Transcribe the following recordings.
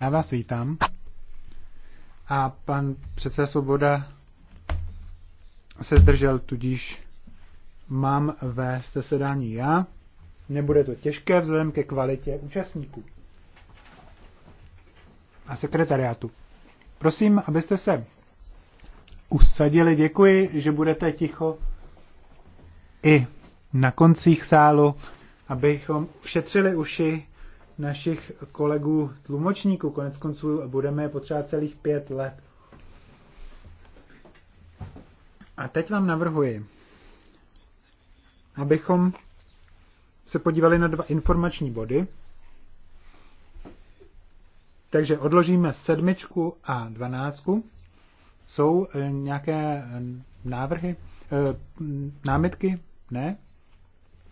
Já vás vítám. A pan předseda Svoboda se zdržel, tudíž mám ve zasedání já. Nebude to těžké vzhledem ke kvalitě účastníků a sekretariátu. Prosím, abyste se usadili. Děkuji, že budete ticho i na koncích sálu abychom ušetřili uši našich kolegů tlumočníků. Konec konců budeme potřebovat celých pět let. A teď vám navrhuji, abychom se podívali na dva informační body. Takže odložíme sedmičku a dvanáctku. Jsou eh, nějaké eh, návrhy, eh, námitky? Ne?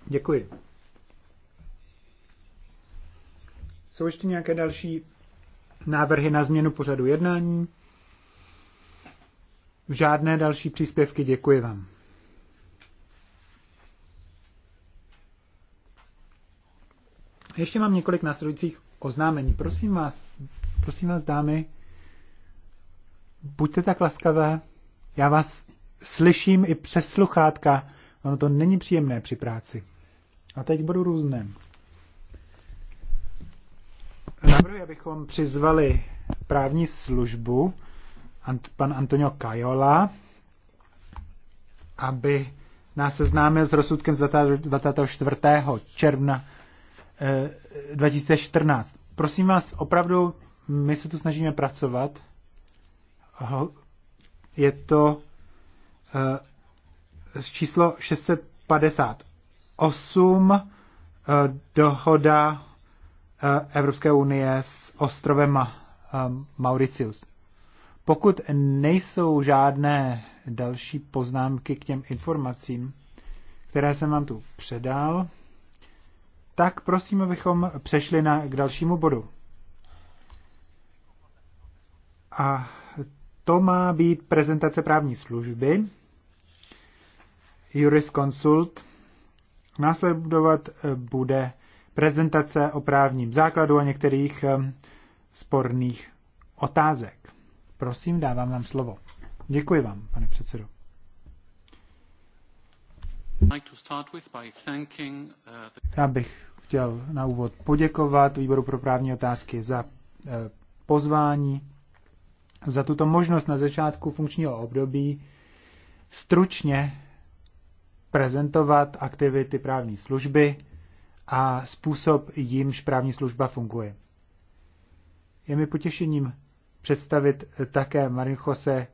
Děkuji. Jsou ještě nějaké další návrhy na změnu pořadu jednání? Žádné další příspěvky, děkuji vám. Ještě mám několik následujících oznámení. Prosím vás, prosím vás, dámy, buďte tak laskavé, já vás slyším i přes sluchátka, ono to není příjemné při práci. A teď budu různé. Navrhuji, abychom přizvali právní službu, pan Antonio Kajola, aby nás seznámil s rozsudkem z 24. června 2014. Eh, Prosím vás, opravdu, my se tu snažíme pracovat. Je to eh, číslo 658 eh, dohoda Eh, Evropské unie s ostrovem eh, Mauritius. Pokud nejsou žádné další poznámky k těm informacím, které jsem vám tu předal, tak prosím, abychom přešli na, k dalšímu bodu. A to má být prezentace právní služby, jurisconsult. Následovat eh, bude prezentace o právním základu a některých eh, sporných otázek. Prosím, dávám vám slovo. Děkuji vám, pane předsedo. Já bych chtěl na úvod poděkovat Výboru pro právní otázky za eh, pozvání, za tuto možnost na začátku funkčního období stručně prezentovat aktivity právní služby a způsob, jimž právní služba funguje. Je mi potěšením představit také Marinchose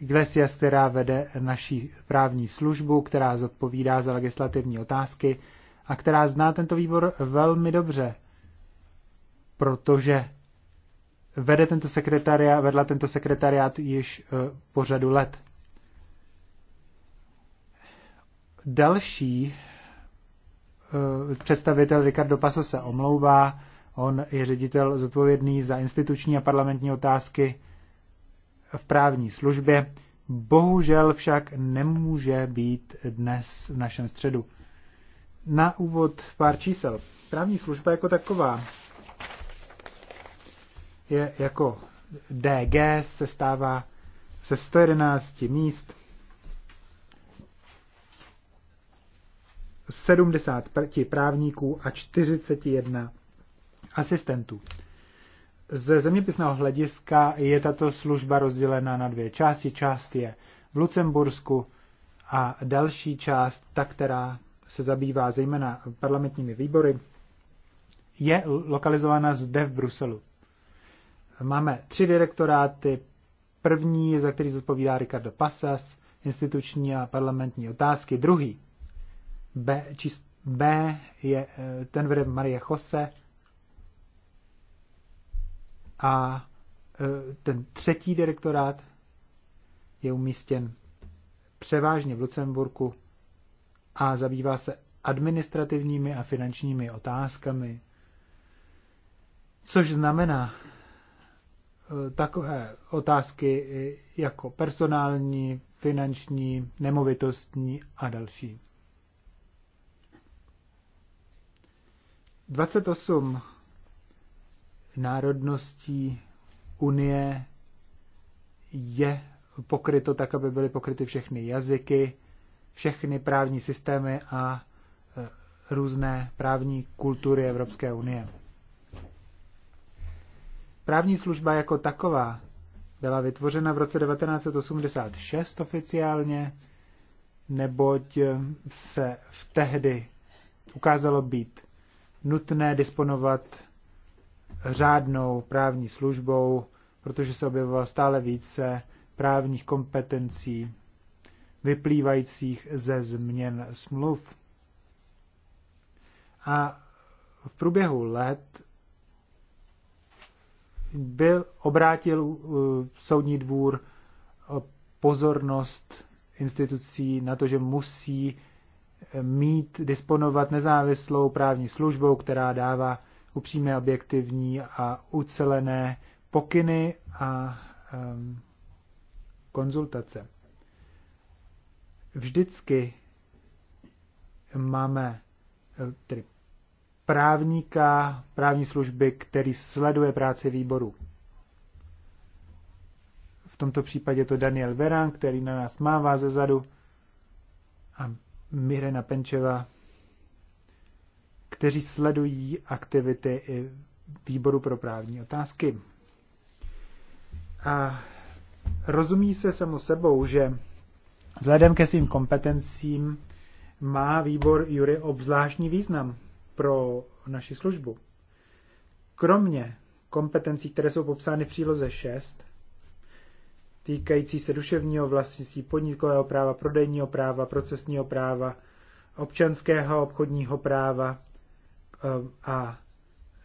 Iglesias, která vede naší právní službu, která zodpovídá za legislativní otázky a která zná tento výbor velmi dobře, protože vede tento sekretariát, vedla tento sekretariát již eh, po řadu let. Další Eh, představitel Ricardo Paso se omlouvá. On je ředitel zodpovědný za instituční a parlamentní otázky v právní službě. Bohužel však nemůže být dnes v našem středu. Na úvod pár čísel. Právní služba jako taková je jako DG se stává se 111 míst, 70 právníků a 41 asistentů. Ze zeměpisného hlediska je tato služba rozdělena na dvě části. Část je v Lucembursku a další část, ta, která se zabývá zejména parlamentními výbory, je lokalizována zde v Bruselu. Máme tři direktoráty. První, za který zodpovídá Ricardo Passas, instituční a parlamentní otázky. Druhý B, čís, B je, e, ten vede Marie Jose a e, ten třetí direktorát je umístěn převážně v Lucemburku a zabývá se administrativními a finančními otázkami, což znamená e, takové otázky jako personální, finanční, nemovitostní a další. 28 národností Unie je pokryto tak, aby byly pokryty všechny jazyky, všechny právní systémy a e, různé právní kultury Evropské unie. Právní služba jako taková byla vytvořena v roce 1986 oficiálně, neboť e, se v tehdy ukázalo být nutné disponovat řádnou právní službou, protože se objevovalo stále více právních kompetencí vyplývajících ze změn smluv. A v průběhu let byl, obrátil uh, soudní dvůr uh, pozornost institucí na to, že musí mít, disponovat nezávislou právní službou, která dává upřímné, objektivní a ucelené pokyny a um, konzultace. Vždycky máme eh, tedy právníka, právní služby, který sleduje práci výboru. V tomto případě to Daniel Veran, který na nás mává ze zadu a Mirena Penčeva, kteří sledují aktivity i výboru pro právní otázky. A rozumí se samo sebou, že vzhledem ke svým kompetencím má výbor Jury obzvláštní význam pro naši službu. Kromě kompetencí, které jsou popsány v příloze 6, týkající se duševního vlastnictví, podnikového práva, prodejního práva, procesního práva, občanského obchodního práva ehm, a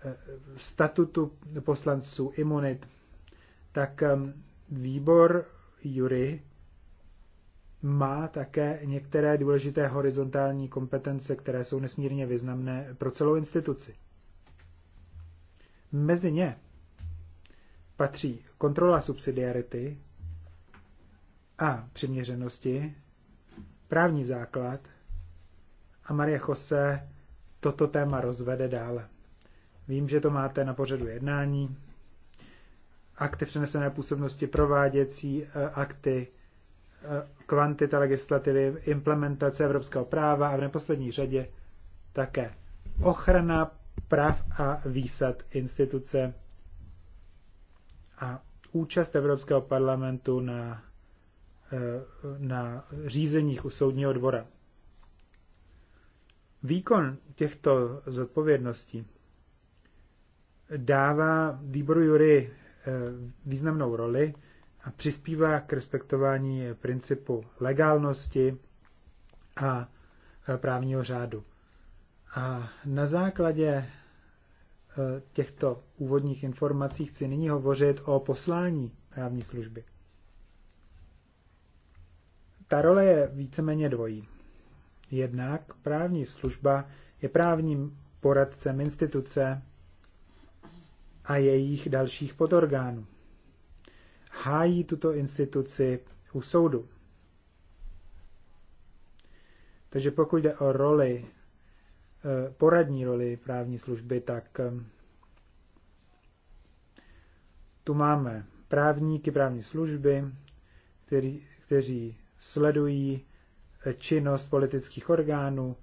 e, statutu poslanců imunit, tak ehm, výbor jury má také některé důležité horizontální kompetence, které jsou nesmírně významné pro celou instituci. Mezi ně patří kontrola subsidiarity, a přiměřenosti, právní základ a Marie Jose toto téma rozvede dále. Vím, že to máte na pořadu jednání, akty přenesené působnosti, prováděcí eh, akty, eh, kvantita legislativy, implementace evropského práva a v neposlední řadě také ochrana práv a výsad instituce a účast Evropského parlamentu na Eh, na řízeních u soudního dvora. Výkon těchto zodpovědností dává výboru jury eh, významnou roli a přispívá k respektování principu legálnosti a eh, právního řádu. A na základě těchto úvodních informací chci nyní hovořit o poslání právní služby ta role je víceméně dvojí. Jednak právní služba je právním poradcem instituce a jejich dalších podorgánů. Hájí tuto instituci u soudu. Takže pokud jde o roli, e, poradní roli právní služby, tak e, tu máme právníky právní služby, který, kteří sledují eh, činnost politických orgánů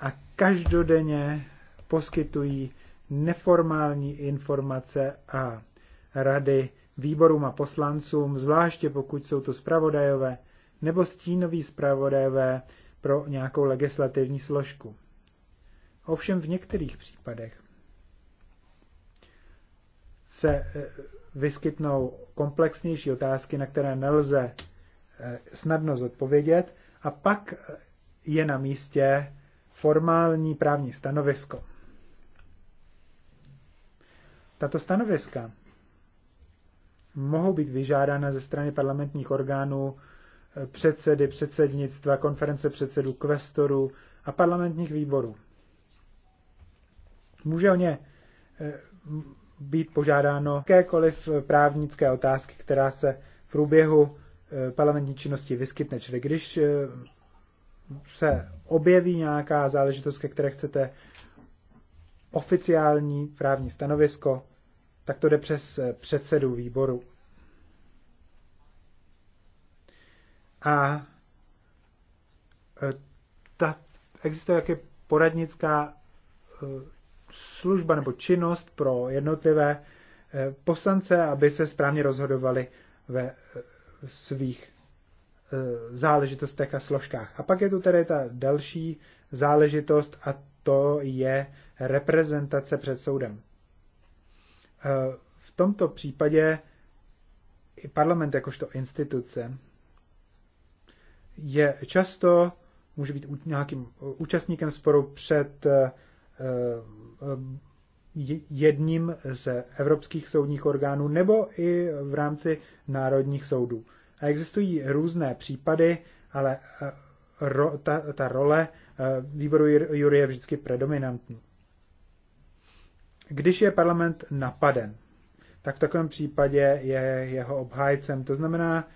a každodenně poskytují neformální informace a rady výborům a poslancům, zvláště pokud jsou to zpravodajové nebo stínoví zpravodajové pro nějakou legislativní složku. Ovšem v některých případech se eh, vyskytnou komplexnější otázky, na které nelze Eh, snadno zodpovědět a pak je na místě formální právní stanovisko. Tato stanoviska mohou být vyžádána ze strany parlamentních orgánů, eh, předsedy, předsednictva, konference předsedů, kvestorů a parlamentních výborů. Může o ně eh, být požádáno jakékoliv právnické otázky, která se v průběhu Eh, parlamentní činnosti vyskytne. Čili když eh, se objeví nějaká záležitost, ke které chcete oficiální právní stanovisko, tak to jde přes eh, předsedu výboru. A ta, existuje jaké poradnická služba nebo činnost pro jednotlivé poslance, aby se správně rozhodovali ve svých eh, záležitostech a složkách. A pak je tu tedy ta další záležitost a to je reprezentace před soudem. Eh, v tomto případě i parlament jakožto instituce je často, může být nějakým účastníkem sporu před eh, jedním z evropských soudních orgánů nebo i v rámci národních soudů. A existují různé případy, ale eh, ro, ta, ta role eh, výboru jury je vždycky predominantní. Když je parlament napaden, tak v takovém případě je jeho obhájcem. To znamená,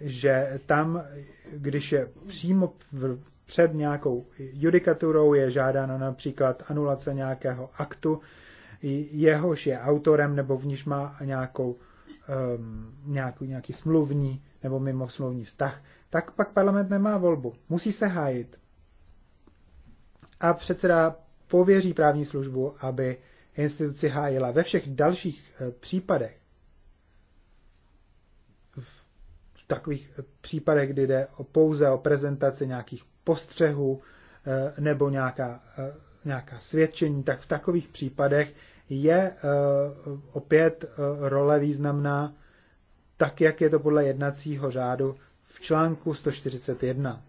že tam, když je přímo v, před nějakou judikaturou, je žádána například anulace nějakého aktu, jehož je autorem nebo v níž má nějakou, um, nějakou, nějaký smluvní nebo mimo smluvní vztah, tak pak parlament nemá volbu. Musí se hájit. A předseda pověří právní službu, aby instituci hájila ve všech dalších eh, případech. V takových eh, případech, kdy jde o pouze o prezentaci nějakých postřehů eh, nebo nějaká, nějaká svědčení, tak v takových případech je eh, opět eh, role významná, tak jak je to podle jednacího řádu v článku 141.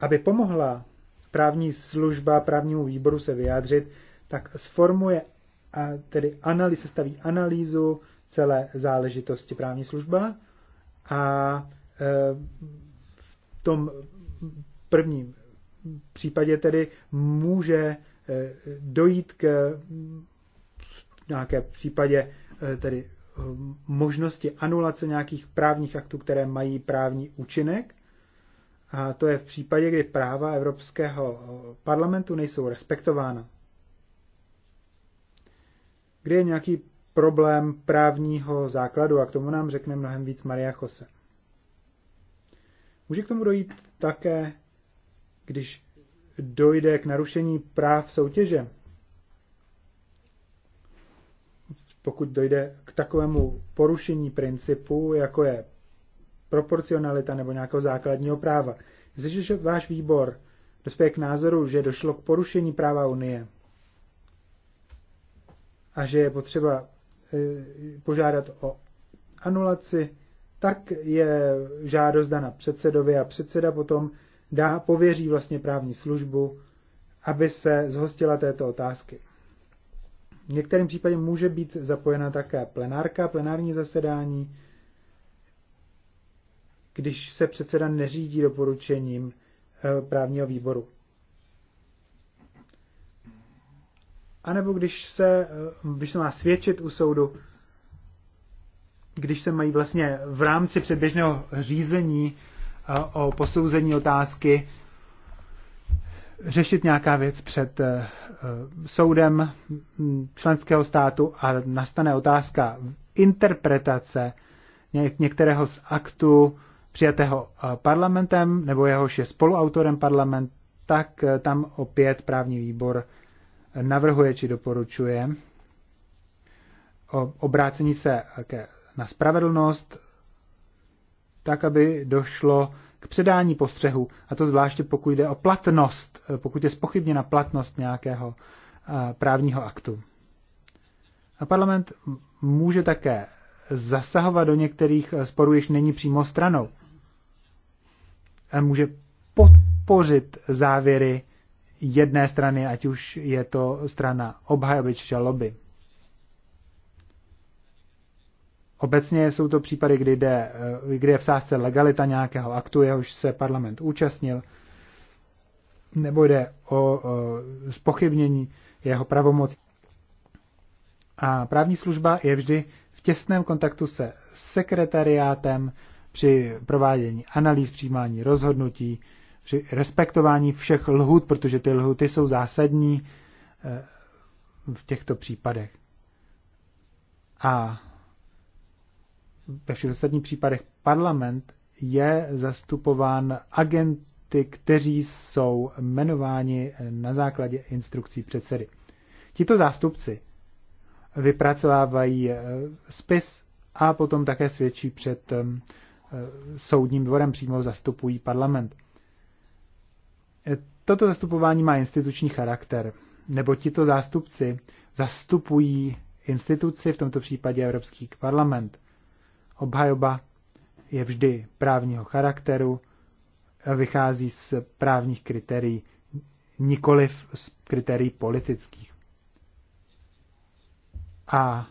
Aby pomohla právní služba právnímu výboru se vyjádřit, tak sformuje, a tedy analýz, staví analýzu celé záležitosti právní služba a eh, v tom prvním případě tedy může eh, dojít k nějaké případě eh, tedy hm, možnosti anulace nějakých právních aktů, které mají právní účinek. A to je v případě, kdy práva Evropského eh, parlamentu nejsou respektována. Kde je nějaký problém právního základu a k tomu nám řekne mnohem víc Maria Chose. Může k tomu dojít také když dojde k narušení práv soutěže, pokud dojde k takovému porušení principu, jako je proporcionalita nebo nějakého základního práva. Jestliže váš výbor dospěje k názoru, že došlo k porušení práva Unie a že je potřeba e, požádat o anulaci, tak je žádost dana předsedovi a předseda potom dá, pověří vlastně právní službu, aby se zhostila této otázky. V některém případě může být zapojena také plenárka, plenární zasedání, když se předseda neřídí doporučením eh, právního výboru. A nebo když se, eh, když se má svědčit u soudu, když se mají vlastně v rámci předběžného řízení o posouzení otázky řešit nějaká věc před eh, soudem členského státu a nastane otázka interpretace některého z aktů přijatého eh, parlamentem nebo jehož je spoluautorem parlament, tak eh, tam opět právní výbor navrhuje či doporučuje obrácení se na spravedlnost tak, aby došlo k předání postřehu, a to zvláště pokud jde o platnost, eh, pokud je spochybněna platnost nějakého eh, právního aktu. A parlament může také zasahovat do některých eh, sporů, již není přímo stranou. A může podpořit závěry jedné strany, ať už je to strana obhajoby či žaloby. Obecně jsou to případy, kdy, jde, eh, kdy je v sázce legalita nějakého aktu, jehož se parlament účastnil, nebo jde o, o spochybnění jeho pravomoci. A právní služba je vždy v těsném kontaktu se sekretariátem při provádění analýz, přijímání rozhodnutí, při respektování všech lhůt, protože ty lhuty jsou zásadní eh, v těchto případech. A ve všech ostatních případech parlament je zastupován agenty, kteří jsou jmenováni na základě instrukcí předsedy. Tito zástupci vypracovávají eh, spis a potom také svědčí před eh, soudním dvorem, přímo zastupují parlament. Eh, toto zastupování má instituční charakter, nebo tito zástupci zastupují instituci, v tomto případě Evropský parlament. Obhajoba je vždy právního charakteru, vychází z právních kritérií, nikoliv z kritérií politických. A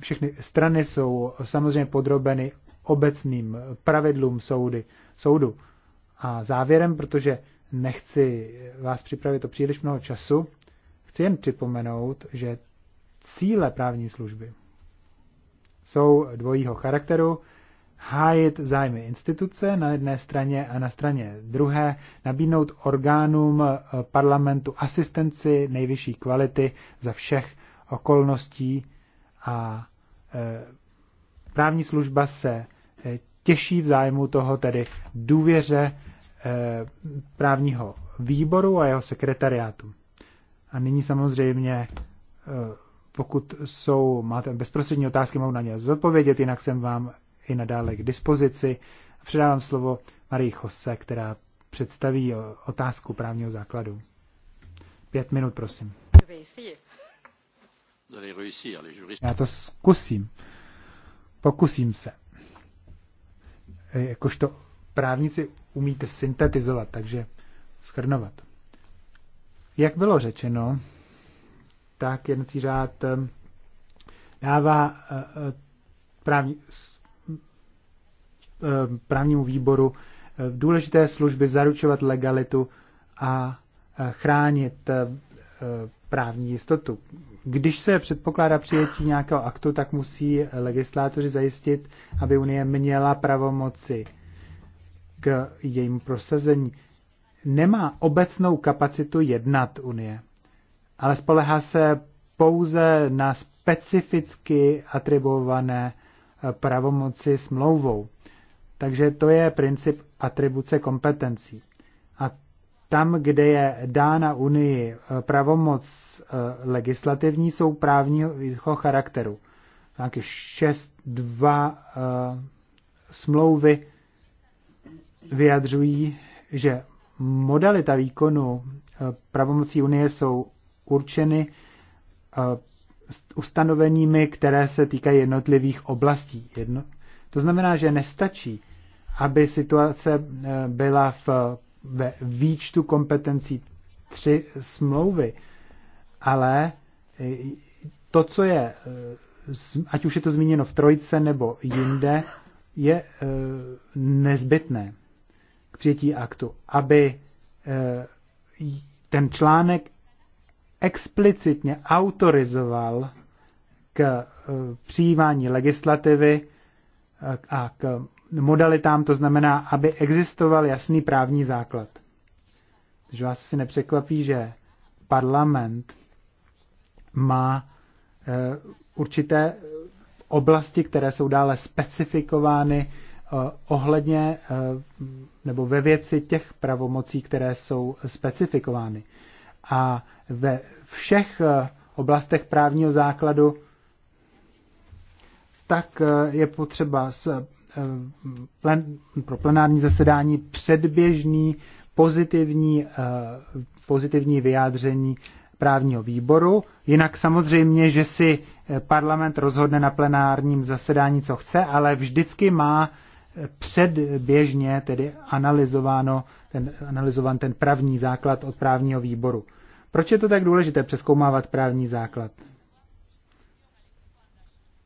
všechny strany jsou samozřejmě podrobeny obecným pravidlům soudy, soudu. A závěrem, protože nechci vás připravit o příliš mnoho času, chci jen připomenout, že cíle právní služby jsou dvojího charakteru. Hájit zájmy instituce na jedné straně a na straně druhé, nabídnout orgánům eh, parlamentu asistenci nejvyšší kvality za všech okolností a eh, právní služba se eh, těší v zájmu toho tedy důvěře právního výboru a jeho sekretariátu. A nyní samozřejmě pokud jsou, máte bezprostřední otázky, mohu na ně zodpovědět, jinak jsem vám i nadále k dispozici. Předávám slovo Marii Chose, která představí otázku právního základu. Pět minut, prosím. Já to zkusím. Pokusím se. Jakožto právníci umíte syntetizovat, takže schrnovat. Jak bylo řečeno, tak jednací řád eh, dává eh, eh, právní, právnímu výboru důležité služby zaručovat legalitu a chránit právní jistotu. Když se předpokládá přijetí nějakého aktu, tak musí legislátoři zajistit, aby Unie měla pravomoci k jejímu prosazení. Nemá obecnou kapacitu jednat Unie ale spolehá se pouze na specificky atribuované eh, pravomoci smlouvou. Takže to je princip atribuce kompetencí. A tam, kde je dána Unii eh, pravomoc eh, legislativní, jsou právního charakteru. Nějaké 6.2 smlouvy vyjadřují, že modalita výkonu pravomocí Unie jsou určeny eh, ustanoveními, které se týkají jednotlivých oblastí. Jedno, to znamená, že nestačí, aby situace eh, byla v, ve výčtu kompetencí tři smlouvy, ale eh, to, co je, ať už je to zmíněno v trojce nebo jinde, je nezbytné k přijetí aktu, aby ten článek explicitně autorizoval k eh, přijímání legislativy eh, a k modalitám, to znamená, aby existoval jasný právní základ. Takže vás asi nepřekvapí, že parlament má eh, určité oblasti, které jsou dále specifikovány ohledně nebo ve věci těch pravomocí, které jsou specifikovány. A ve všech eh, oblastech právního základu, tak eh, je potřeba eh, pro plenární zasedání předběžný pozitivní, pozitivní vyjádření právního výboru. Jinak samozřejmě, že si parlament rozhodne na plenárním zasedání, co chce, ale vždycky má předběžně tedy analyzováno ten, analyzovan ten právní základ od právního výboru. Proč je to tak důležité přeskoumávat právní základ?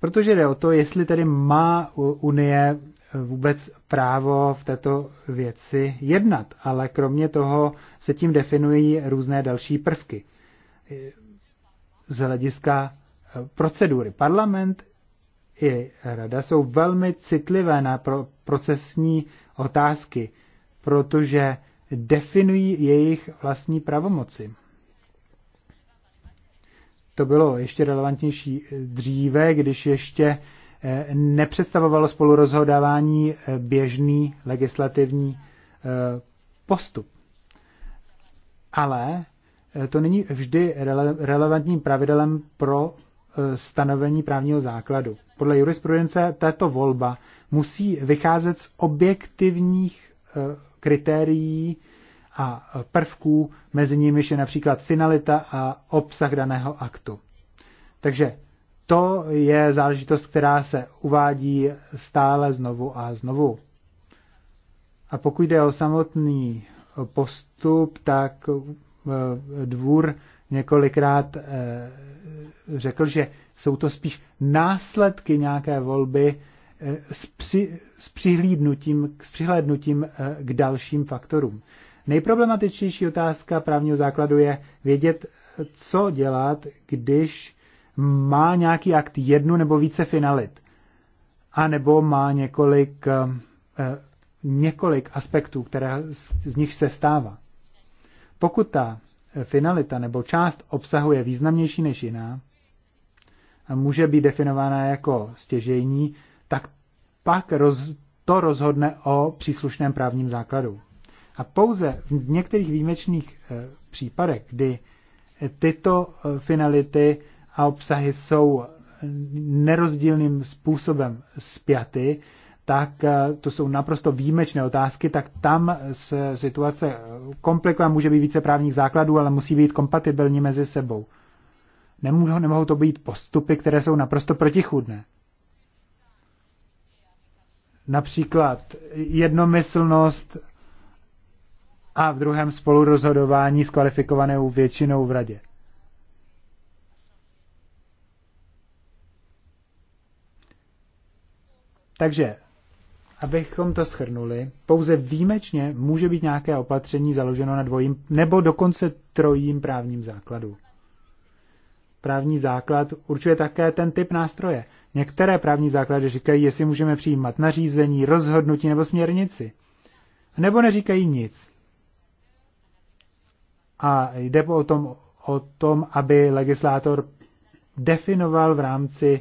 Protože jde o to, jestli tedy má Unie vůbec právo v této věci jednat, ale kromě toho se tím definují různé další prvky. Z hlediska eh, procedury. Parlament i rada jsou velmi citlivé na procesní otázky, protože definují jejich vlastní pravomoci. To bylo ještě relevantnější dříve, když ještě eh, nepředstavovalo spolurozhodávání eh, běžný legislativní eh, postup. Ale to není vždy rele- relevantním pravidelem pro stanovení právního základu. Podle jurisprudence tato volba musí vycházet z objektivních kritérií a prvků, mezi nimiž je například finalita a obsah daného aktu. Takže to je záležitost, která se uvádí stále znovu a znovu. A pokud jde o samotný postup, tak e, dvůr několikrát e, řekl, že jsou to spíš následky nějaké volby e, s, při, s, přihlédnutím, s přihlédnutím k dalším faktorům. Nejproblematičtější otázka právního základu je vědět, co dělat, když má nějaký akt jednu nebo více finalit, a nebo má několik, eh, několik aspektů, které z nich se stává. Pokud ta finalita nebo část obsahuje významnější než jiná a může být definována jako stěžejní, tak pak roz, to rozhodne o příslušném právním základu. A pouze v některých výjimečných eh, případech, kdy eh, tyto eh, finality a obsahy jsou nerozdílným způsobem spjaty, tak to jsou naprosto výjimečné otázky, tak tam se situace komplikuje, může být více právních základů, ale musí být kompatibilní mezi sebou. Nemohou, nemohou to být postupy, které jsou naprosto protichudné. Například jednomyslnost a v druhém spolurozhodování s kvalifikovanou většinou v radě. Takže, abychom to schrnuli, pouze výjimečně může být nějaké opatření založeno na dvojím nebo dokonce trojím právním základu. Právní základ určuje také ten typ nástroje. Některé právní základy říkají, jestli můžeme přijímat nařízení, rozhodnutí nebo směrnici. Nebo neříkají nic. A jde o tom, o tom, aby legislátor definoval v rámci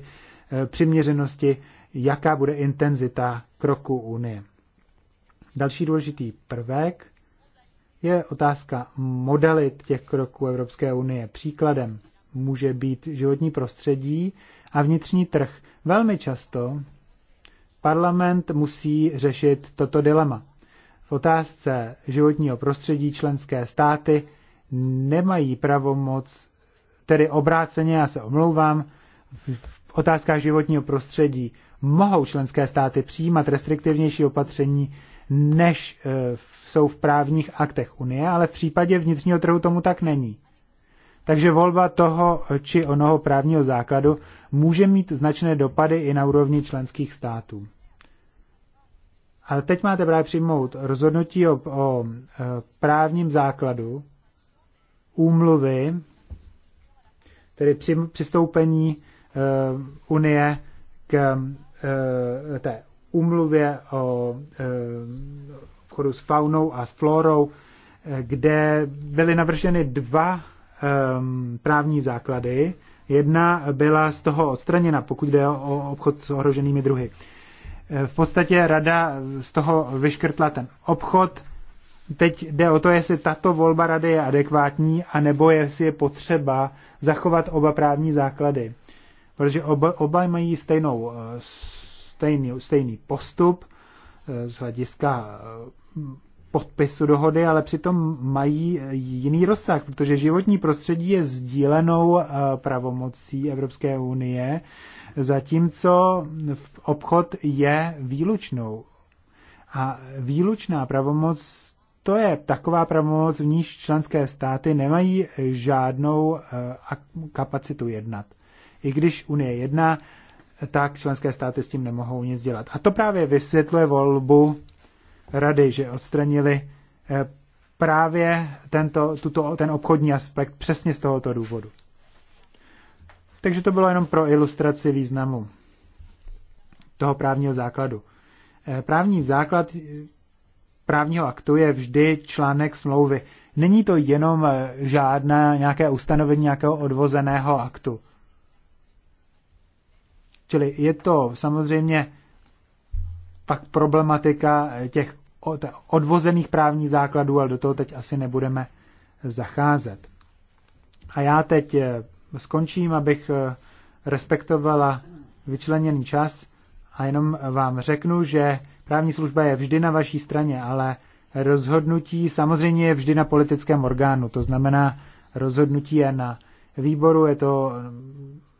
e, přiměřenosti, jaká bude intenzita kroku Unie. Další důležitý prvek je otázka modalit těch kroků Evropské unie. Příkladem může být životní prostředí a vnitřní trh. Velmi často parlament musí řešit toto dilema. V otázce životního prostředí členské státy nemají pravomoc, tedy obráceně, já se omlouvám, v otázkách životního prostředí mohou členské státy přijímat restriktivnější opatření, než e, jsou v právních aktech Unie, ale v případě vnitřního trhu tomu tak není. Takže volba toho či onoho právního základu může mít značné dopady i na úrovni členských států. Ale teď máte právě přijmout rozhodnutí o, o e, právním základu, úmluvy, tedy při, přistoupení uh, Unie k uh, té úmluvě o uh, eh, chodu s faunou a s florou, kde byly navrženy dva um, právní základy. Jedna byla z toho odstraněna, pokud jde o obchod s ohroženými druhy. V podstatě rada z toho vyškrtla ten obchod Teď jde o to, jestli tato volba rady je adekvátní, anebo jestli je potřeba zachovat oba právní základy. Protože oba, oba mají stejnou, eh, stejný, stejný postup eh, z hlediska eh, podpisu dohody, ale přitom mají jiný rozsah, protože životní prostředí je sdílenou pravomocí Evropské unie, zatímco obchod je výlučnou. A výlučná pravomoc to je taková pravomoc, v níž členské státy nemají žádnou eh, kapacitu jednat. I když Unie jedná, tak členské státy s tím nemohou nic dělat. A to právě vysvětluje volbu rady, že odstranili eh, právě tento, tuto, ten obchodní aspekt přesně z tohoto důvodu. Takže to bylo jenom pro ilustraci významu toho právního základu. Eh, právní základ právního aktu je vždy článek smlouvy. Není to jenom eh, žádné nějaké ustanovení nějakého odvozeného aktu. Čili je to samozřejmě pak problematika eh, těch odvozených právních základů, ale do toho teď asi nebudeme eh, zacházet. A já teď skončím, abych respektovala vyčleněný čas a jenom vám řeknu, že Právní služba je vždy na vaší straně, ale rozhodnutí samozřejmě je vždy na politickém orgánu. To znamená, rozhodnutí je na výboru, je to,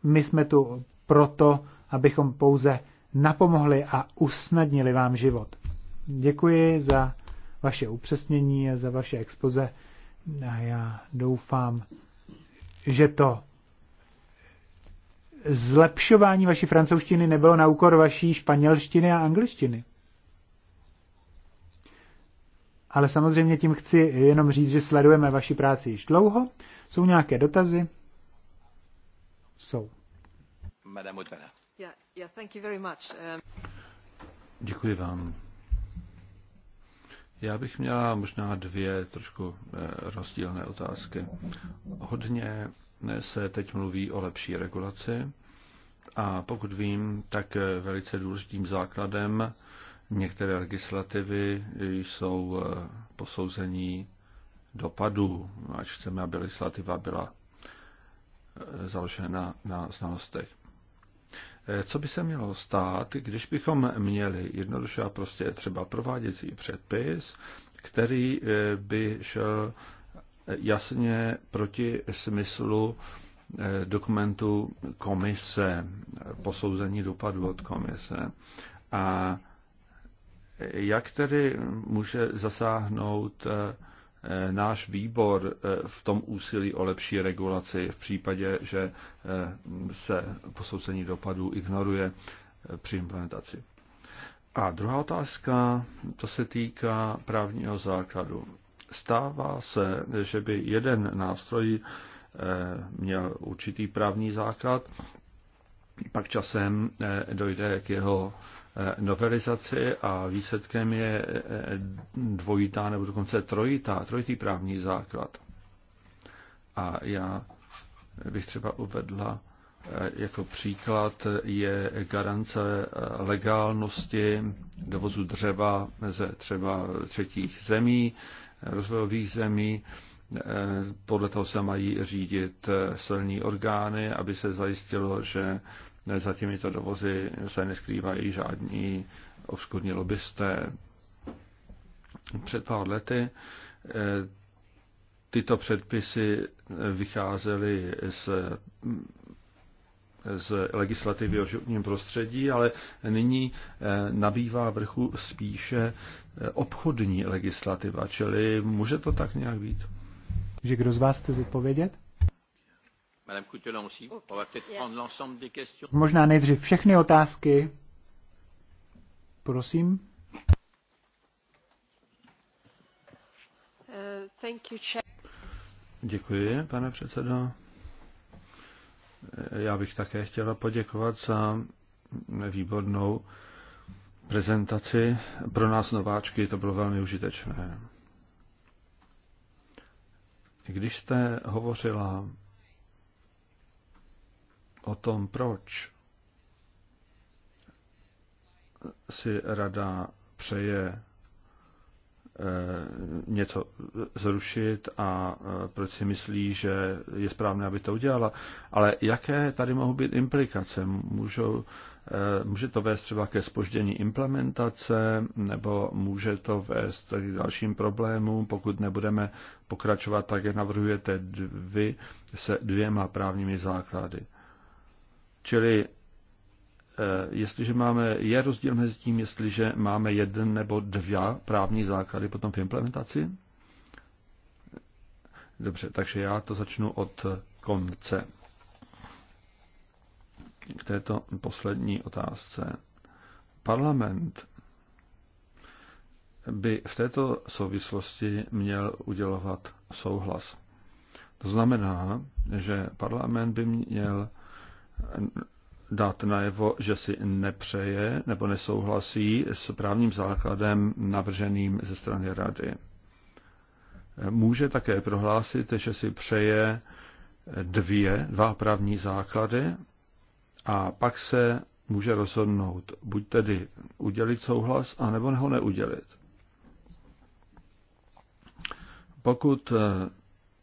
my jsme tu proto, abychom pouze napomohli a usnadnili vám život. Děkuji za vaše upřesnění a za vaše expoze a já doufám, že to zlepšování vaší francouzštiny nebylo na úkor vaší španělštiny a angličtiny ale samozřejmě tím chci jenom říct, že sledujeme vaši práci již dlouho. Jsou nějaké dotazy? Jsou. Um, Děkuji vám. Já bych měla možná dvě trošku eh, rozdílné otázky. Hodně eh, se teď mluví o lepší regulaci a pokud vím, tak eh, velice důležitým základem Některé legislativy jsou eh, posouzení dopadů, ať chceme, aby legislativa byla eh, založena na znalostech. Eh, co by se mělo stát, když bychom měli jednoduše a prostě třeba prováděcí předpis, který by šel jasně proti smyslu dokumentu komise, posouzení dopadu od komise. A jak tedy může zasáhnout eh, eh, náš výbor eh, v tom úsilí o lepší regulaci v případě, že se posouzení dopadů ignoruje při implementaci? A druhá otázka, to se týká právního základu. Stává se, že by jeden nástroj měl určitý právní základ, pak časem dojde k jeho novelizaci a výsledkem je e, dvojitá nebo dokonce trojitá, trojitý právní základ. A já bych třeba uvedla e, jako příklad je garance e, legálnosti dovozu dřeva ze třeba třetích zemí, rozvojových zemí. Podle toho se mají řídit silní orgány, aby se zajistilo, že za těmito dovozy se neskrývají žádní obskurní lobbysté. Před pár lety eh, tyto předpisy vycházely z, z legislativy o životním prostředí, ale nyní eh, nabývá vrchu spíše eh, obchodní legislativa, čili může to tak nějak být. Že kdo z vás chce zodpovědět? Možná nejdřív všechny otázky. Prosím. Uh, Děkuji, pane předsedo. Já bych také chtěla poděkovat za výbornou prezentaci. Pro nás nováčky to bylo velmi užitečné. Když jste hovořila o tom, proč si rada přeje eh, něco zrušit a eh, proč si myslí, že je správné, aby to udělala. Ale jaké tady mohou být implikace? Můžou, eh, může to vést třeba ke spoždění implementace, nebo může to vést k dalším problémům, pokud nebudeme pokračovat tak, jak navrhujete dvě, se dvěma právními základy. Čili eh, jestliže máme, je rozdíl mezi tím, jestliže máme jeden nebo dva právní základy potom v implementaci? Dobře, takže já to začnu od konce. K této poslední otázce. Parlament by v této souvislosti měl udělovat souhlas. To znamená, že parlament by měl dát najevo, že si nepřeje nebo nesouhlasí s právním základem navrženým ze strany rady. Může také prohlásit, že si přeje dvě, dva právní základy a pak se může rozhodnout buď tedy udělit souhlas, anebo ho neudělit. Pokud eh,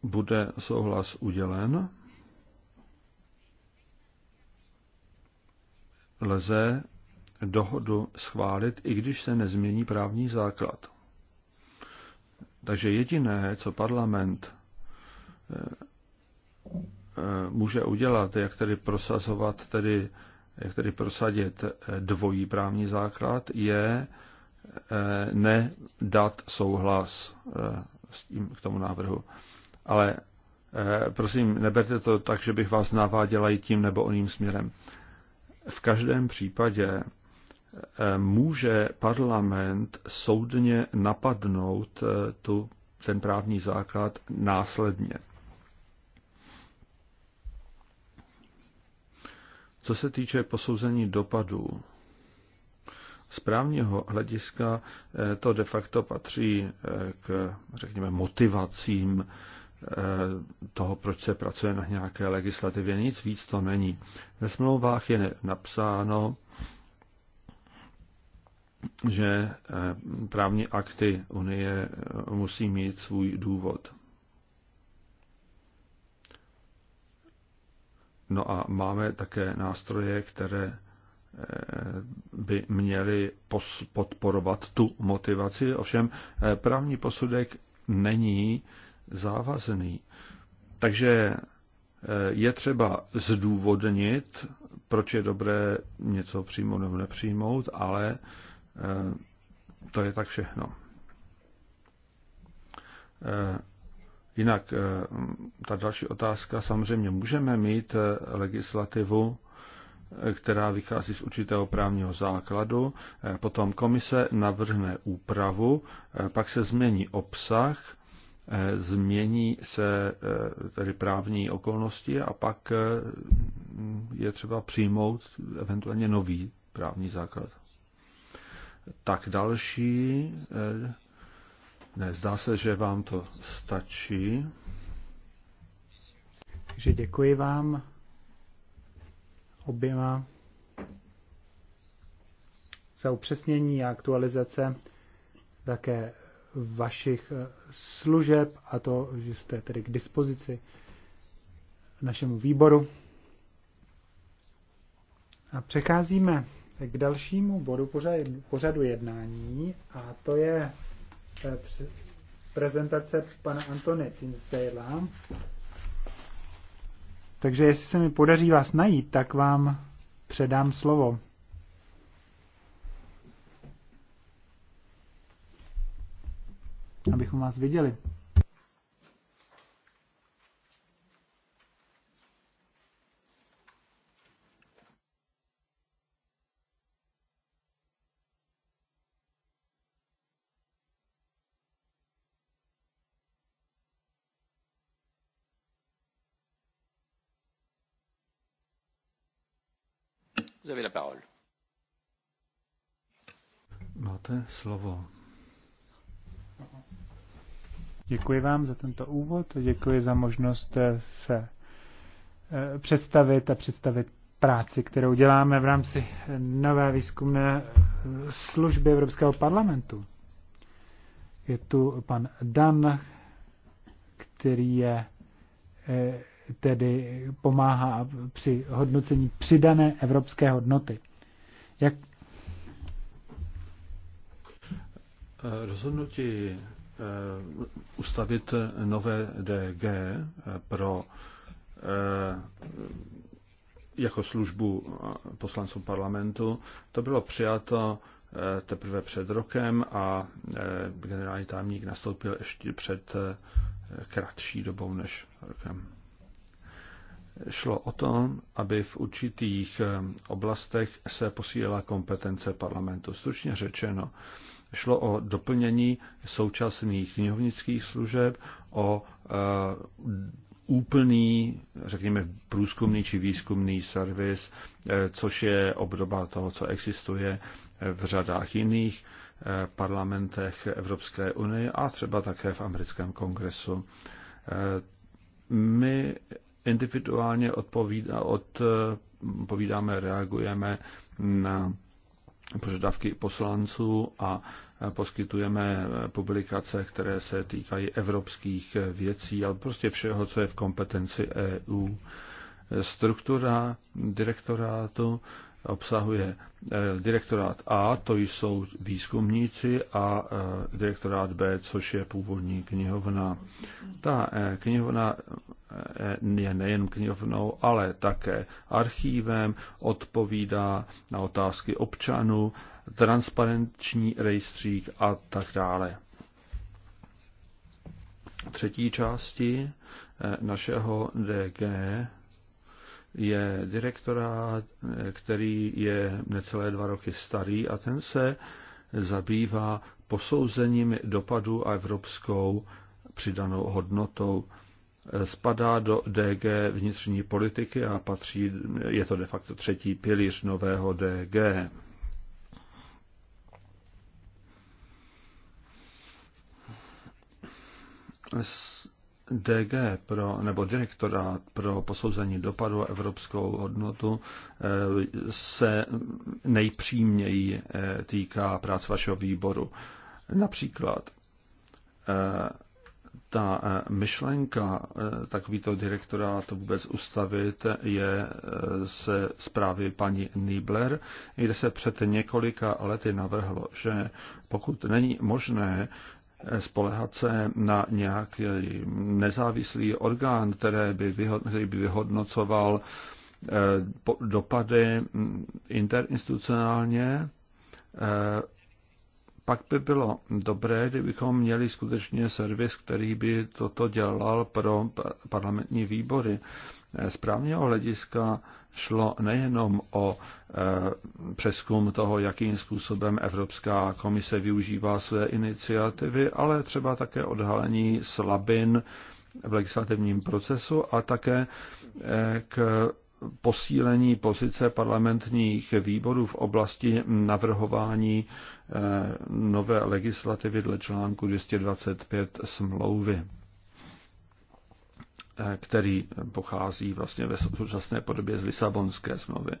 bude souhlas udělen, lze dohodu schválit, i když se nezmění právní základ. Takže jediné, co parlament eh, eh, může udělat, jak tedy prosazovat, tedy, jak tedy prosadit eh, dvojí právní základ, je nedat souhlas s tím, k tomu návrhu. Ale prosím, neberte to tak, že bych vás naváděla i tím nebo oným směrem. V každém případě eh, může parlament soudně napadnout eh, tu, ten právní základ následně. Co se týče posouzení dopadů, z právního hlediska eh, to de facto patří k, řekněme, motivacím toho, proč se pracuje na nějaké legislativě. Nic víc to není. Ve smlouvách je napsáno, že eh, právní akty Unie eh, musí mít svůj důvod. No a máme také nástroje, které eh, by měly podporovat tu motivaci. Ovšem právní posudek není závazný. Takže eh, je třeba zdůvodnit, proč je dobré něco přijmout nebo nepřijmout, ale eh, to je tak všechno. Eh, jinak ta další otázka, samozřejmě můžeme mít legislativu, která vychází z určitého právního základu, potom komise navrhne úpravu, pak se změní obsah, Eh, změní se eh, tedy právní okolnosti a pak eh, je třeba přijmout eventuálně nový právní základ. Tak další, ne, zdá se, že vám to stačí. Takže děkuji vám oběma za upřesnění a aktualizace. Také vašich eh, služeb a to, že jste tedy k dispozici našemu výboru. A přecházíme k dalšímu bodu pořadu jednání a to je eh, prezentace pana Antony Tinsdale. Takže jestli se mi podaří vás najít, tak vám předám slovo. abychom vás viděli. Máte slovo. Děkuji vám za tento úvod, děkuji za možnost eh, se eh, představit a představit práci, kterou děláme v rámci eh, nové výzkumné služby Evropského parlamentu. Je tu pan Dan, který je tedy pomáhá při hodnocení přidané evropské hodnoty. Jak Rozhodnutí eh, ustavit nové DG pro eh, jako službu poslancům parlamentu, to bylo přijato eh, teprve před rokem a generální tajemník nastoupil ještě před kratší dobou než rokem. Šlo o to, aby v určitých oblastech se posílila kompetence parlamentu. Stručně řečeno, Šlo o doplnění současných knihovnických služeb, o eh, úplný, řekněme, průzkumný či výzkumný servis, eh, což je obdoba toho, co existuje eh, v řadách jiných parlamentech Evropské unie a třeba také v americkém kongresu. My individuálně odpovídá, odpovídáme, reagujeme na požadavky poslanců a poskytujeme publikace, které se týkají evropských věcí, ale prostě všeho, co je v kompetenci EU. Struktura direktorátu obsahuje e, direktorát A, to jsou výzkumníci, a e, direktorát B, což je původní knihovna. Ta e, knihovna je nejen knihovnou, ale také archívem, odpovídá na otázky občanů, transparenční rejstřík a tak dále. Třetí části eh, našeho DG je direktora, eh, který je necelé dva roky starý a ten se zabývá posouzením dopadu a evropskou přidanou hodnotou. Eh, spadá do DG vnitřní politiky a patří, je to de facto třetí pilíř nového DG. DG pro, nebo direktorát pro posouzení dopadu a evropskou hodnotu eh, se nejpřímněji eh, týká práce vašeho výboru. Například eh, ta myšlenka takovýto direktorát vůbec ustavit je se zprávy paní Niebler, kde se před několika lety navrhlo, že pokud není možné spolehat se na nějaký nezávislý orgán, který by vyhodnocoval eh, dopady mm, interinstitucionálně, eh, pak by bylo dobré, kdybychom měli skutečně servis, který by toto dělal pro parlamentní výbory. Z právního hlediska šlo nejenom o e, přeskum toho, jakým způsobem Evropská komise využívá své iniciativy, ale třeba také odhalení slabin v legislativním procesu a také e, k posílení pozice parlamentních výborů v oblasti navrhování e, nové legislativy dle článku 225 smlouvy. Eh, který pochází vlastně ve současné podobě z Lisabonské smlouvy.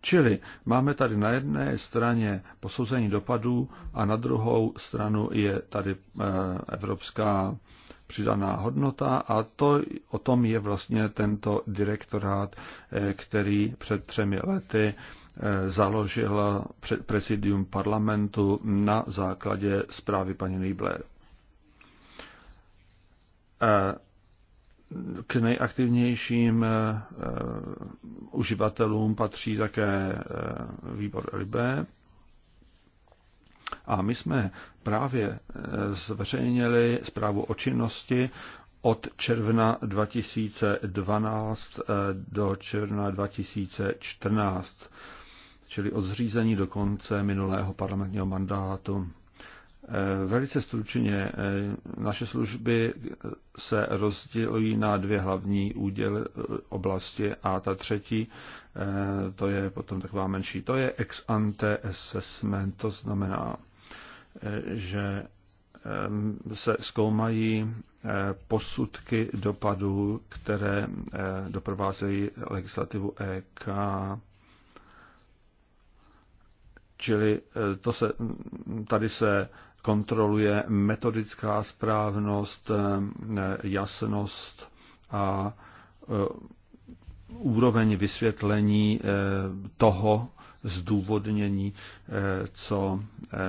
Čili máme tady na jedné straně posouzení dopadů a na druhou stranu je tady eh, evropská přidaná hodnota a to o tom je vlastně tento direktorát, eh, který před třemi lety založil prezidium parlamentu na základě zprávy paní Nýbler k nejaktivnějším eh, eh, uživatelům patří také eh, výbor Libe. A my jsme právě zveřejnili zprávu o činnosti od června 2012 do června 2014, čili od zřízení do konce minulého parlamentního mandátu. Eh, velice stručně, eh, naše služby se rozdělují na dvě hlavní úděl eh, oblasti a ta třetí, to je potom taková menší, to je ex ante assessment, to znamená, že se zkoumají posudky dopadů, které doprovázejí legislativu EK Čili to se, tady se kontroluje metodická správnost, eh, jasnost a eh, úroveň vysvětlení eh, toho zdůvodnění, co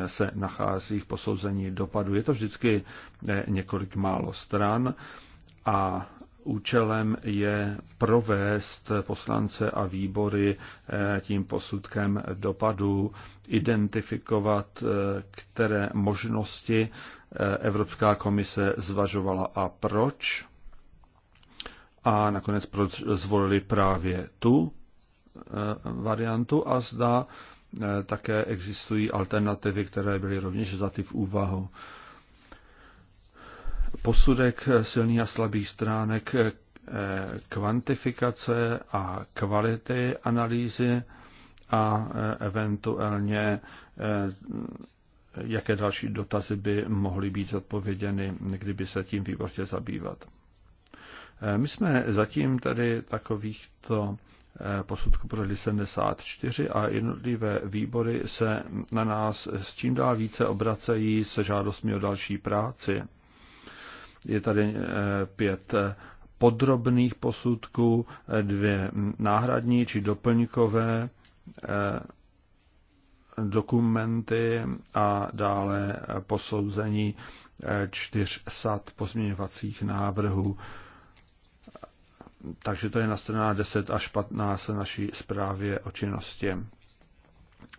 se nachází v posouzení dopadu. Je to vždycky několik málo stran a účelem je provést poslance a výbory eh, tím posudkem dopadů identifikovat, eh, které možnosti eh, Evropská komise zvažovala a proč. A nakonec proč zvolili právě tu variantu a zda také existují alternativy, které byly rovněž ty v úvahu posudek silných a slabých stránek eh, kvantifikace a kvality analýzy a eh, eventuálně eh, jaké další dotazy by mohly být zodpověděny, kdyby se tím výbor chtěl zabývat. My jsme zatím tady takovýchto posudku prodali 74 a jednotlivé výbory se na nás s čím dál více obracejí se žádostmi o další práci. Je tady eh, pět eh, podrobných posudků, eh, dvě náhradní či doplňkové dokumenty a dále posouzení čtyř sad pozměňovacích návrhů. Takže to je na stranách 10 až 15 naší zprávě o činnosti.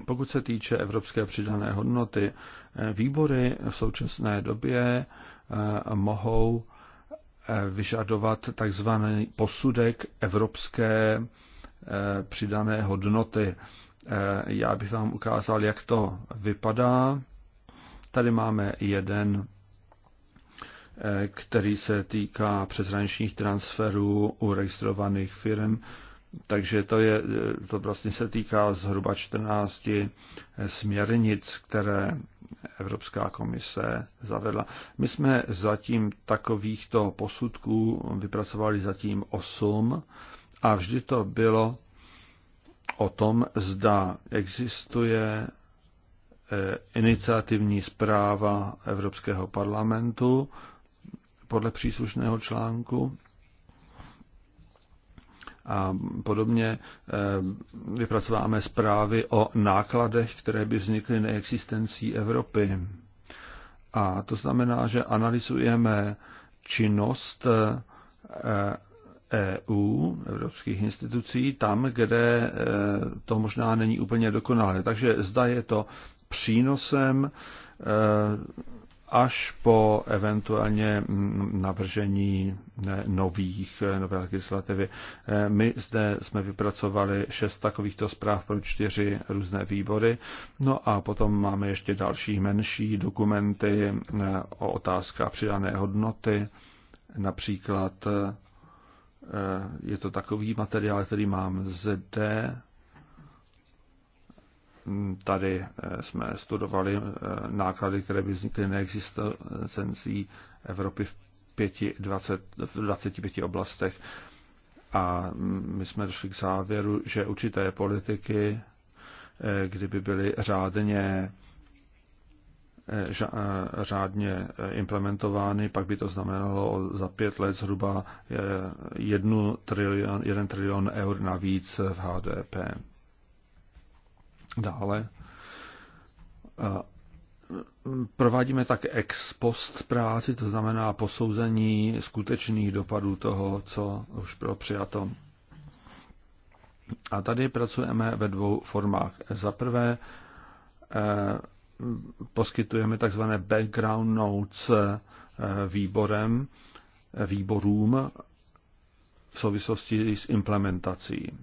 Pokud se týče evropské přidané hodnoty, výbory v současné době Eh, mohou eh, vyžadovat takzvaný posudek evropské eh, přidané hodnoty. Já bych vám ukázal, jak to vypadá. Tady máme jeden, který se týká přeshraničních transferů u registrovaných firm takže to, je, e, to vlastně se týká zhruba 14 směrnic, které Evropská komise zavedla. My jsme zatím takovýchto posudků vypracovali zatím 8 a vždy to bylo o tom, zda existuje e, iniciativní zpráva Evropského parlamentu podle příslušného článku a podobně. Eh, vypracováme zprávy o nákladech, které by vznikly neexistencí Evropy. A to znamená, že analyzujeme činnost EU, eh, e evropských institucí, tam, kde eh, to možná není úplně dokonalé. Takže zda je to přínosem až po eventuálně navržení nových, eh, nové legislativy. Eh, my zde jsme vypracovali šest takovýchto zpráv pro čtyři různé výbory, no a potom máme ještě další menší dokumenty eh, o otázkách přidané hodnoty, například je to takový materiál, který mám zde, Mm, tady eh, jsme studovali eh, náklady, které by vznikly neexistencí Evropy v, pěti, 20, v 25 oblastech. A mm, my jsme došli k závěru, že určité politiky, eh, kdyby byly řádně řádně implementovány, pak by to znamenalo za pět let zhruba jednu trilion, jeden trilion eur navíc v HDP. Dále provádíme tak ex post práci, to znamená posouzení skutečných dopadů toho, co už bylo přijato. A tady pracujeme ve dvou formách. Za prvé e, poskytujeme takzvané background notes e, výborem, e, výborům v souvislosti s implementací.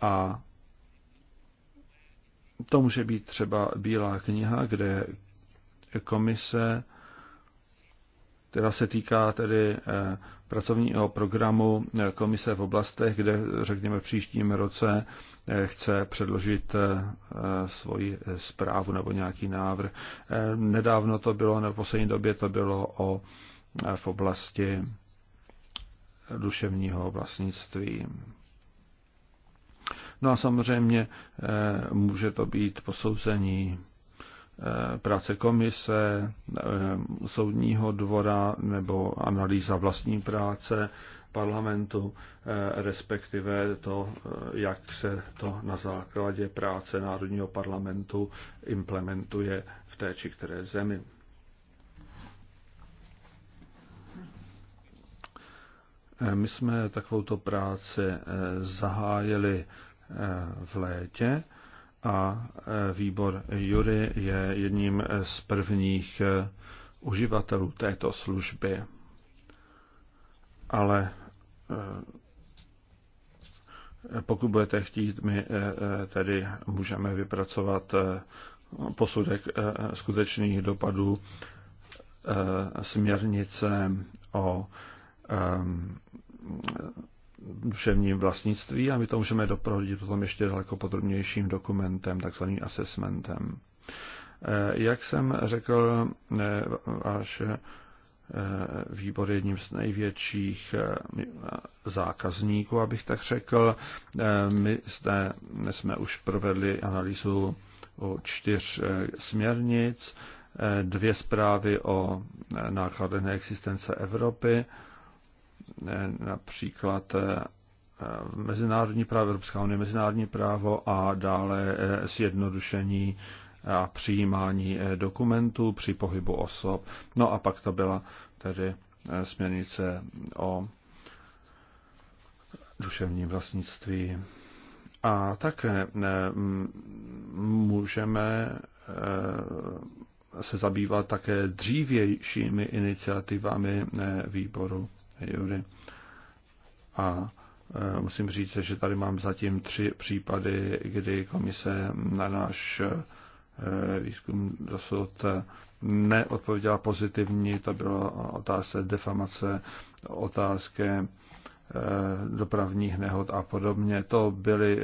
A to může být třeba Bílá kniha, kde komise, která se týká tedy eh, pracovního programu eh, komise v oblastech, kde řekněme v příštím roce eh, chce předložit svoji zprávu nebo nějaký návrh. Nedávno to bylo, nebo v poslední době to bylo o, v oblasti duševního vlastnictví. No a samozřejmě eh, může to být posouzení eh, práce komise, eh, soudního dvora nebo analýza vlastní práce parlamentu, respektive to, jak se to na základě práce Národního parlamentu implementuje v té či které zemi. Eh, my jsme takovou práci eh, zahájili eh, v létě a výbor Jury je jedním z prvních uživatelů této služby. Ale pokud budete chtít, my tedy můžeme vypracovat posudek skutečných dopadů směrnice o Ehm, duševním vlastnictví a my to můžeme doprohodit potom ještě daleko podrobnějším dokumentem, takzvaným assessmentem. Eh, jak jsem řekl, eh, váš eh, výbor je jedním z největších zákazníků, abych tak řekl. My zde jsme už provedli analýzu o čtyř směrnic, dvě zprávy o nákladech na existence Evropy, například eh, mezinárodní právo, Evropská unie, mezinárodní právo a dále zjednodušení eh, a přijímání eh, dokumentů při pohybu osob. No a pak to byla tedy směrnice o duševním vlastnictví. A také můžeme se zabývat také dřívějšími iniciativami výboru Jury. A e, musím říct, že tady mám zatím tři případy, kdy komise na náš e, výzkum dosud e, neodpověděla pozitivní. To byla otázka defamace, otázky dopravních nehod a podobně. To, byly,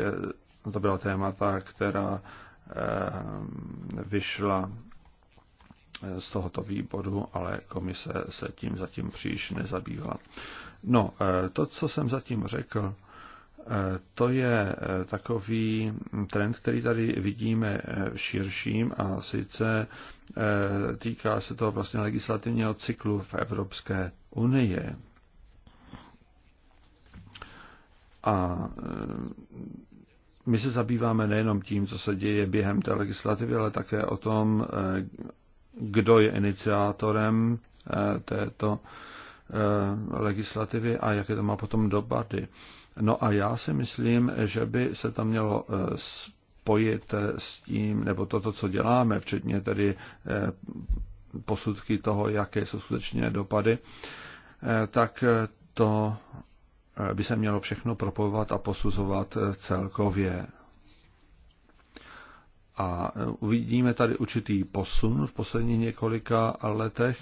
to byla témata, která vyšla z tohoto výboru, ale komise se tím zatím příliš nezabývá. No, eh, to, co jsem zatím řekl, eh, to je eh, takový trend, který tady vidíme v širším a sice týká se to vlastně legislativního cyklu v Evropské unii. A my se zabýváme nejenom tím, co se děje během té legislativy, ale také o tom, kdo je iniciátorem eh, této eh, legislativy a jaké to má potom dopady. No a já si myslím, že by se tam mělo eh, spojit s tím, nebo toto, co děláme, včetně tedy posudky toho, jaké jsou skutečně dopady, tak to by se mělo všechno propojovat a posuzovat celkově. A uvidíme tady určitý posun v posledních několika letech,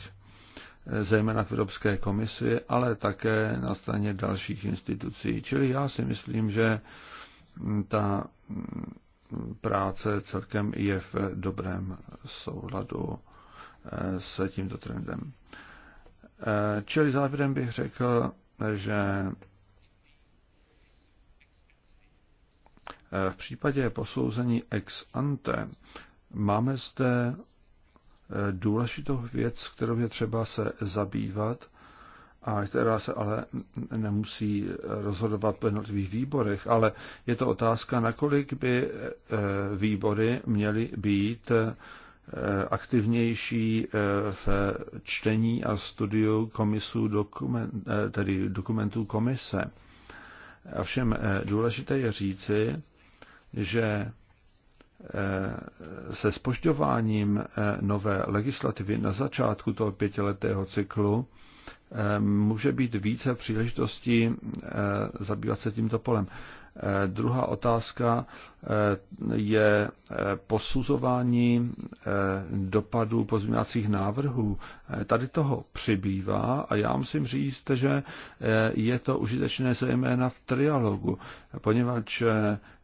zejména v Evropské komisi, ale také na straně dalších institucí. Čili já si myslím, že ta práce celkem je v dobrém souladu eh, s tímto trendem. Eh, čili závěrem bych řekl, že Eh, v případě posouzení ex ante máme zde eh, důležitou věc, kterou je třeba se zabývat a která se ale nemusí rozhodovat v jednotlivých výborech, ale je to otázka, nakolik by eh, výbory měly být aktivnější v čtení a studiu komisů dokument, tedy dokumentů komise. Ovšem důležité je říci, že eh, se spožďováním eh, nové legislativy na začátku toho pětiletého cyklu eh, může být více příležitostí zabývat se tímto polem. Eh, druhá otázka eh, je eh, posuzování dopadů pozměňovacích návrhů. Tady toho přibývá a já musím říct, že je to užitečné zejména v trialogu, poněvadž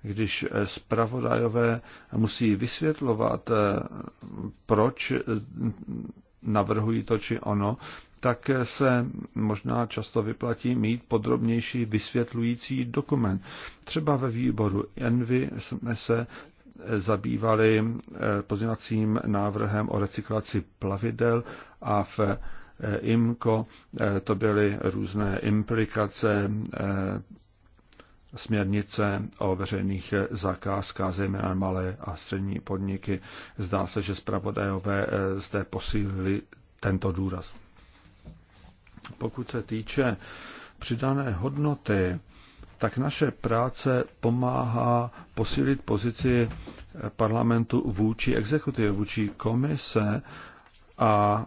když zpravodajové musí vysvětlovat, proč navrhují to či ono, tak se možná často vyplatí mít podrobnější vysvětlující dokument. Třeba ve výboru Envy jsme se zabývali eh, pozměňovacím návrhem o recyklaci plavidel a v eh, IMCO eh, to byly různé implikace směrnice o veřejných zakázkách, zejména malé a střední podniky. Zdá se, že zpravodajové zde posílili tento důraz. Pokud se týče přidané hodnoty, tak naše práce pomáhá posílit pozici parlamentu vůči exekutivě, vůči komise a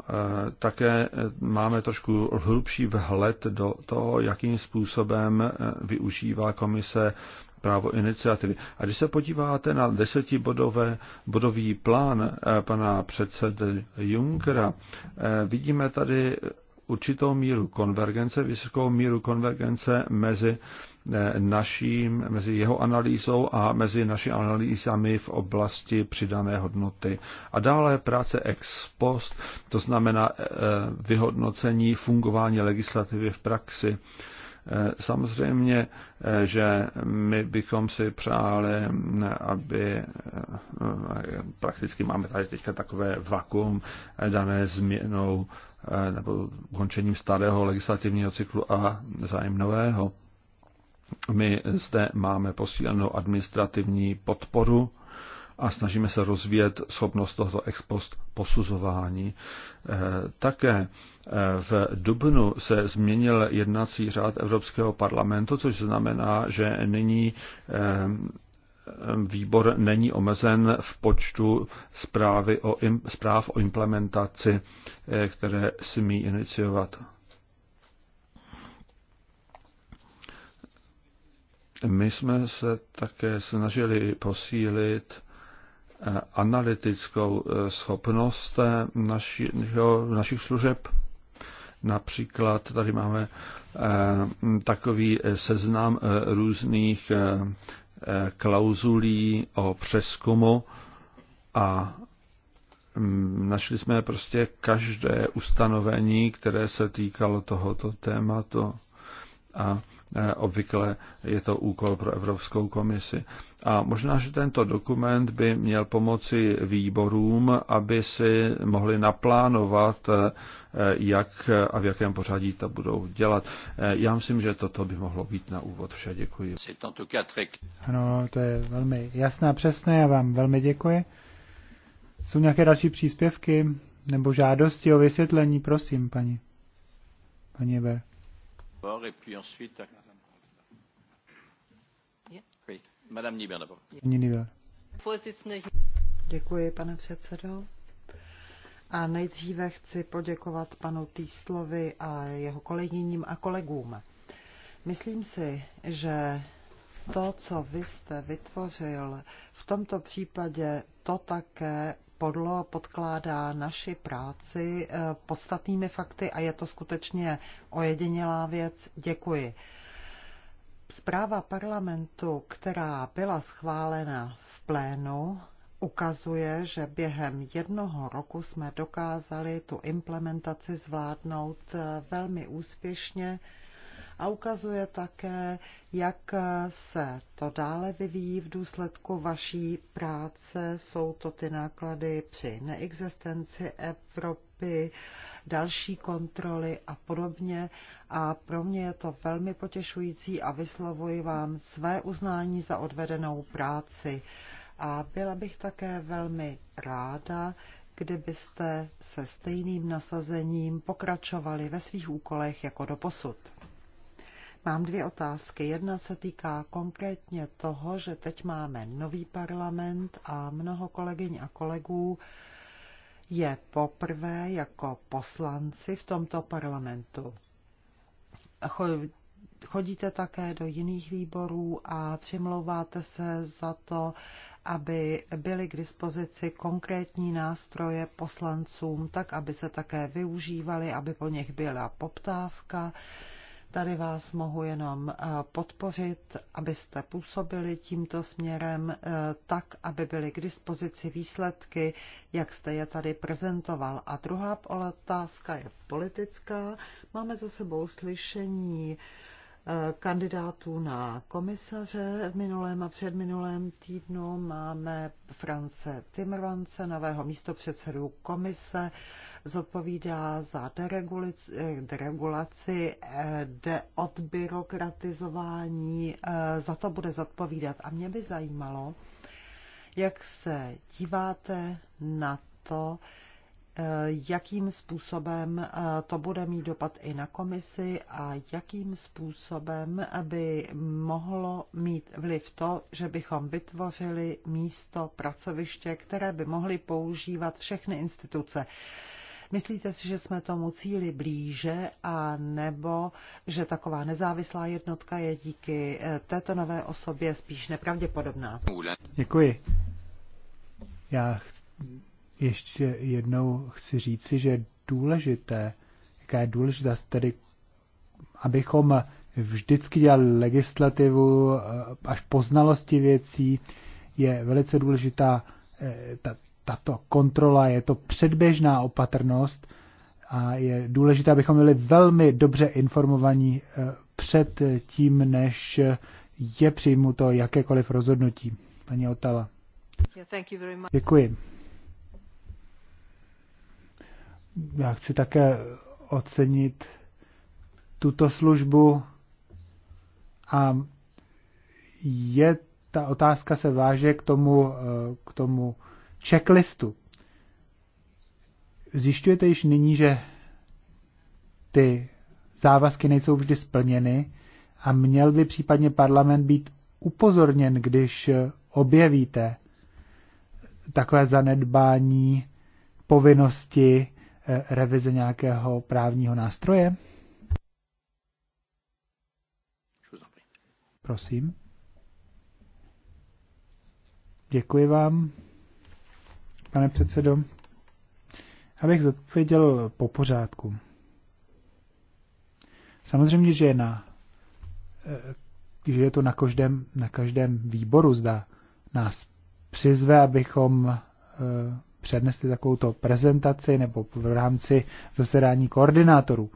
e, také e, máme trošku hlubší vhled do toho, jakým způsobem e, využívá komise právo iniciativy. A když se podíváte na desetibodové bodový plán pana předsedy Junckera, vidíme tady určitou míru konvergence, vysokou míru konvergence mezi eh, naším, mezi jeho analýzou a mezi naši analýzami v oblasti přidané hodnoty. A dále práce ex post, to znamená eh, eh, vyhodnocení fungování legislativy v praxi. Eh, samozřejmě, eh, že my bychom si přáli, eh, aby prakticky máme tady teďka takové vakuum dané změnou nebo ukončením starého legislativního cyklu a zájem nového. My zde máme posílenou administrativní podporu a snažíme se rozvíjet schopnost tohoto ex post posuzování. Eh, také eh, v Dubnu se změnil jednací řád Evropského parlamentu, což znamená, že nyní eh, výbor není omezen v počtu zprávy o, zpráv o implementaci, které smí iniciovat. My jsme se také snažili posílit Eh, analytickou eh, schopnost eh, naši, našich služeb. Například tady máme takový seznam různých klauzulí o přeskumu a mm, našli jsme prostě každé ustanovení, které se týkalo tohoto tématu. A Eh, obvykle je to úkol pro Evropskou komisi. A možná, že tento dokument by měl pomoci výborům, aby si mohli naplánovat, eh, jak a v jakém pořadí to budou dělat. Eh, já myslím, že toto by mohlo být na úvod vše. Děkuji. Ano, to je velmi jasné přesné. Já vám velmi děkuji. Jsou nějaké další příspěvky nebo žádosti o vysvětlení? Prosím, paní. Paní Eber. Děkuji, pane předsedo. A nejdříve chci poděkovat panu Týslovi a jeho kolegyním a kolegům. Myslím si, že to, co vy jste vytvořil, v tomto případě to také podlo podkládá naši práci eh, podstatnými fakty a je to skutečně ojedinělá věc. Děkuji. Zpráva parlamentu, která byla schválena v plénu, ukazuje, že během jednoho roku jsme dokázali tu implementaci zvládnout eh, velmi úspěšně a ukazuje také, jak se to dále vyvíjí v důsledku vaší práce. Jsou to ty náklady při neexistenci Evropy, další kontroly a podobně. A pro mě je to velmi potěšující a vyslovuji vám své uznání za odvedenou práci. A byla bych také velmi ráda, kdybyste se stejným nasazením pokračovali ve svých úkolech jako doposud. Mám dvě otázky. Jedna se týká konkrétně toho, že teď máme nový parlament a mnoho kolegyň a kolegů je poprvé jako poslanci v tomto parlamentu. Chodíte také do jiných výborů a přimlouváte se za to, aby byly k dispozici konkrétní nástroje poslancům, tak aby se také využívaly, aby po nich byla poptávka. Tady vás mohu jenom eh, podpořit, abyste působili tímto směrem eh, tak, aby byly k dispozici výsledky, jak jste je tady prezentoval. A druhá otázka je politická. Máme za sebou slyšení Eh, kandidátů na komisaře v minulém a předminulém týdnu. Máme France Timrvance, nového místopředsedu komise, zodpovídá za eh, deregulaci, eh, deregulaci, odbyrokratizování, za to bude zodpovídat. A mě by zajímalo, jak se díváte na to, Eh, jakým způsobem eh, to bude mít dopad i na komisi a jakým způsobem by mohlo mít vliv to, že bychom vytvořili místo pracoviště, které by mohly používat všechny instituce. Myslíte si, že jsme tomu cíli blíže a nebo že taková nezávislá jednotka je díky eh, této nové osobě spíš nepravděpodobná? Děkuji. Já ještě jednou chci říci, že je důležité, jaká je důležitá tedy, abychom vždycky dělali legislativu eh, až poznalosti věcí, je velice důležitá eh, ta, tato kontrola, je to předběžná opatrnost a je důležité, abychom byli velmi dobře informovaní eh, před tím, než je přijmuto jakékoliv rozhodnutí. Paní Otala. Děkuji já chci také ocenit tuto službu a je ta otázka se váže k tomu, eh, k tomu checklistu. Zjišťujete již nyní, že ty závazky nejsou vždy splněny a měl by případně parlament být upozorněn, když objevíte takové zanedbání povinnosti Eh, revize nějakého právního nástroje? Prosím. Děkuji vám, pane předsedo. Abych zodpověděl po pořádku. Samozřejmě, že je, na, eh, že je to na každém, na každém výboru, zda nás přizve, abychom eh, přednesli takovouto prezentaci nebo v rámci zasedání koordinátorů.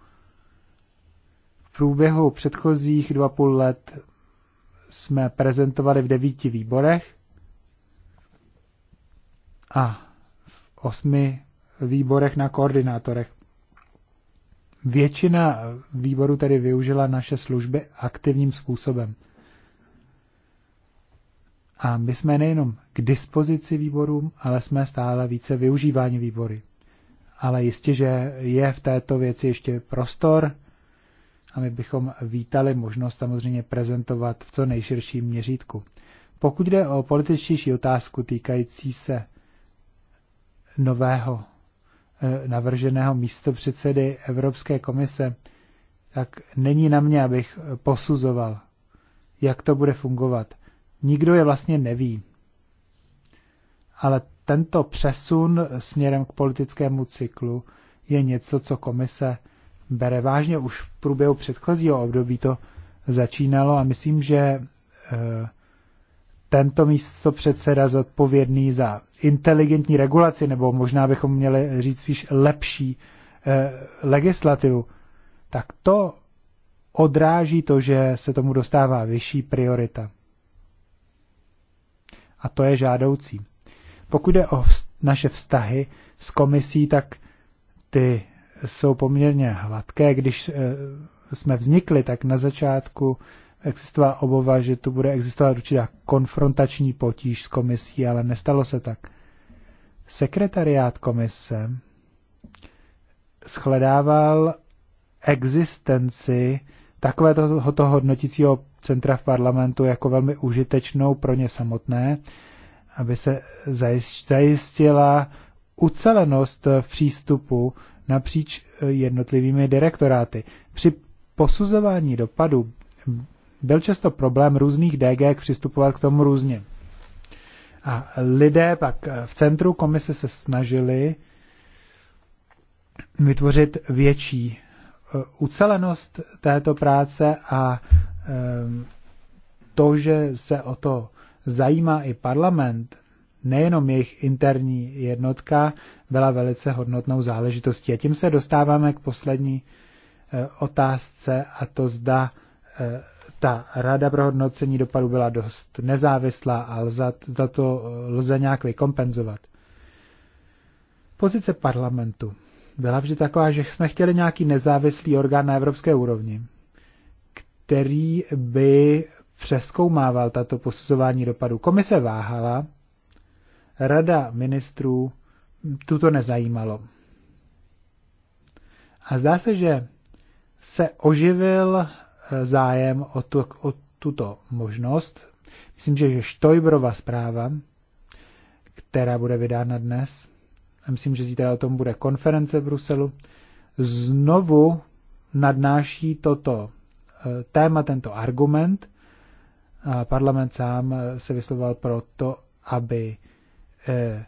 V průběhu předchozích dva půl let jsme prezentovali v devíti výborech a v osmi výborech na koordinátorech. Většina výborů tedy využila naše služby aktivním způsobem. A my jsme nejenom k dispozici výborům, ale jsme stále více využíváni výbory. Ale jistě, že je v této věci ještě prostor a my bychom vítali možnost samozřejmě prezentovat v co nejširším měřítku. Pokud jde o političtější otázku týkající se nového eh, navrženého místopředsedy Evropské komise, tak není na mě, abych posuzoval, jak to bude fungovat – nikdo je vlastně neví. Ale tento přesun směrem k politickému cyklu je něco, co komise bere vážně. Už v průběhu předchozího období to začínalo a myslím, že eh, tento místo předseda zodpovědný za inteligentní regulaci, nebo možná bychom měli říct spíš lepší eh, legislativu, tak to odráží to, že se tomu dostává vyšší priorita a to je žádoucí. Pokud jde o naše vztahy s komisí, tak ty jsou poměrně hladké. Když e, jsme vznikli, tak na začátku existovala obava, že tu bude existovat určitá konfrontační potíž s komisí, ale nestalo se tak. Sekretariát komise shledával existenci takového toho hodnotícího centra v parlamentu jako velmi užitečnou pro ně samotné, aby se zajistila ucelenost v přístupu napříč eh, jednotlivými direktoráty. Při posuzování dopadu byl často problém různých DG jak přistupovat k tomu různě. A lidé pak eh, v centru komise se snažili vytvořit větší eh, ucelenost této práce a Ehm, to, že se o to zajímá i parlament, nejenom jejich interní jednotka, byla velice hodnotnou záležitostí. A tím se dostáváme k poslední eh, otázce a to zda eh, ta rada pro hodnocení dopadu byla dost nezávislá a za to eh, lze nějak vykompenzovat. Pozice parlamentu byla vždy taková, že jsme chtěli nějaký nezávislý orgán na evropské úrovni, který by přeskoumával tato posuzování dopadu. Komise váhala, rada ministrů tuto nezajímalo. A zdá se, že se oživil eh, zájem o, tu, o tuto možnost. Myslím, že Štojbrova zpráva, která bude vydána dnes, a myslím, že zítra o tom bude konference v Bruselu, znovu nadnáší toto Eh, téma, tento argument. A parlament sám eh, se vyslovoval proto, aby eh,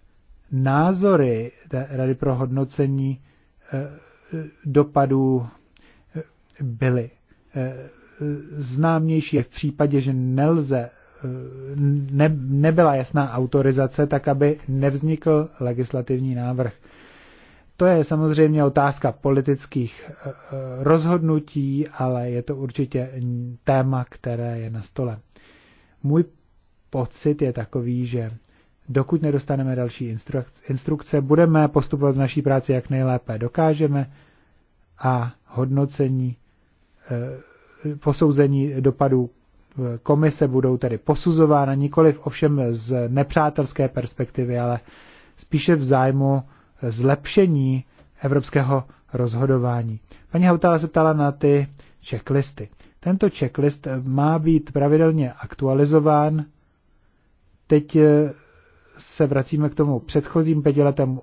názory Rady pro hodnocení dopadů byly známější v případě, že nelze ne, nebyla jasná autorizace, tak aby nevznikl legislativní návrh. To je samozřejmě otázka politických eh, eh, rozhodnutí, ale je to určitě téma, které je na stole. Můj pocit je takový, že dokud nedostaneme další instrukce, budeme postupovat v naší práci jak nejlépe dokážeme a hodnocení, eh, posouzení dopadů komise budou tedy posuzována nikoliv ovšem z nepřátelské perspektivy, ale spíše v zájmu zlepšení evropského rozhodování. Paní Hautala se ptala na ty checklisty. Tento checklist má být pravidelně aktualizován. Teď eh, se vracíme k tomu předchozím pětiletému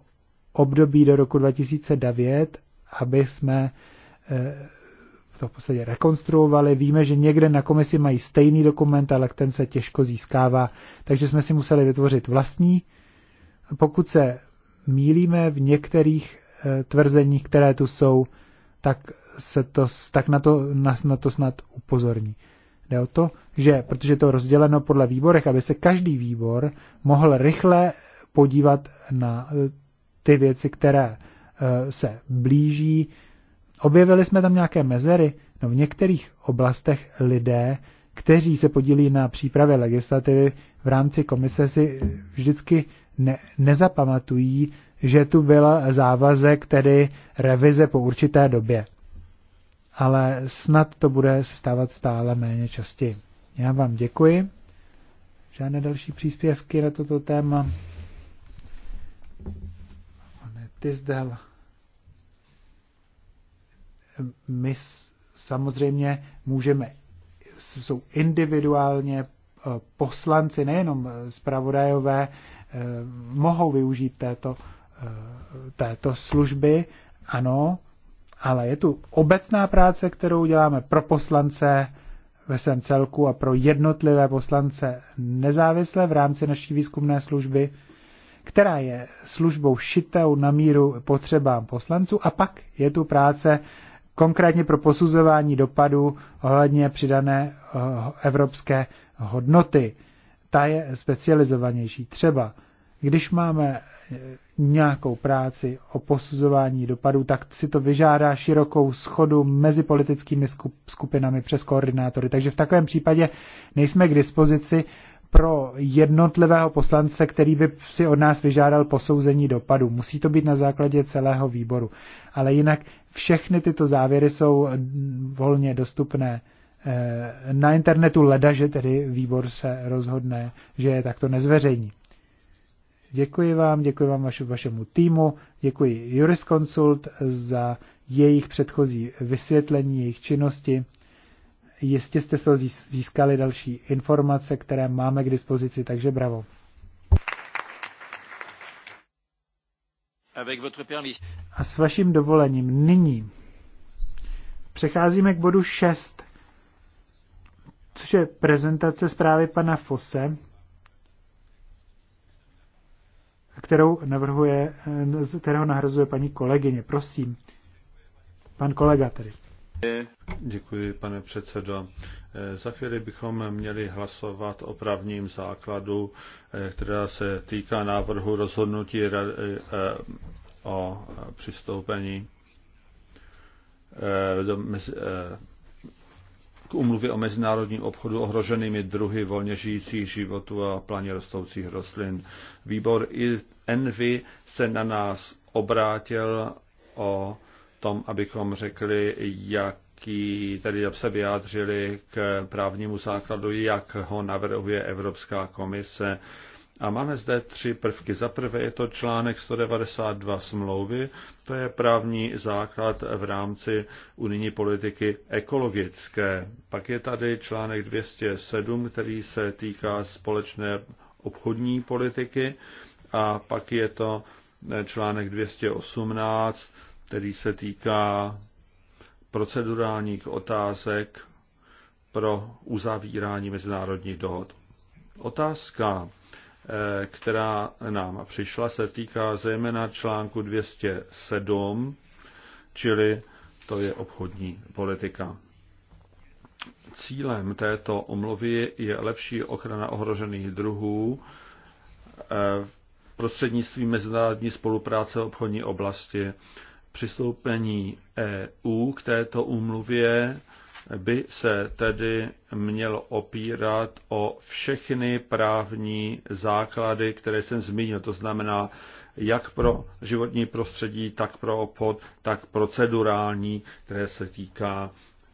období do roku 2009, aby jsme eh, to v podstatě rekonstruovali. Víme, že někde na komisi mají stejný dokument, ale ten se těžko získává, takže jsme si museli vytvořit vlastní. Pokud se mílíme v některých eh, tvrzeních, které tu jsou, tak, se to, tak na, to, na, na to snad upozorní. Jde o to, že protože to je rozděleno podle výborech, aby se každý výbor mohl rychle podívat na eh, ty věci, které eh, se blíží. Objevili jsme tam nějaké mezery. No v některých oblastech lidé, kteří se podílí na přípravě legislativy v rámci komise, si vždycky ne, nezapamatují, že tu byl závazek tedy revize po určité době. Ale snad to bude se stávat stále méně častěji. Já vám děkuji. Žádné další příspěvky na toto téma. Pane Tisdel. My samozřejmě můžeme, jsou individuálně eh, poslanci, nejenom eh, zpravodajové, Eh, mohou využít této, eh, této služby, ano, ale je tu obecná práce, kterou děláme pro poslance ve svém celku a pro jednotlivé poslance nezávisle v rámci naší výzkumné služby, která je službou šitou na míru potřebám poslanců a pak je tu práce konkrétně pro posuzování dopadu ohledně přidané eh, evropské hodnoty ta je specializovanější. Třeba když máme e, nějakou práci o posuzování dopadů, tak si to vyžádá širokou schodu mezi politickými skupinami přes koordinátory. Takže v takovém případě nejsme k dispozici pro jednotlivého poslance, který by si od nás vyžádal posouzení dopadu. Musí to být na základě celého výboru. Ale jinak všechny tyto závěry jsou volně dostupné Eh, na internetu leda, že tedy výbor se rozhodne, že je takto nezveřejní. Děkuji vám, děkuji vám vaš, vašemu týmu, děkuji Jurisconsult za jejich předchozí vysvětlení, jejich činnosti. Jistě jste z získali další informace, které máme k dispozici, takže bravo. A s vaším dovolením nyní přecházíme k bodu 6 což je prezentace zprávy pana Fose, kterou navrhuje, kterého nahrazuje paní kolegyně. Prosím, pan kolega tedy. Děkuji, pane předsedo. Za chvíli bychom měli hlasovat o právním základu, která se týká návrhu rozhodnutí eh, o přistoupení eh, do eh, umluvy o mezinárodním obchodu ohroženými druhy volně žijících životů a planě rostoucích rostlin. Výbor Envy se na nás obrátil o tom, abychom řekli, jak jaký tedy se vyjádřili k právnímu základu, jak ho navrhuje Evropská komise a máme zde tři prvky. Za prvé je to článek 192 smlouvy, to je právní základ v rámci unijní politiky ekologické. Pak je tady článek 207, který se týká společné obchodní politiky a pak je to článek 218, který se týká procedurálních otázek pro uzavírání mezinárodních dohod. Otázka Eh, která nám přišla, se týká zejména článku 207, čili to je obchodní politika. Cílem této omluvy je lepší ochrana ohrožených druhů eh, prostřednictvím mezinárodní spolupráce v obchodní oblasti. Přistoupení EU k této úmluvě by se tedy měl opírat o všechny právní základy, které jsem zmínil. To znamená, jak pro životní prostředí, tak pro obchod, tak procedurální, které se týká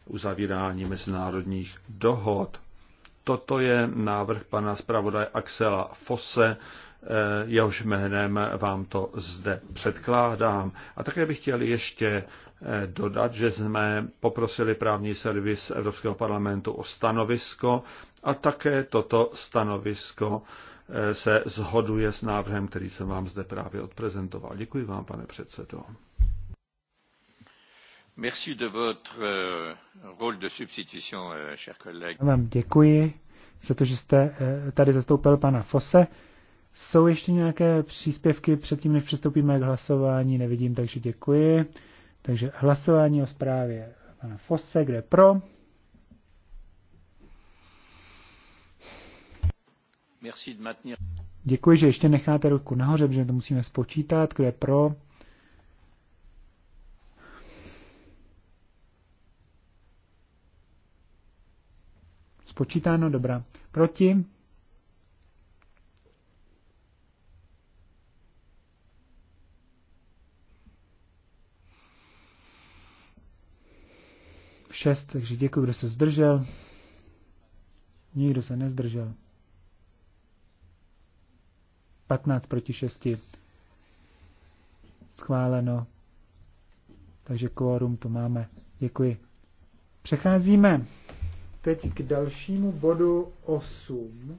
uzavírání mezinárodních dohod. Toto je návrh pana zpravodaje Axela Fosse Eh, jehož jménem vám to zde předkládám. A také bych chtěl ještě eh, dodat, že jsme poprosili právní servis Evropského parlamentu o stanovisko a také toto stanovisko eh, se zhoduje s návrhem, který jsem vám zde právě odprezentoval. Děkuji vám, pane předsedo. Merci de votre rôle de substitution, cher collègue. Vám děkuji za to, že jste tady zastoupil pana Fosse. Jsou ještě nějaké příspěvky předtím, než přistoupíme k hlasování? Nevidím, takže děkuji. Takže hlasování o zprávě pana Fosse, kde pro? Děkuji, že ještě necháte ruku nahoře, protože to musíme spočítat, kdo je pro. Spočítáno, dobrá. Proti? 6, takže děkuji, kdo se zdržel. Nikdo se nezdržel. 15 proti 6. Schváleno. Takže kvórum to máme. Děkuji. Přecházíme teď k dalšímu bodu 8.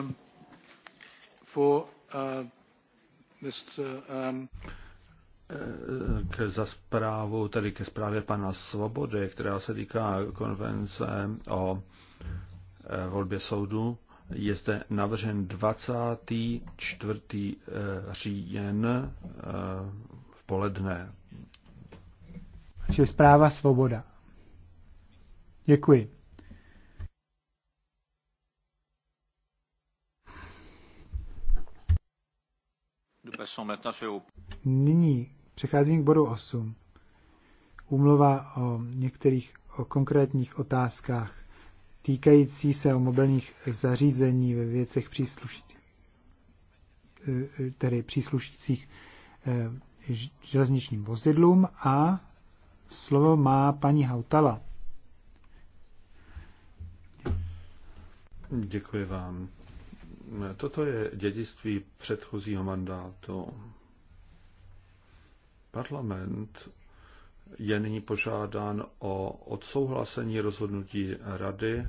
um, for uh, Mr. Um, k, za zprávu, tedy ke zprávě pana Svobody, která se týká konvence o eh, volbě soudu, je zde navržen 24. Eh, říjen eh, v poledne. Čili zpráva Svoboda. Děkuji. Nyní přecházím k bodu 8. Úmluva o některých o konkrétních otázkách týkající se o mobilních zařízení ve věcech eh, eh, tedy příslušících eh, železničním vozidlům a slovo má paní Hautala. Děkuji vám toto je dědictví předchozího mandátu. Parlament je nyní požádán o odsouhlasení rozhodnutí Rady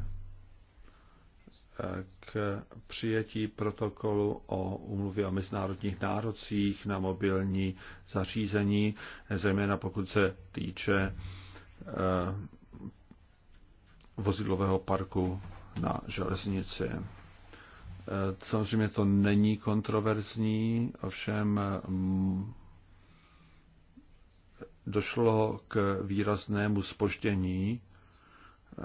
k přijetí protokolu o umluvě o mezinárodních nárocích na mobilní zařízení, zejména pokud se týče eh, vozidlového parku na železnici. Samozřejmě to není kontroverzní, ovšem mm, došlo k výraznému spoždění, eh,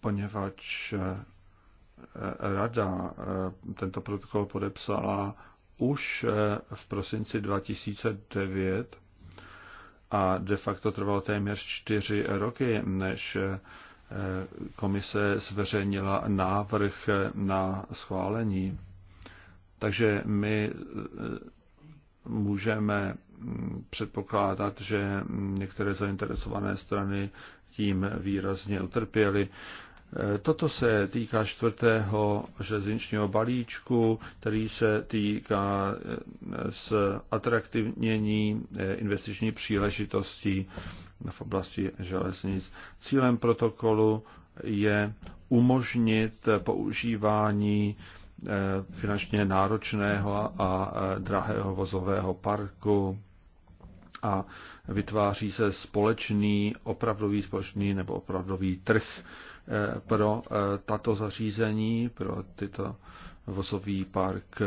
poněvadž eh, rada eh, tento protokol podepsala už v prosinci 2009 a de facto trvalo téměř čtyři roky, než komise zveřejnila návrh na schválení. Takže my eh, můžeme mm, předpokládat, že některé zainteresované strany tím výrazně utrpěly. Toto se týká čtvrtého železničního balíčku, který se týká eh, s atraktivnění eh, investiční příležitostí v oblasti železnic. Cílem protokolu je umožnit používání eh, finančně náročného a drahého vozového parku a vytváří se společný, opravdový společný nebo opravdový trh pro eh, tato zařízení, pro tyto vozový park.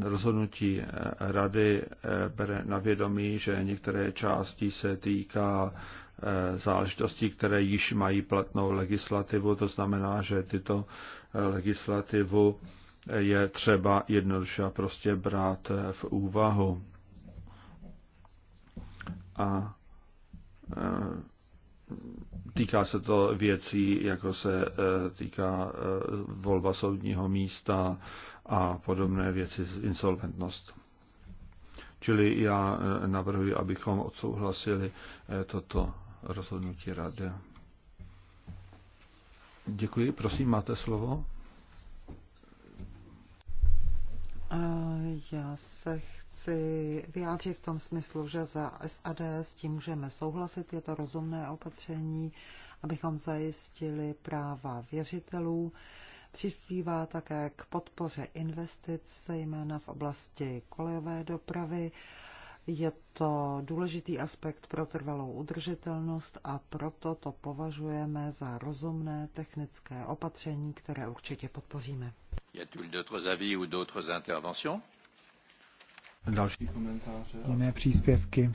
Rozhodnutí eh, rady eh, bere na vědomí, že některé části se týká záležitostí, které již mají platnou legislativu. To znamená, že tyto legislativu je třeba jednoduše prostě brát v úvahu. A Týká se to věcí, jako se e, týká e, volba soudního místa a podobné věci, insolventnost. Čili já e, navrhuji, abychom odsouhlasili toto rozhodnutí rady. Děkuji. Prosím, máte slovo. Já se chci vyjádřit v tom smyslu, že za SAD s tím můžeme souhlasit, je to rozumné opatření, abychom zajistili práva věřitelů. Přispívá také k podpoře investic, zejména v oblasti kolejové dopravy. Je to důležitý aspekt pro trvalou udržitelnost a proto to považujeme za rozumné technické opatření, které určitě podpoříme. Y a-t-il d'autres avis ou d'autres interventions další komentáře a jiné příspěvky.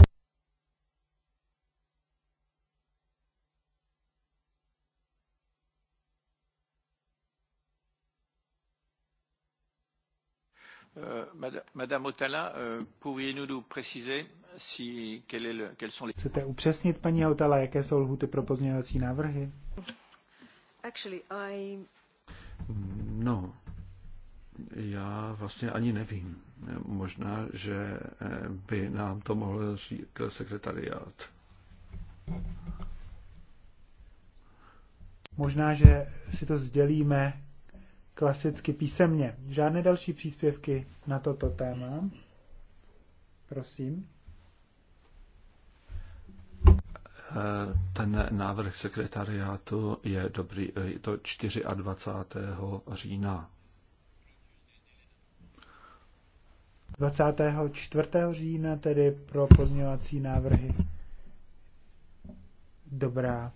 Euh, madame Otala, euh, pourriez-nous nous préciser si, quels sont les... Chcete upřesnit, paní Otala, jaké jsou lhuty pro pozměňovací návrhy? Actually, I... No, já vlastně ani nevím. Možná, že eh, by nám to mohl říct sekretariát. Možná, že si to sdělíme klasicky písemně. Žádné další příspěvky na toto téma? Prosím. Eh, ten návrh sekretariátu je dobrý, eh, je to 24. října. 24. října tedy pro pozměňovací návrhy. Dobrá.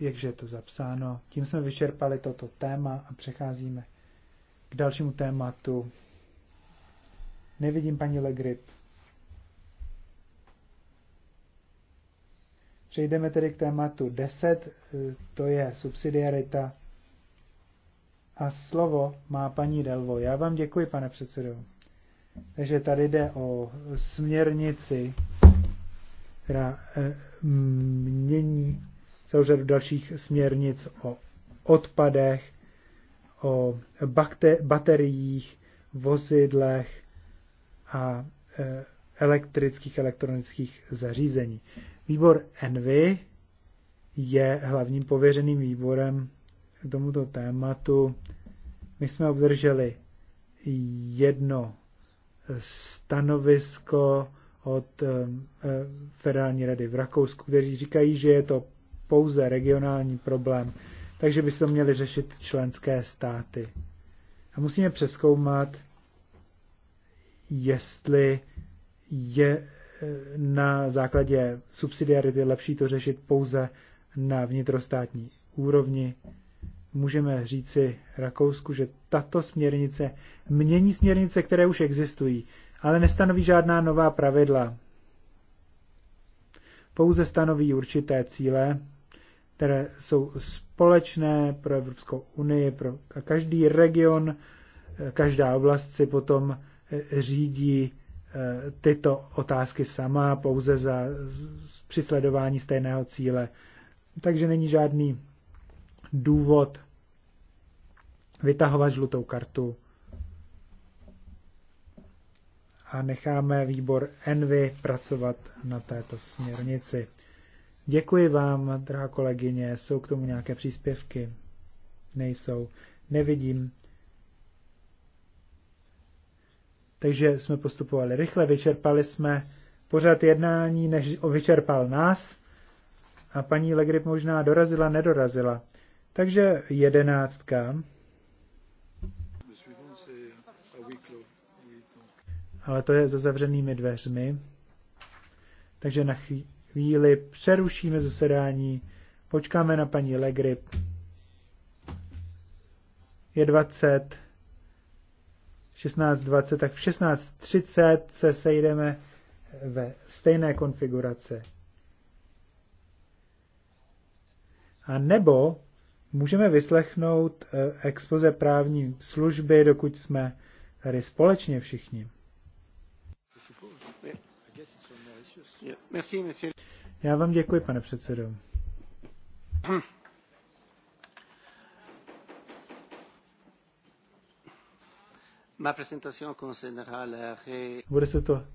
Jakže je to zapsáno? Tím jsme vyčerpali toto téma a přecházíme k dalšímu tématu. Nevidím paní Legrip. Přejdeme tedy k tématu 10, to je subsidiarita. A slovo má paní Delvo. Já vám děkuji, pane předsedo. Takže tady jde o směrnici, která eh, mění celou řadu dalších směrnic o odpadech, o bateriích, vozidlech a eh, elektrických elektronických zařízení. Výbor Envy je hlavním pověřeným výborem k tomuto tématu. My jsme obdrželi jedno stanovisko od eh, eh, Federální rady v Rakousku, kteří říkají, že je to pouze regionální problém, takže by se to měly řešit členské státy. A musíme přeskoumat, jestli je eh, na základě subsidiarity lepší to řešit pouze na vnitrostátní úrovni, můžeme říci Rakousku, že tato směrnice mění směrnice, které už existují, ale nestanoví žádná nová pravidla. Pouze stanoví určité cíle, které jsou společné pro Evropskou unii, pro každý region, každá oblast si potom eh, řídí eh, tyto otázky sama pouze za přisledování stejného cíle. Takže není žádný důvod vytahovat žlutou kartu a necháme výbor Envy pracovat na této směrnici. Děkuji vám, drahá kolegyně, jsou k tomu nějaké příspěvky? Nejsou, nevidím. Takže jsme postupovali rychle, vyčerpali jsme pořád jednání, než vyčerpal nás. A paní Legrip možná dorazila, nedorazila. Takže jedenáctka. Ale to je za zavřenými dveřmi. Takže na chvíli přerušíme zasedání, počkáme na paní Legrip. Je 20, 16.20, tak v 16.30 se sejdeme ve stejné konfiguraci. A nebo můžeme vyslechnout eh, expoze právní služby, dokud jsme tady společně všichni. Já vám děkuji, pane předsedo. Eh, Bude se to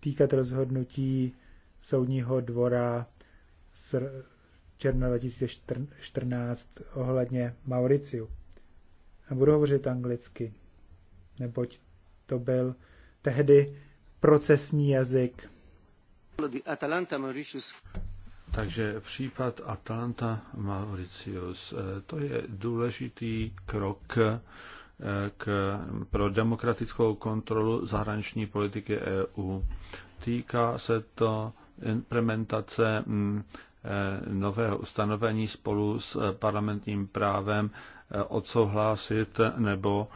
týkat rozhodnutí soudního dvora s června 2014 ohledně Mauriciu. A budu hovořit anglicky, neboť to byl tehdy procesní jazyk. Takže případ Atalanta Mauritius, eh, to je důležitý krok eh, k, pro demokratickou kontrolu zahraniční politiky EU. Týká se to implementace mm, Eh, nového ustanovení spolu s eh, parlamentním právem eh, odsouhlasit nebo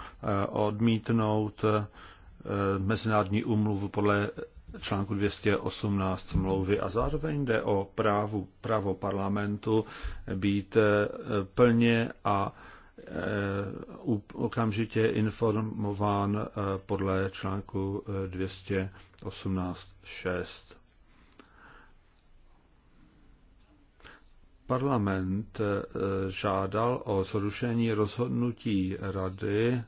odmítnout mezinárodní úmluvu podle článku 218 smlouvy a zároveň jde o právu, právo parlamentu být plně a okamžitě informován podle článku 218.6. Parlament eh, žádal o zrušení rozhodnutí rady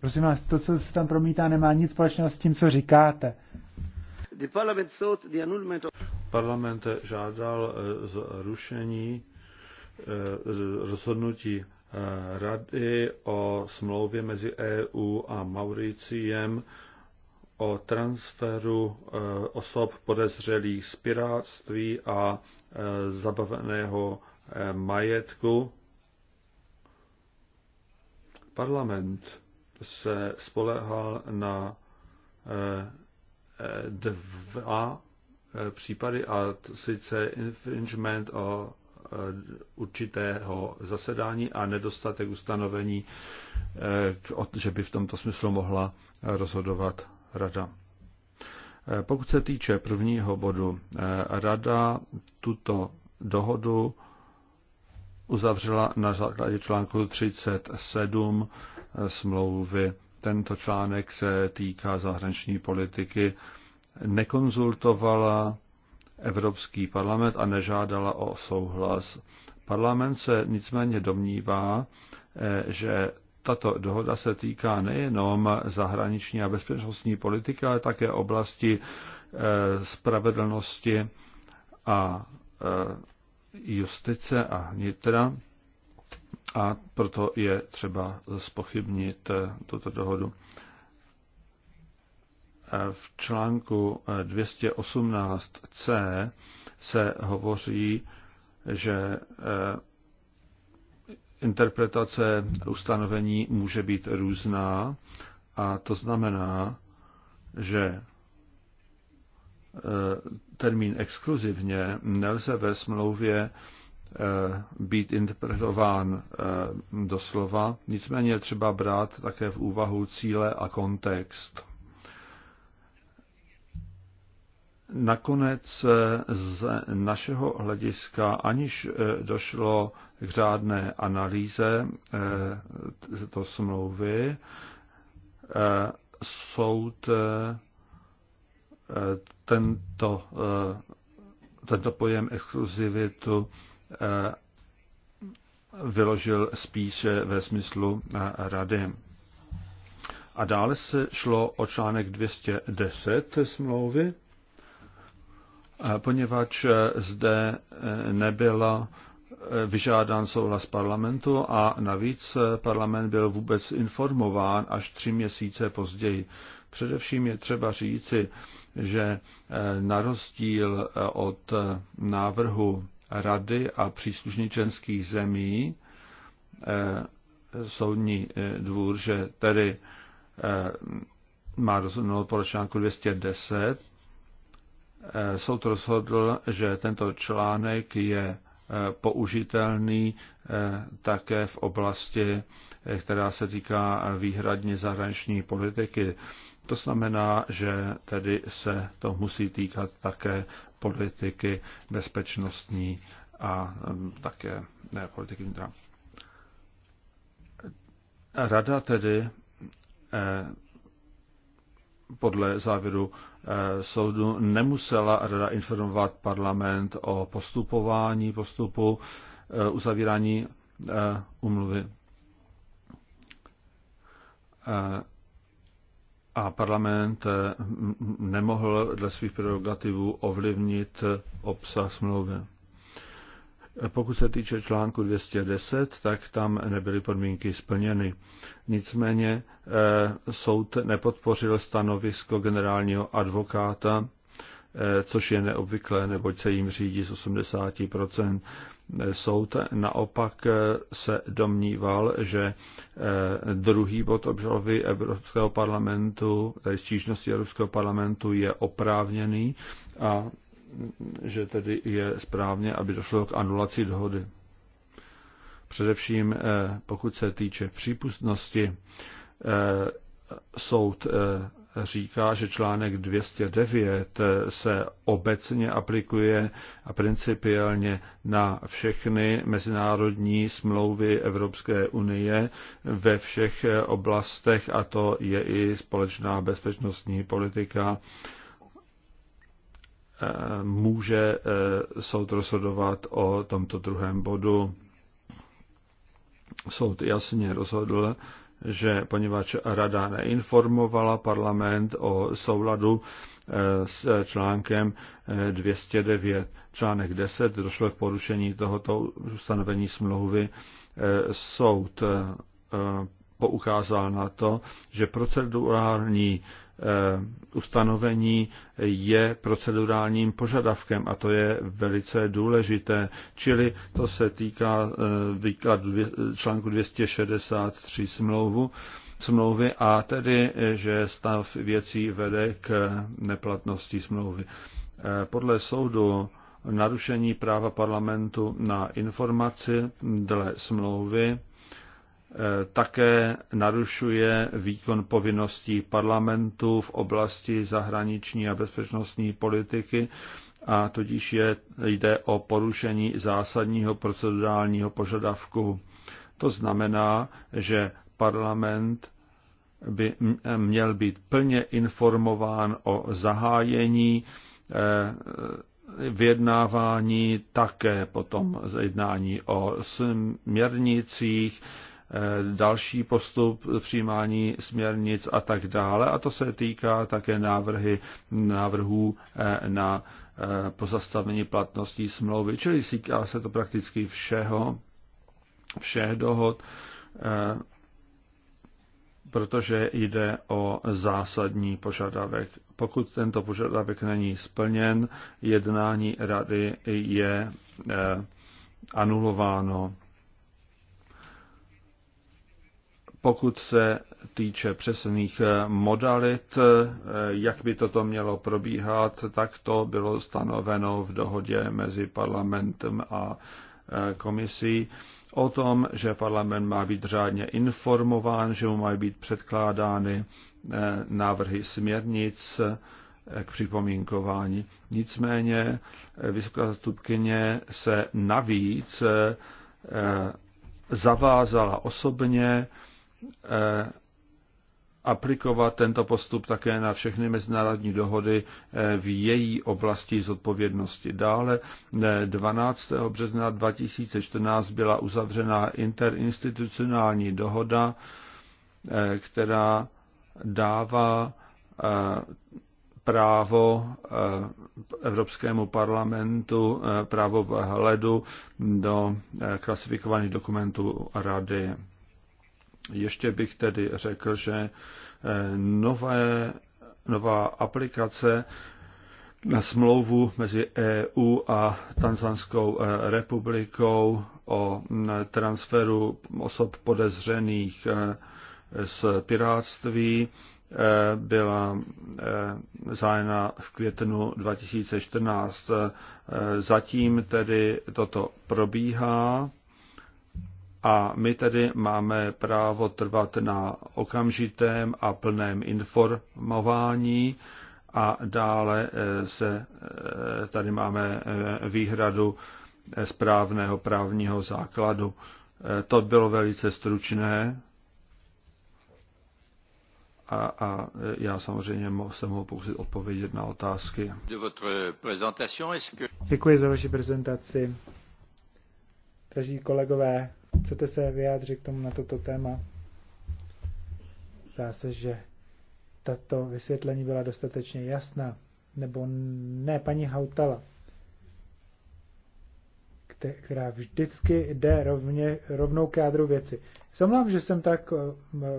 Prosím vás, to, co se tam promítá, nemá nic společného s tím, co říkáte. Parlament žádal eh, zrušení eh, rozhodnutí rady o smlouvě mezi EU a Mauriciem o transferu eh, osob podezřelých z piráctví a eh, zabaveného eh, majetku. Parlament se spolehal na dva případy, a sice infringement o určitého zasedání a nedostatek ustanovení, že by v tomto smyslu mohla rozhodovat rada. Eh, pokud se týče prvního bodu, eh, rada tuto dohodu uzavřela na základě článku 37 eh, smlouvy. Tento článek se týká zahraniční politiky. Nekonzultovala Evropský parlament a nežádala o souhlas. Parlament se nicméně domnívá, že tato dohoda se týká nejenom zahraniční a bezpečnostní politiky, ale také oblasti eh, spravedlnosti a eh, justice a vnitra. A proto je třeba spochybnit eh, tuto dohodu. V článku 218c se hovoří, že interpretace ustanovení může být různá a to znamená, že e, termín exkluzivně nelze ve smlouvě e, být interpretován e, doslova, nicméně třeba brát také v úvahu cíle a kontext. nakonec eh, z našeho hlediska, aniž eh, došlo k řádné analýze eh, této smlouvy, soud tento, tento pojem exkluzivitu vyložil spíše ve smyslu rady. A dále se šlo o článek 210 smlouvy, poněvadž eh, zde eh, nebyla eh, vyžádán souhlas parlamentu a navíc parlament byl vůbec informován až tři měsíce později. Především je třeba říci, že na rozdíl od návrhu rady a příslušných členských zemí soudní dvůr, že tedy má rozhodnout podle článku 210 Eh, soud rozhodl, že tento článek je eh, použitelný eh, také v oblasti, která se týká výhradně zahraniční politiky. To znamená, že tedy se to musí týkat také politiky bezpečnostní a také ne, politiky vnitra. Rada tedy podle závěru eh, soudu nemusela rada informovat parlament o postupování, postupu eh, uzavírání eh, umluvy. A parlament nemohl dle svých prerogativů ovlivnit obsah smlouvy. Pokud se týče článku 210, tak tam nebyly podmínky splněny. Nicméně eh, soud nepodpořil stanovisko generálního advokáta, eh, což je neobvyklé, neboť se jim řídí z 80 eh, Soud naopak se domníval, že druhý bod obžaloby Evropského parlamentu, tedy stížnosti Evropského parlamentu je oprávněný a že tedy je správně, aby došlo k anulaci dohody. Především eh, pokud se týče přípustnosti, eh, soud eh, říká, že článek 209 se obecně aplikuje a principiálně na všechny mezinárodní smlouvy Evropské unie ve všech oblastech, a to je i společná bezpečnostní politika může eh, soud rozhodovat o tomto druhém bodu. Soud jasně rozhodl, že poněvadž rada neinformovala parlament o souladu eh, s článkem 209 eh, článek 10 došlo k porušení tohoto ustanovení smlouvy. Soud poukázal na to, že procedurální Eh, ustanovení je procedurálním požadavkem a to je velice důležité. Čili to se týká eh, výkladu článku 263 smlouvu, smlouvy a tedy, eh, že stav věcí vede k neplatnosti smlouvy. Podle soudu narušení práva parlamentu na informaci dle smlouvy Eh, také narušuje výkon povinností parlamentu v oblasti zahraniční a bezpečnostní politiky a tudíž je, jde o porušení zásadního procedurálního požadavku. To znamená, že parlament by měl být plně informován o zahájení eh, vyjednávání, také potom jednání o směrnicích, Eh, další postup přijímání směrnic a tak dále. A to se týká také návrhy, návrhů eh, na eh, pozastavení platností smlouvy, čili týká se to prakticky všeho, všech dohod, protože jde o zásadní požadavek. Pokud tento požadavek není splněn, jednání rady je anulováno. pokud se týče přesných eh, modalit, eh, jak by toto mělo probíhat, tak to bylo stanoveno v dohodě mezi parlamentem a eh, komisí o tom, že parlament má být řádně informován, že mu mají být předkládány návrhy směrnic k připomínkování. Nicméně vysoká zastupkyně se navíc zavázala osobně Eh, aplikovat tento postup také na všechny mezinárodní dohody eh, v její oblasti zodpovědnosti. Dále 12. Eh, března 2014 byla uzavřena interinstitucionální dohoda, která dává právo Evropskému parlamentu, právo vhledu do klasifikovaných dokumentů Rady. Ještě bych tedy řekl, že eh, nové, nová aplikace na smlouvu mezi EU a Tanzanskou eh, republikou o mm, transferu osob podezřených eh, z piráctví byla zájena v květnu 2014. Zatím tedy toto probíhá a my tedy máme právo trvat na okamžitém a plném informování a dále eh, se eh, tady máme eh, výhradu správného právního základu. To bylo velice stručné a, a já samozřejmě se mohu pokusit odpovědět na otázky. Děkuji za vaši prezentaci. Drazí kolegové, Chcete se vyjádřit k tomu na toto téma? Zdá se, že tato vysvětlení byla dostatečně jasná. Nebo ne, paní Hautala, která vždycky jde rovně, rovnou k jádru věci. Samozřejmě, že jsem tak eh,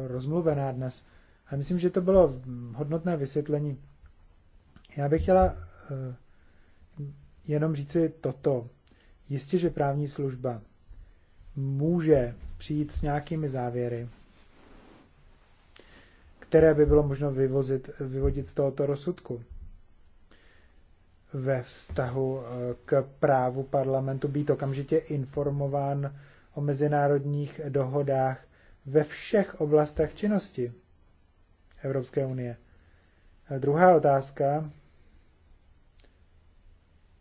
rozmluvená dnes, ale myslím, že to bylo hodnotné vysvětlení. Já bych chtěla eh, jenom říci toto. Jistě, že právní služba může přijít s nějakými závěry, které by bylo možno vyvozit, vyvodit z tohoto rozsudku ve vztahu eh, k právu parlamentu být okamžitě informován o mezinárodních dohodách ve všech oblastech činnosti Evropské unie. A eh, druhá otázka.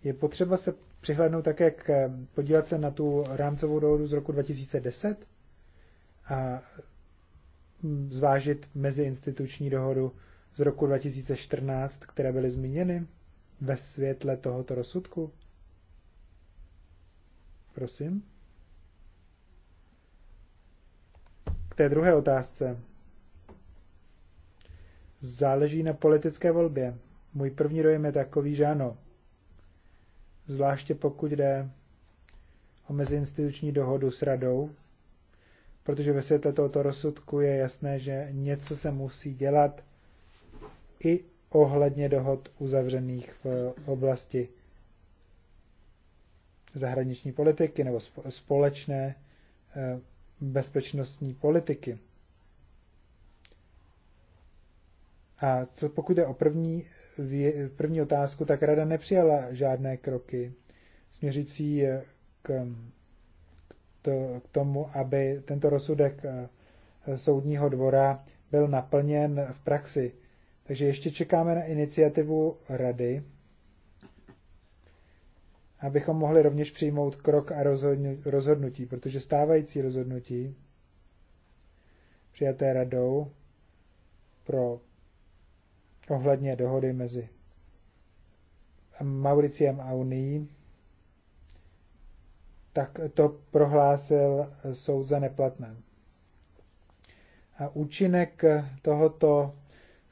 Je potřeba se přihlednout také k, eh, podívat se na tu rámcovou dohodu z roku 2010 a mm, zvážit meziinstituční dohodu z roku 2014, které byly zmíněny ve světle tohoto rozsudku? Prosím. K té druhé otázce. Záleží na politické volbě. Můj první dojem je takový, že ano, zvláště pokud jde o meziinstituční dohodu s radou, protože ve světle tohoto rozsudku je jasné, že něco se musí dělat i ohledně dohod uzavřených v oblasti zahraniční politiky nebo společné eh, bezpečnostní politiky. A co pokud je o první první otázku, tak rada nepřijala žádné kroky směřící eh, k, to, k tomu, aby tento rozsudek eh, soudního dvora byl naplněn v praxi. Takže ještě čekáme na iniciativu rady, abychom mohli rovněž přijmout krok a rozhodnutí, protože stávající rozhodnutí přijaté radou pro ohledně dohody mezi Mauriciem a Unii, tak to prohlásil soud za neplatné. A účinek tohoto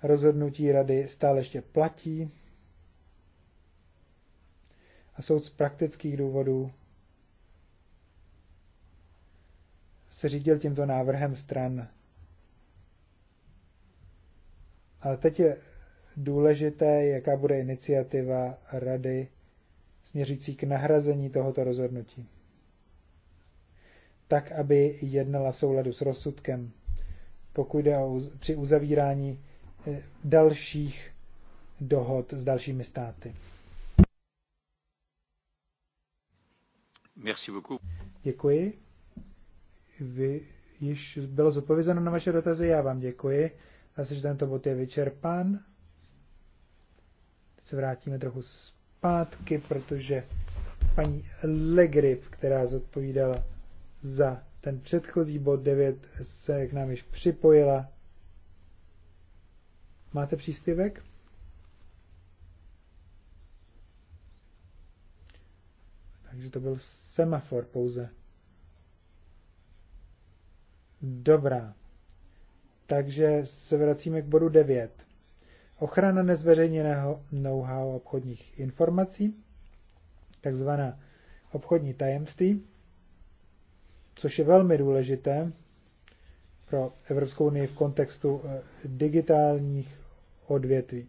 rozhodnutí rady stále ještě platí a soud z praktických důvodů se řídil tímto návrhem stran. Ale teď je důležité, jaká bude iniciativa rady směřící k nahrazení tohoto rozhodnutí. Tak, aby jednala v souladu s rozsudkem, pokud jde o při uzavírání eh, dalších dohod s dalšími státy. Merci beaucoup. Děkuji. Vy již bylo zodpovězeno na vaše dotazy, já vám děkuji. Zase, že tento bod je vyčerpán se vrátíme trochu zpátky, protože paní Legrip, která zodpovídala za ten předchozí bod 9, se k nám již připojila. Máte příspěvek? Takže to byl semafor pouze. Dobrá. Takže se vracíme k bodu 9 ochrana nezveřejněného know-how obchodních informací, takzvaná obchodní tajemství, což je velmi důležité pro Evropskou unii v kontextu eh, digitálních odvětví.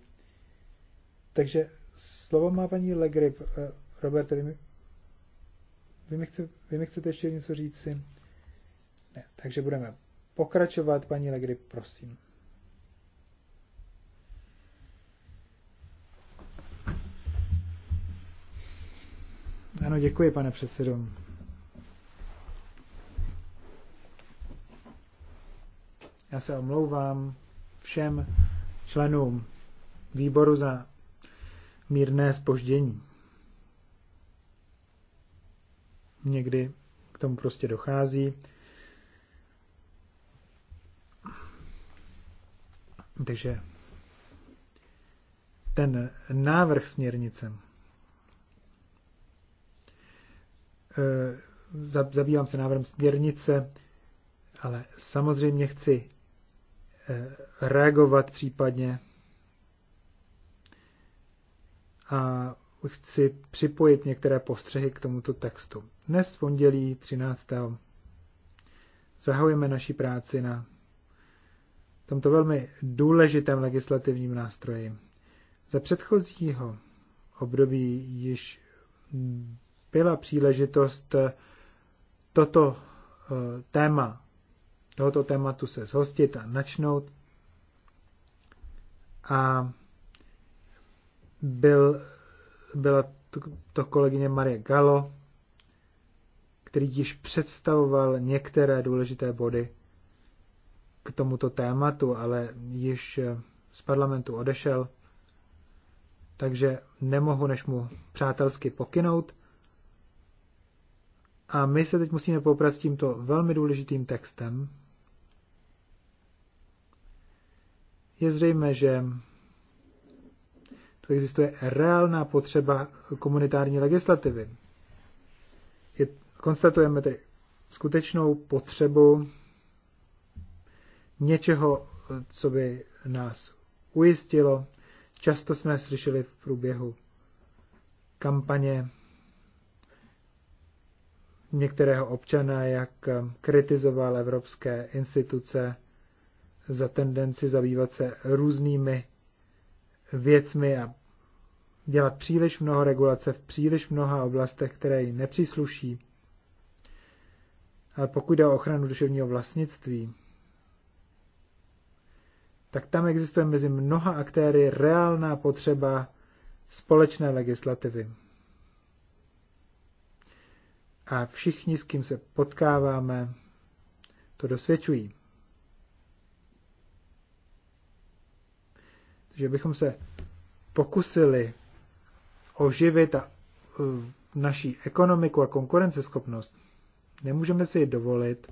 Takže slovo má paní Legrip. Eh, Roberte, vy mi, vy mi, chcete, vy mi chcete ještě něco říct si? Ne, takže budeme pokračovat. Paní Legrip, prosím. Ano, děkuji, pane předsedo. Já se omlouvám všem členům výboru za mírné spoždění. Někdy k tomu prostě dochází. Takže ten návrh směrnice Eh, zabývám se návrhem směrnice, ale samozřejmě chci eh, reagovat případně a chci připojit některé postřehy k tomuto textu. Dnes v pondělí 13. zahajujeme naši práci na tomto velmi důležitém legislativním nástroji. Za předchozího období již byla příležitost eh, toto eh, téma, tohoto tématu se zhostit a načnout. A byl, byla to, to kolegyně Marie Galo, který již představoval některé důležité body k tomuto tématu, ale již eh, z parlamentu odešel, takže nemohu než mu přátelsky pokynout a my se teď musíme poprat s tímto velmi důležitým textem. Je zřejmé, že tu existuje reálná potřeba komunitární legislativy. Je, konstatujeme tedy skutečnou potřebu něčeho, co by nás ujistilo. Často jsme slyšeli v průběhu kampaně některého občana, jak eh, kritizoval evropské instituce za tendenci zabývat se různými věcmi a dělat příliš mnoho regulace v příliš mnoha oblastech, které jí nepřísluší. Ale pokud jde o ochranu duševního vlastnictví, tak tam existuje mezi mnoha aktéry reálná potřeba společné legislativy a všichni, s kým se potkáváme, to dosvědčují. Takže bychom se pokusili oživit a, e, naší ekonomiku a konkurenceschopnost, nemůžeme si dovolit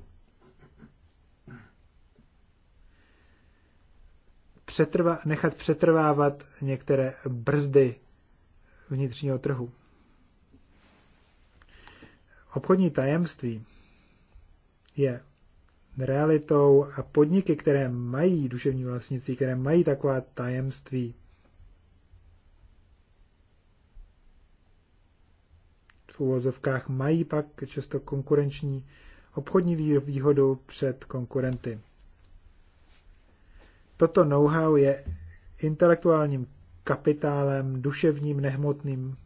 přetrva, nechat přetrvávat některé brzdy vnitřního trhu. Obchodní tajemství je realitou a podniky, které mají duševní vlastnictví, které mají taková tajemství, v úvozovkách mají pak často konkurenční obchodní výhodu před konkurenty. Toto know-how je intelektuálním kapitálem, duševním, nehmotným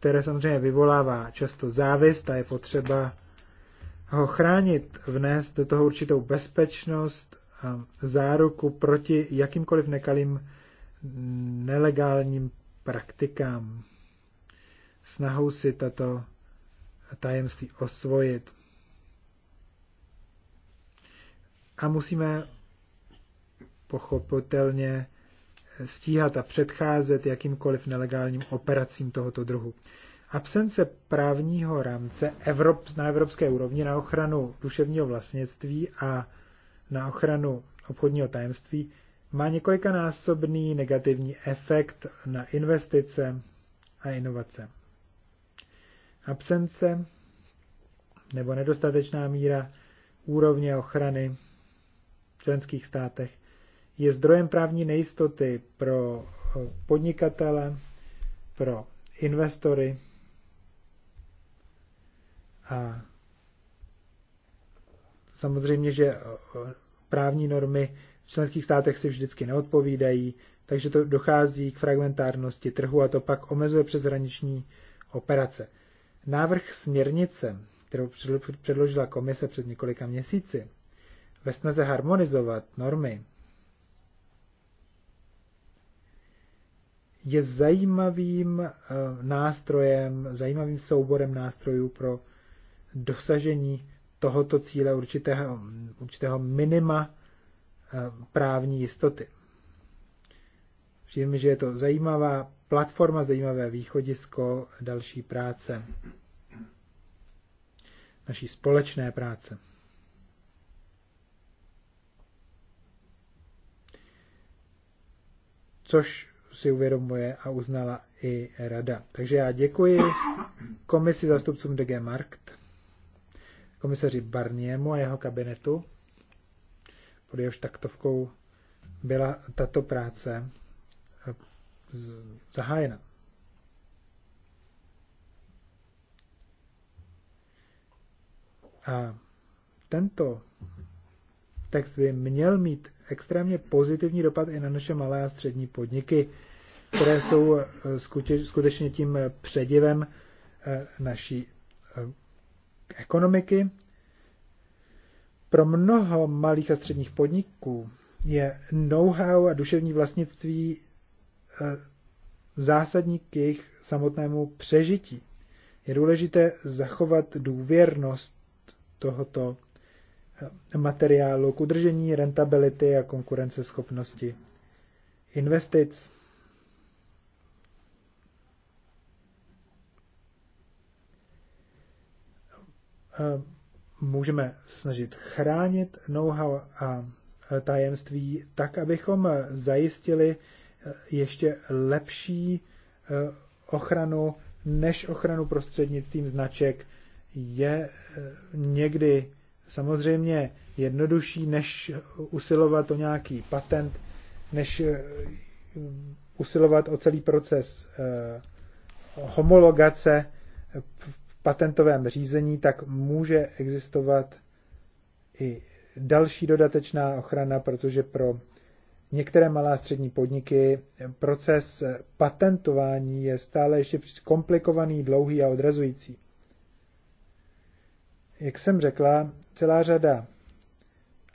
které samozřejmě vyvolává často závist a je potřeba ho chránit, vnést do toho určitou bezpečnost, a záruku proti jakýmkoliv nekalým nelegálním praktikám. Snahou si tato tajemství osvojit. A musíme pochopitelně stíhat a předcházet jakýmkoliv nelegálním operacím tohoto druhu. Absence právního rámce Evrop, na evropské úrovni na ochranu duševního vlastnictví a na ochranu obchodního tajemství má několikanásobný negativní efekt na investice a inovace. Absence nebo nedostatečná míra úrovně ochrany v členských státech je zdrojem právní nejistoty pro eh, podnikatele, pro investory a samozřejmě, že eh, právní normy v členských státech si vždycky neodpovídají, takže to dochází k fragmentárnosti trhu a to pak omezuje přeshraniční operace. Návrh směrnice, kterou předložila komise před několika měsíci, ve snaze harmonizovat normy je zajímavým eh, nástrojem, zajímavým souborem nástrojů pro dosažení tohoto cíle určitého, určitého minima eh, právní jistoty. Přijím, že je to zajímavá platforma, zajímavé východisko další práce, naší společné práce. Což si uvědomuje a uznala i rada. Takže já děkuji komisi zastupcům DG Markt, komisaři Barniemu a jeho kabinetu, pod jehož taktovkou byla tato práce eh, zahájena. A tento text by měl mít extrémně pozitivní dopad i na naše malé a střední podniky, které jsou eh, skutečně tím předivem eh, naší eh, ekonomiky. Pro mnoho malých a středních podniků je know-how a duševní vlastnictví zásadní k jejich samotnému přežití. Je důležité zachovat důvěrnost tohoto materiálu k udržení rentability a konkurenceschopnosti investic. Můžeme se snažit chránit know-how a tajemství tak, abychom zajistili ještě lepší eh, ochranu než ochranu prostřednictvím značek je eh, někdy samozřejmě jednodušší, než usilovat o nějaký patent, než eh, usilovat o celý proces eh, homologace v patentovém řízení, tak může existovat i další dodatečná ochrana, protože pro některé malé a střední podniky proces patentování je stále ještě komplikovaný, dlouhý a odrazující. Jak jsem řekla, celá řada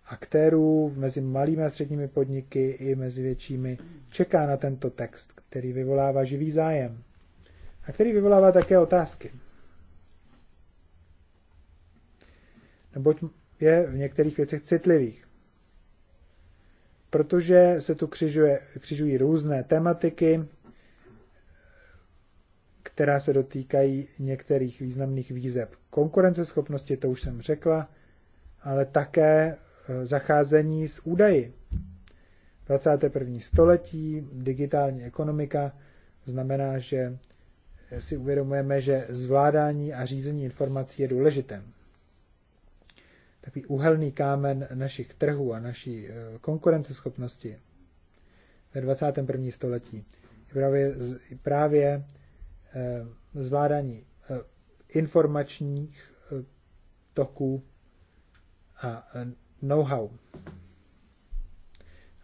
aktérů mezi malými a středními podniky i mezi většími čeká na tento text, který vyvolává živý zájem a který vyvolává také otázky. Neboť je v některých věcech citlivých. Protože se tu křižuje, křižují různé tematiky, která se dotýkají některých významných výzev. Konkurenceschopnosti, to už jsem řekla, ale také e, zacházení s údaji. 21. století, digitální ekonomika znamená, že si uvědomujeme, že zvládání a řízení informací je důležité. Takový uhelný kámen našich trhů a naší e, konkurenceschopnosti ve 21. století. Právě, právě Eh, zvládání eh, informačních eh, toků a know-how.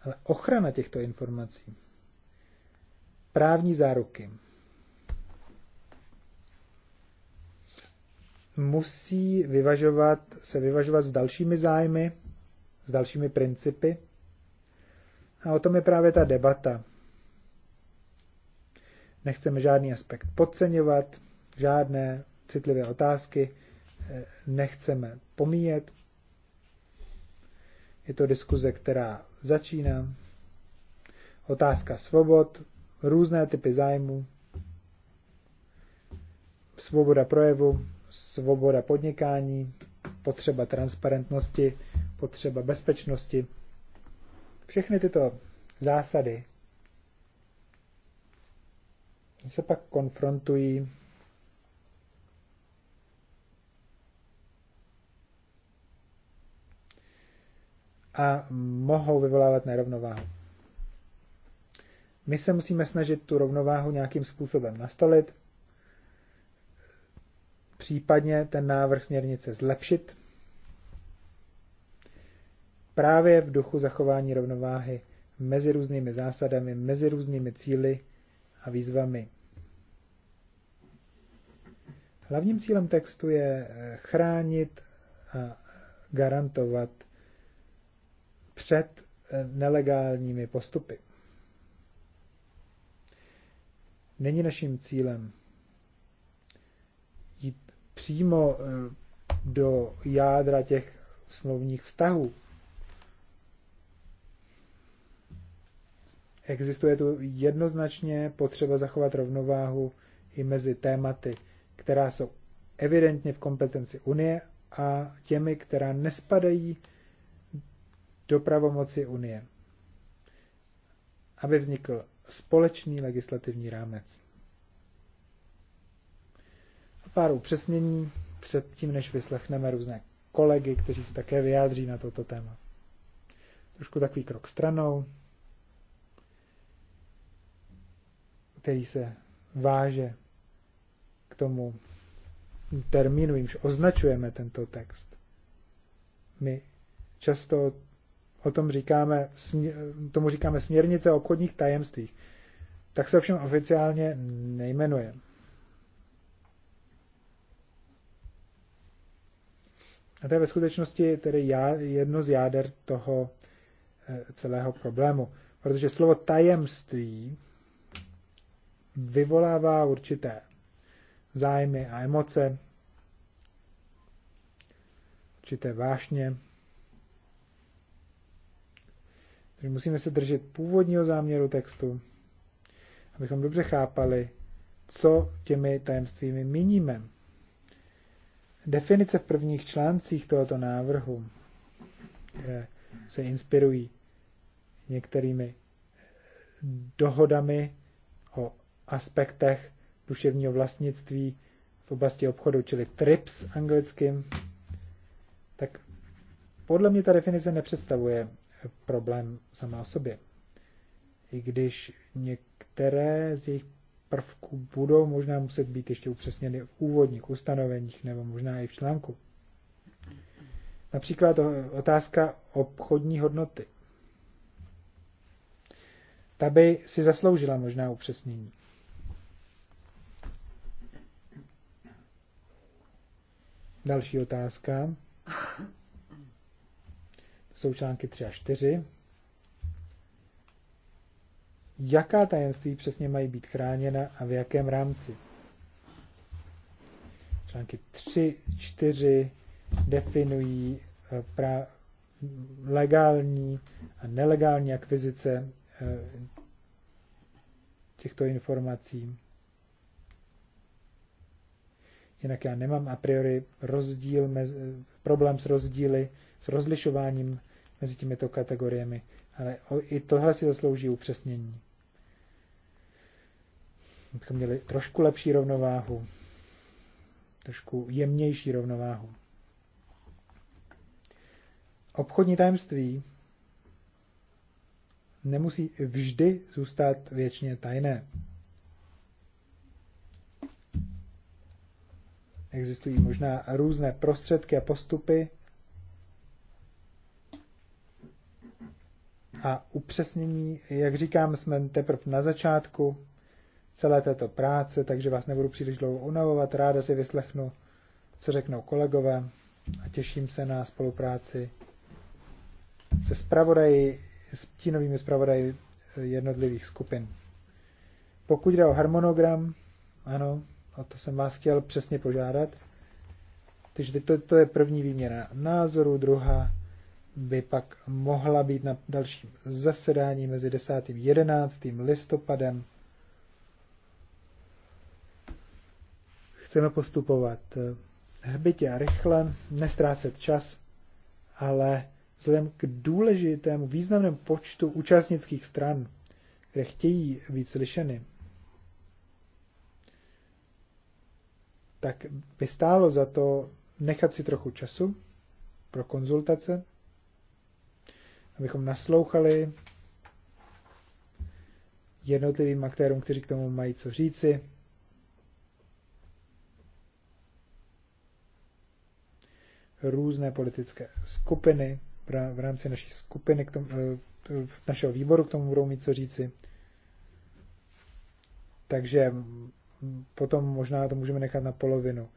Ale ochrana těchto informací, právní záruky, musí vyvažovat, se vyvažovat s dalšími zájmy, s dalšími principy. A o tom je právě ta debata Nechceme žádný aspekt podceňovat, žádné citlivé otázky eh, nechceme pomíjet. Je to diskuze, která začíná. Otázka svobod, různé typy zájmu, svoboda projevu, svoboda podnikání, potřeba transparentnosti, potřeba bezpečnosti. Všechny tyto zásady se pak konfrontují a mohou vyvolávat nerovnováhu. My se musíme snažit tu rovnováhu nějakým způsobem nastolit, případně ten návrh směrnice zlepšit, právě v duchu zachování rovnováhy mezi různými zásadami, mezi různými cíly a výzvami. Hlavním cílem textu je eh, chránit a garantovat před eh, nelegálními postupy. Není naším cílem jít přímo eh, do jádra těch slovních vztahů, Existuje tu jednoznačně potřeba zachovat rovnováhu i mezi tématy, která jsou evidentně v kompetenci Unie a těmi, která nespadají do pravomoci Unie, aby vznikl společný legislativní rámec. A pár upřesnění předtím, než vyslechneme různé kolegy, kteří se také vyjádří na toto téma. Trošku takový krok stranou. který se váže k tomu termínu, jimž označujeme tento text. My často o tom říkáme, tomu říkáme směrnice o obchodních tajemstvích. Tak se ovšem oficiálně nejmenuje. A to je ve skutečnosti tedy jedno z jáder toho eh, celého problému. Protože slovo tajemství vyvolává určité zájmy a emoce, určité vášně. Takže musíme se držet původního záměru textu, abychom dobře chápali, co těmi tajemstvími míníme. Definice v prvních článcích tohoto návrhu, které se inspirují některými dohodami o aspektech duševního vlastnictví v oblasti obchodu, čili TRIPS anglickým, tak podle mě ta definice nepředstavuje problém sama o sobě. I když některé z jejich prvků budou možná muset být ještě upřesněny v úvodních ustanoveních nebo možná i v článku. Například otázka obchodní hodnoty. Ta by si zasloužila možná upřesnění. Další otázka. To jsou články 3 a 4. Jaká tajemství přesně mají být chráněna a v jakém rámci? Články 3, 4 definují eh, pra- legální a nelegální akvizice eh, těchto informací. Jinak já nemám a priori rozdíl mezi, problém s rozdíly, s rozlišováním mezi těmito kategoriemi, ale i tohle si zaslouží upřesnění. Bychom měli trošku lepší rovnováhu, trošku jemnější rovnováhu. Obchodní tajemství nemusí vždy zůstat věčně tajné. Existují možná různé prostředky a postupy a upřesnění. Jak říkám, jsme teprve na začátku celé této práce, takže vás nebudu příliš dlouho unavovat. Ráda si vyslechnu, co řeknou kolegové a těším se na spolupráci se spravodaji, s tínovými spravodaji jednotlivých skupin. Pokud jde o harmonogram, ano, a to jsem vás chtěl přesně požádat. Takže to, to je první výměna názoru, druhá by pak mohla být na dalším zasedání mezi 10. a 11. listopadem. Chceme postupovat eh, hbitě a rychle, nestrácet čas, ale vzhledem k důležitému významnému počtu účastnických stran, které chtějí být slyšeny, tak by stálo za to nechat si trochu času pro konzultace, abychom naslouchali jednotlivým aktérům, kteří k tomu mají co říci. Různé politické skupiny v rámci naší skupiny, k tomu, eh, našeho výboru k tomu budou mít co říci. Takže potom možná to můžeme nechat na polovinu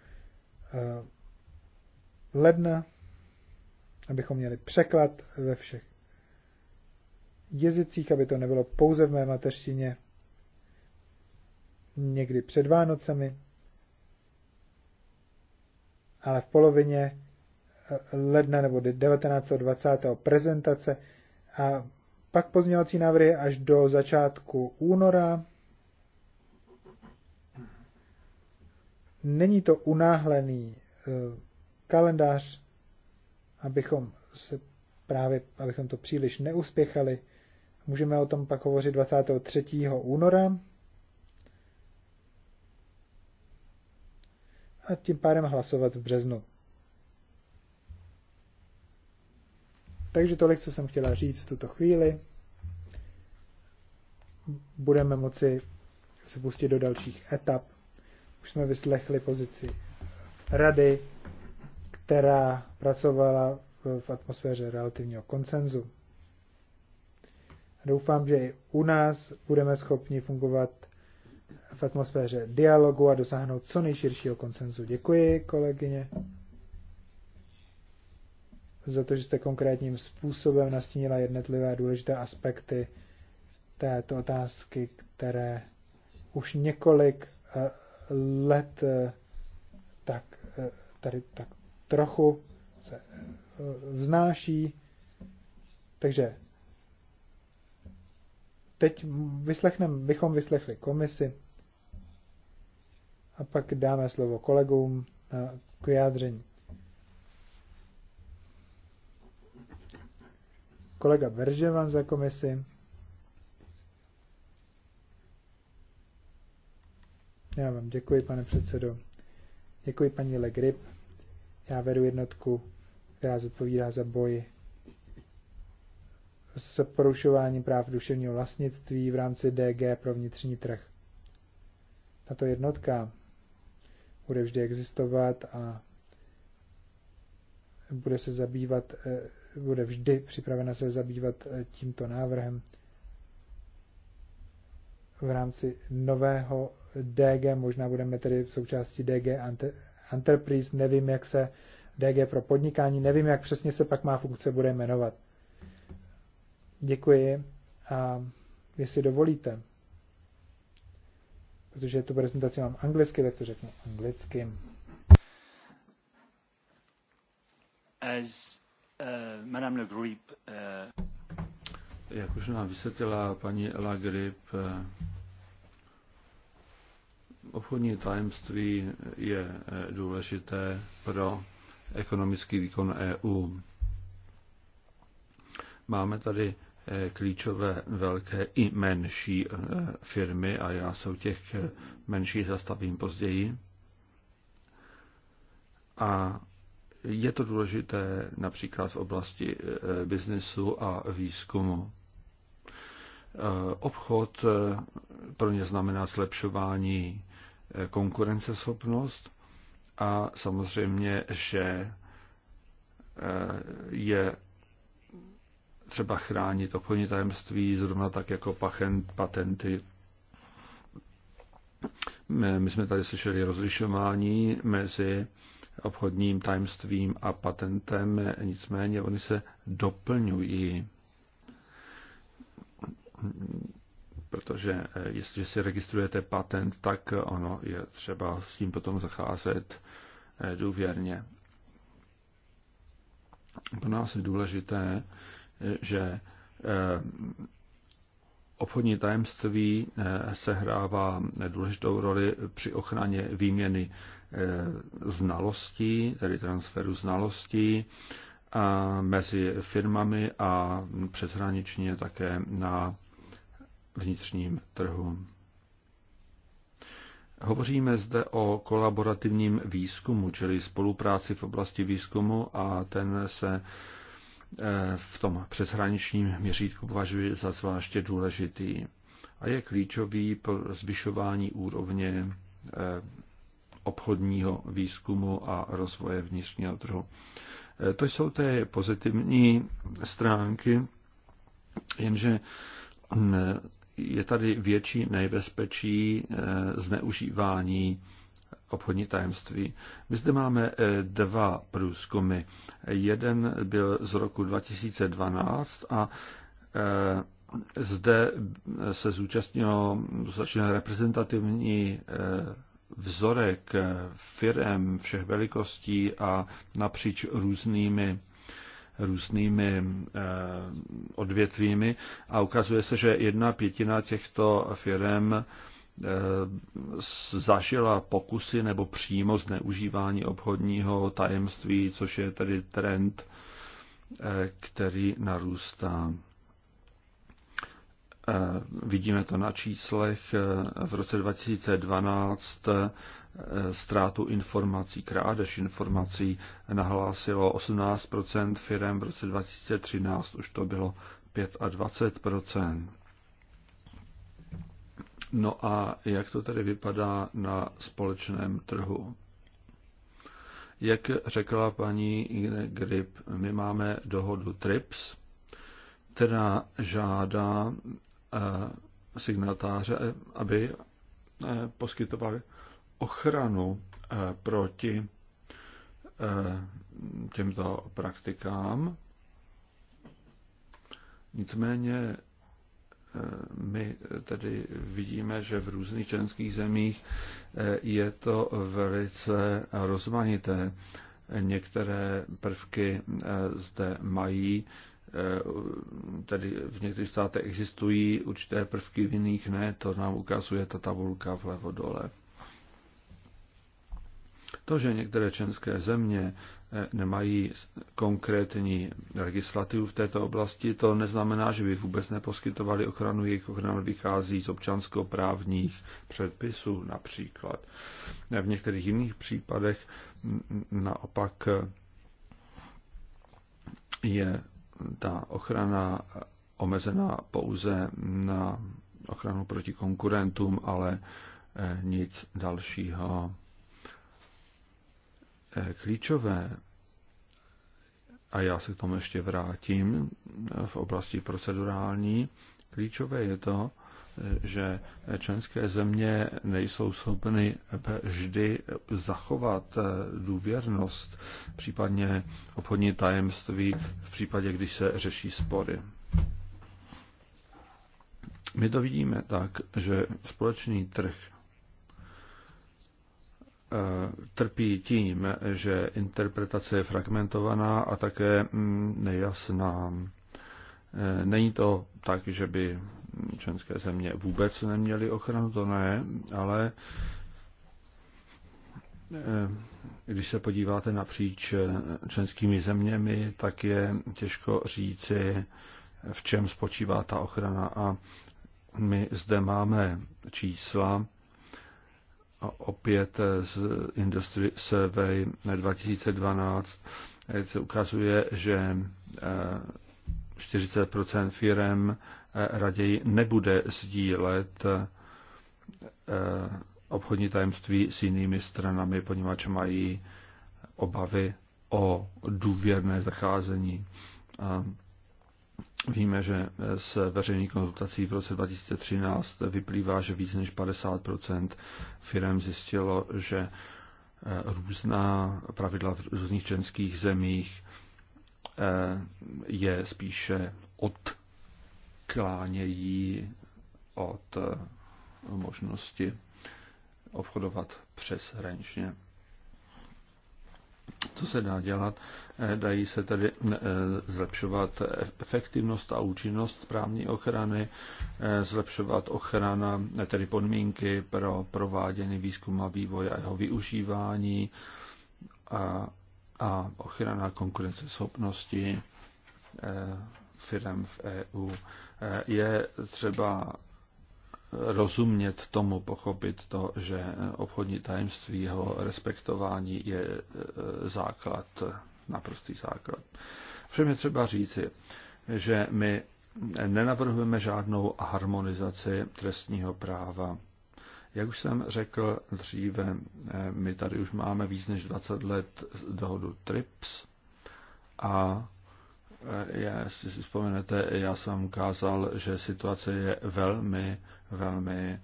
eh, ledna, abychom měli překlad ve všech jazycích, aby to nebylo pouze v mé mateřštině, někdy před Vánocemi, ale v polovině eh, ledna nebo 19. 20. prezentace a pak pozměňovací návrhy až do začátku února Není to unáhlený eh, kalendář, abychom se právě, abychom to příliš neuspěchali. Můžeme o tom pak hovořit 23. února. A tím pádem hlasovat v březnu. Takže tolik, co jsem chtěla říct v tuto chvíli. Budeme moci se pustit do dalších etap už jsme vyslechli pozici rady, která pracovala v atmosféře relativního konsenzu. Doufám, že i u nás budeme schopni fungovat v atmosféře dialogu a dosáhnout co nejširšího konsenzu. Děkuji, kolegyně, za to, že jste konkrétním způsobem nastínila jednotlivé důležité aspekty této otázky, které už několik eh, let, eh, tak eh, tady tak trochu se eh, vznáší. Takže teď vyslechnem, bychom vyslechli komisi a pak dáme slovo kolegům k vyjádření. Kolega Berževan za komisi. Já vám děkuji, pane předsedo. Děkuji, paní Legrip. Já vedu jednotku, která zodpovídá za boji s porušováním práv duševního vlastnictví v rámci DG pro vnitřní trh. Tato jednotka bude vždy existovat a bude se zabývat, eh, bude vždy připravena se zabývat eh, tímto návrhem v rámci nového DG, možná budeme tedy v součástí DG Enterprise, nevím, jak se DG pro podnikání, nevím, jak přesně se pak má funkce bude jmenovat. Děkuji a jestli dovolíte, protože tu prezentaci mám anglicky, tak to řeknu anglicky. As, uh, Madame Le Grip, uh... Eh, jak už nám vysvětlila paní Grip, uh Obchodní tajemství je eh, důležité pro ekonomický výkon EU. Máme tady eh, klíčové velké i menší eh, firmy a já se u těch menších zastavím později. A je to důležité například v oblasti biznesu a výzkumu. Obchod pro ně znamená zlepšování konkurenceschopnost a samozřejmě, že eh, je třeba chránit obchodní tajemství, zrovna tak jako patenty. My jsme tady slyšeli rozlišování mezi obchodním tajemstvím a patentem, nicméně oni se doplňují protože eh, jestliže si registrujete patent, tak eh, ono je třeba s tím potom zacházet eh, důvěrně. Pro nás je důležité, že obchodní tajemství sehrává důležitou roli při ochraně výměny znalostí, tedy transferu znalostí mezi firmami a přeshraničně také na vnitřním trhu. Hovoříme zde o kolaborativním výzkumu, čili spolupráci v oblasti výzkumu a ten se eh, v tom přeshraničním měřítku považuje za zvláště důležitý a je klíčový pro zvyšování úrovně eh, obchodního výzkumu a rozvoje vnitřního trhu. Eh, to jsou ty pozitivní stránky, jenže mm, je tady větší nebezpečí eh, zneužívání obchodní tajemství. My zde máme eh, dva průzkumy. Jeden byl z roku 2012 a eh, zde se zúčastnilo začíná reprezentativní vzorek firem všech velikostí a napříč různými různými eh, odvětvími a ukazuje se, že jedna pětina těchto firm eh, zažila pokusy nebo přímo zneužívání obchodního tajemství, což je tedy trend, eh, který narůstá. Eh, vidíme to na číslech. Eh, v roce 2012 eh, ztrátu informací, krádež informací nahlásilo 18 firm, v roce 2013 už to bylo 25 No a jak to tedy vypadá na společném trhu? Jak řekla paní Grip, my máme dohodu TRIPS, která žádá signatáře, aby eh, poskytoval ochranu eh, proti eh, těmto praktikám. Nicméně my tedy vidíme, že v různých členských zemích je to velice rozmanité. Některé prvky zde mají Eh, tedy v některých státech existují určité prvky, v jiných ne, to nám ukazuje ta tabulka vlevo dole. To, že některé členské země eh, nemají konkrétní legislativu v této oblasti, to neznamená, že by vůbec neposkytovali ochranu, jejich ochrana vychází z občanskoprávních předpisů například. Eh, v některých jiných případech mm, mm, naopak je ta ochrana omezená pouze na ochranu proti konkurentům, ale eh, nic dalšího. Eh, klíčové, a já se k tomu ještě vrátím eh, v oblasti procedurální, klíčové je to, že členské země nejsou schopny vždy zachovat eh, důvěrnost, případně obchodní tajemství v případě, když se řeší spory. My to vidíme tak, že společný trh eh, trpí tím, že interpretace je fragmentovaná a také mm, nejasná. Eh, není to tak, že by členské země vůbec neměly ochranu, to ne, ale eh, když se podíváte napříč eh, členskými zeměmi, tak je těžko říci, v čem spočívá ta ochrana. A my zde máme čísla, opět eh, z Industry Survey 2012, se ukazuje, že 40 firm raději nebude sdílet eh, obchodní tajemství s jinými stranami, poněvadž mají obavy o důvěrné zacházení. A víme, že z veřejných konzultací v roce 2013 vyplývá, že víc než 50 firm zjistilo, že eh, různá pravidla v různých členských zemích eh, je spíše od odklánějí od možnosti obchodovat přes hraničně. Co se dá dělat? Eh, dají se tedy eh, zlepšovat efektivnost a účinnost právní ochrany, eh, zlepšovat ochrana, tedy podmínky pro prováděný výzkum a vývoj a jeho využívání a, a ochrana konkurenceschopnosti firm v EU. E, je třeba rozumět tomu, pochopit to, že obchodní tajemství, jeho respektování je e, základ, naprostý základ. Všem je třeba říci, že my nenavrhujeme žádnou harmonizaci trestního práva. Jak už jsem řekl dříve, e, my tady už máme víc než 20 let dohodu TRIPS a já si vzpomenete, já jsem Kázal, že situace je velmi, velmi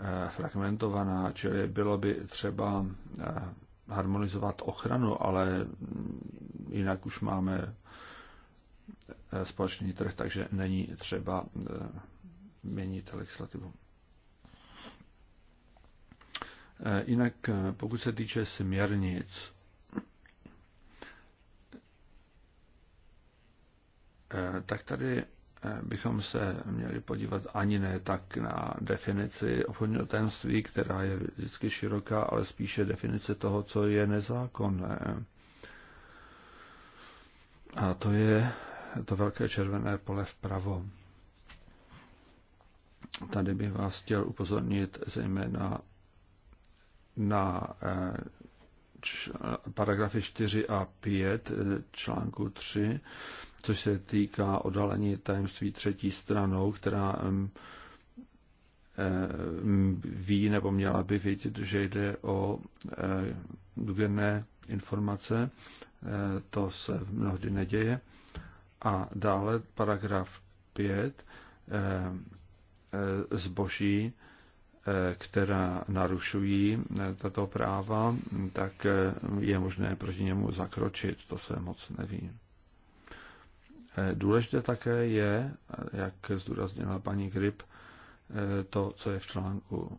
eh, fragmentovaná, čili bylo by třeba eh, harmonizovat ochranu, ale jinak už máme eh, společný trh, takže není třeba měnit legislativu. Jinak pokud se týče směrnic, Eh, tak tady eh, bychom se měli podívat ani ne tak na definici obchodního tajemství, která je vždycky široká, ale spíše definice toho, co je nezákonné. A to je to velké červené pole vpravo. Tady bych vás chtěl upozornit zejména na eh, paragrafy 4 a 5 článku 3, což se týká odhalení tajemství třetí stranou, která ví nebo měla by vědět, že jde o e, důvěrné informace. E, to se mnohdy neděje. A dále paragraf 5 e, zboží, která narušují tato práva, tak je možné proti němu zakročit. To se moc neví. Eh, důležité také je, jak zdůraznila paní Grip, eh, to, co je v článku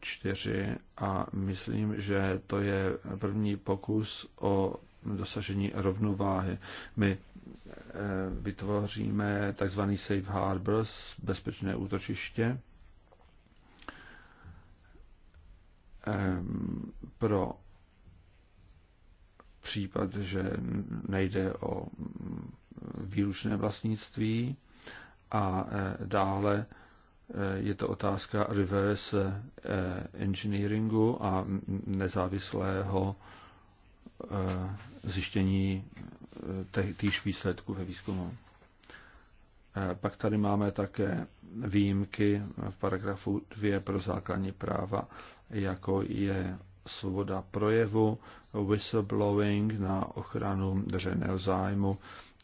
4 a myslím, že to je první pokus o dosažení rovnováhy. My eh, vytvoříme tzv. safe harbors, bezpečné útočiště, ehm, pro případ, že nejde o výlučné vlastnictví a e, dále e, je to otázka reverse e, engineeringu a nezávislého zjištění týž výsledků ve výzkumu. Pak tady máme také výjimky v paragrafu 2 pro základní práva, jako je svoboda projevu, whistleblowing na ochranu veřejného zájmu,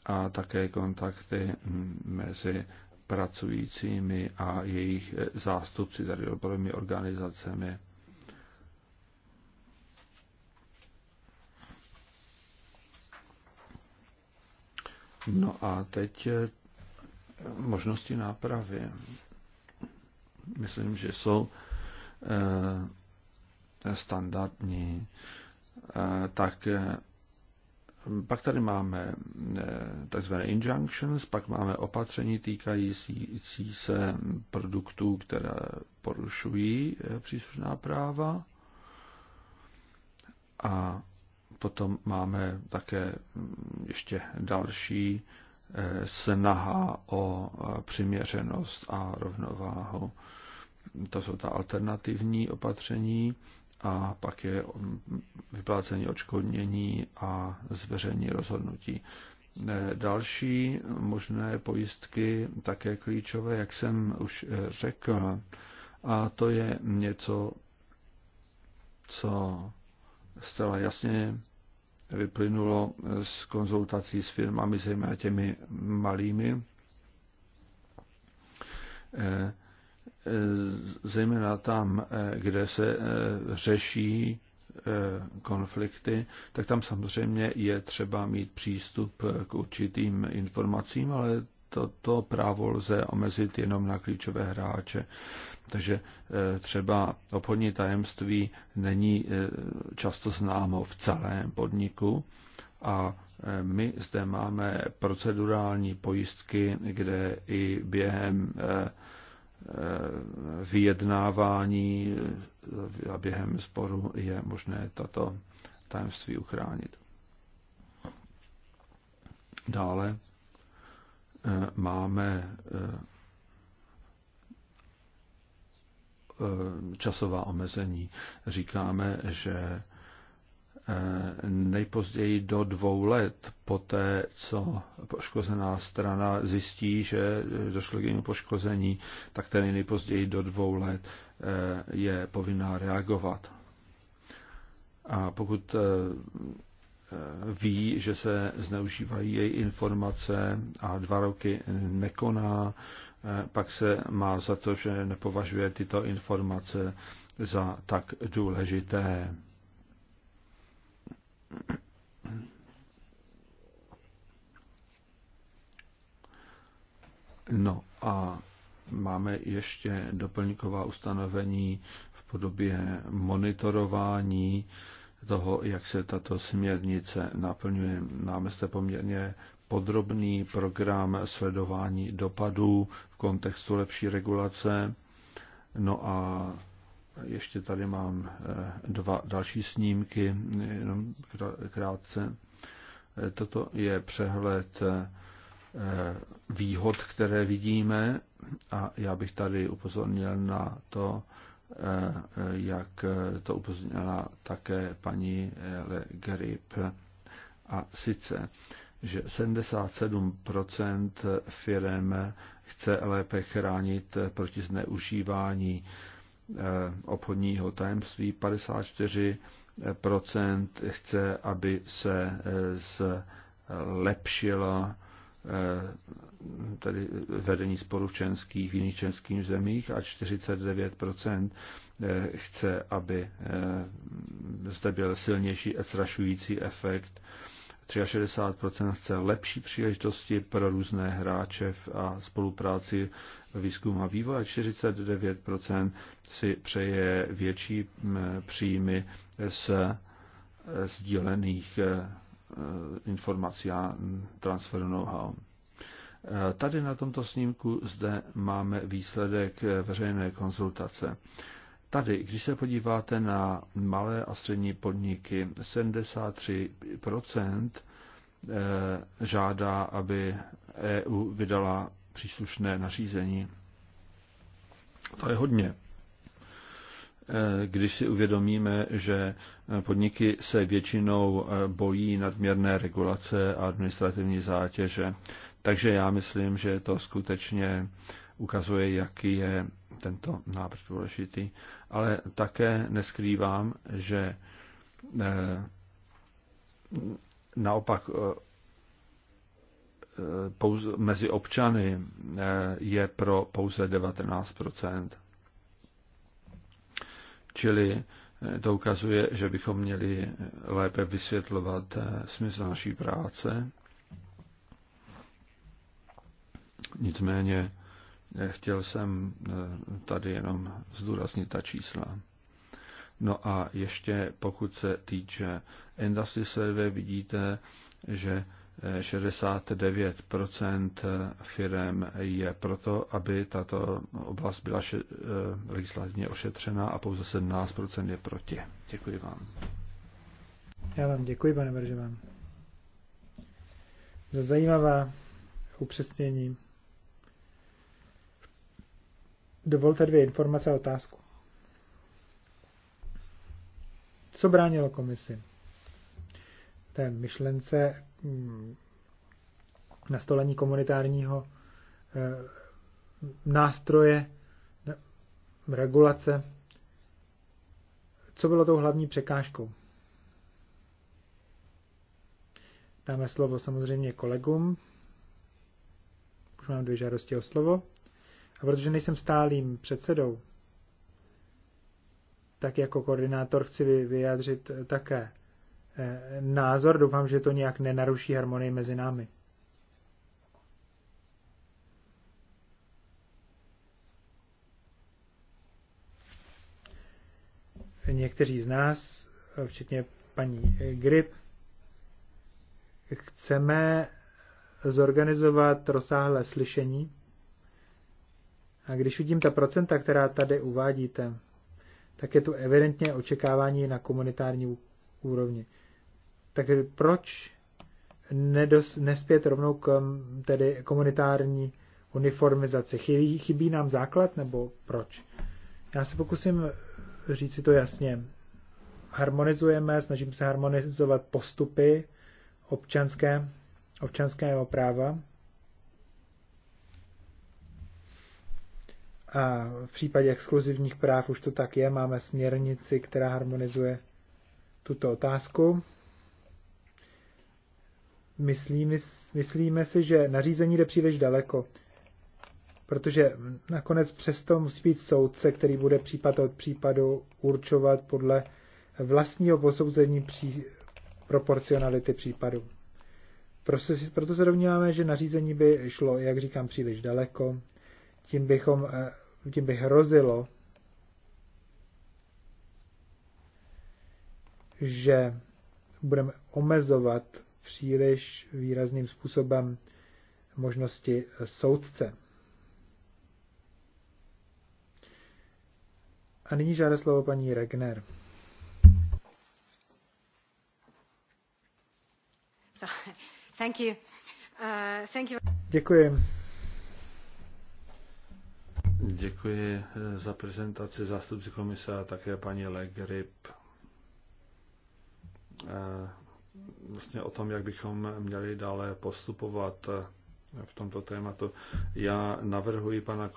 a také kontakty mezi pracujícími a jejich zástupci, tedy odborovými organizacemi. No a teď možnosti nápravy. Myslím, že jsou eh, standardní, eh, tak eh, pak tady máme eh, takzvané injunctions, pak máme opatření týkající se produktů, které porušují eh, příslušná práva. A potom máme také hm, ještě další eh, snaha o přiměřenost a rovnováhu. To jsou ta alternativní opatření a pak je mm, vyplácení odškodnění a zveřejní rozhodnutí. E, další možné pojistky, také klíčové, jak jsem už e, řekl, a to je něco, co zcela jasně vyplynulo z konzultací s firmami, zejména těmi malými, e, zejména tam, eh, kde se eh, řeší eh, konflikty, tak tam samozřejmě je třeba mít přístup k určitým informacím, ale to právo lze omezit jenom na klíčové hráče. Takže třeba obchodní tajemství není často známo v celém podniku a my zde máme procedurální pojistky, kde i během Eh, vyjednávání eh, a během sporu je možné tato tajemství uchránit. Dále eh, máme časová omezení. Říkáme, že Eh, nejpozději do dvou let poté, co poškozená strana zjistí, že došlo k jejímu poškození, tak ten nejpozději do dvou let eh, je povinná reagovat. A pokud eh, ví, že se zneužívají její informace a dva roky nekoná, pak se má za to, že nepovažuje tyto informace za tak důležité. No a máme ještě doplňková ustanovení v podobě monitorování toho, jak se tato směrnice naplňuje. Máme zde poměrně podrobný program sledování dopadů v kontextu lepší regulace. No a ještě tady mám eh, dva další snímky, jenom krátce. Eh, toto je přehled eh, výhod, které vidíme a já bych tady upozornil na to, jak to upozornila také paní Le Grip. A sice, že 77% firm chce lépe chránit proti zneužívání Eh, obchodního tajemství, 54 chce, aby se eh, zlepšila eh, tedy vedení sporu v členských, v jiných českých zemích a 49% chce, aby zde byl silnější a strašující efekt 63% chce lepší příležitosti pro různé hráče a spolupráci výzkum a vývoj a 49% si přeje větší příjmy z sdílených e, informací a transferu know-how. E, tady na tomto snímku zde máme výsledek e, veřejné konzultace. Tady, když se podíváte na malé a střední podniky, 73% eh, žádá, aby EU vydala příslušné nařízení. To je hodně. Eh, když si uvědomíme, že podniky se většinou eh, bojí nadměrné regulace a administrativní zátěže, takže já myslím, že je to skutečně ukazuje, jaký je tento návrh důležitý. Ale také neskrývám, že eh, naopak eh, eh, mezi občany je pro pouze 19 Čili to ukazuje, že bychom měli lépe vysvětlovat smysl naší práce. Nicméně Chtěl jsem eh, tady jenom zdůraznit ta čísla. No a ještě pokud se týče Industry Survey, vidíte, že 69% eh, eh, firm je proto, aby tato oblast byla še- legislativně ošetřena a pouze 17% je proti. Děkuji vám. Já vám děkuji, pane Veržován, za zajímavá upřesnění Dovolte dvě informace a otázku. Co bránilo komisi? Té myšlence mm, nastolení komunitárního eh, nástroje eh, regulace. Co bylo tou hlavní překážkou? Dáme slovo samozřejmě kolegům. Už mám dvě žádosti o slovo. A protože nejsem stálým předsedou, tak jako koordinátor chci vyjádřit také eh, názor. Doufám, že to nějak nenaruší harmonii mezi námi. Někteří z nás, včetně paní Grip, chceme zorganizovat rozsáhlé slyšení a když vidím ta procenta, která tady uvádíte, tak je tu evidentně očekávání na komunitární úrovni. Tak proč nedos, nespět rovnou k tedy komunitární uniformizaci? Chybí, chybí nám základ nebo proč? Já se pokusím říct si to jasně. Harmonizujeme, snažím se harmonizovat postupy občanské, občanského práva, A v případě exkluzivních práv už to tak je, máme směrnici, která harmonizuje tuto otázku. Myslíme, myslíme si, že nařízení jde příliš daleko, protože nakonec přesto musí být soudce, který bude případ od případu určovat podle vlastního posouzení pří, proporcionality případu. Proto, proto se domníváme, že nařízení by šlo, jak říkám, příliš daleko. Tím bychom eh, tím by hrozilo, že budeme omezovat příliš výrazným způsobem možnosti soudce. A nyní žádá slovo paní Regner. So, thank you. Uh, thank you. Děkuji. Děkuji eh, za prezentaci zástupci komise a také paní Legrip. Eh, vlastně o tom, jak bychom měli dále postupovat eh, v tomto tématu. Já navrhuji pana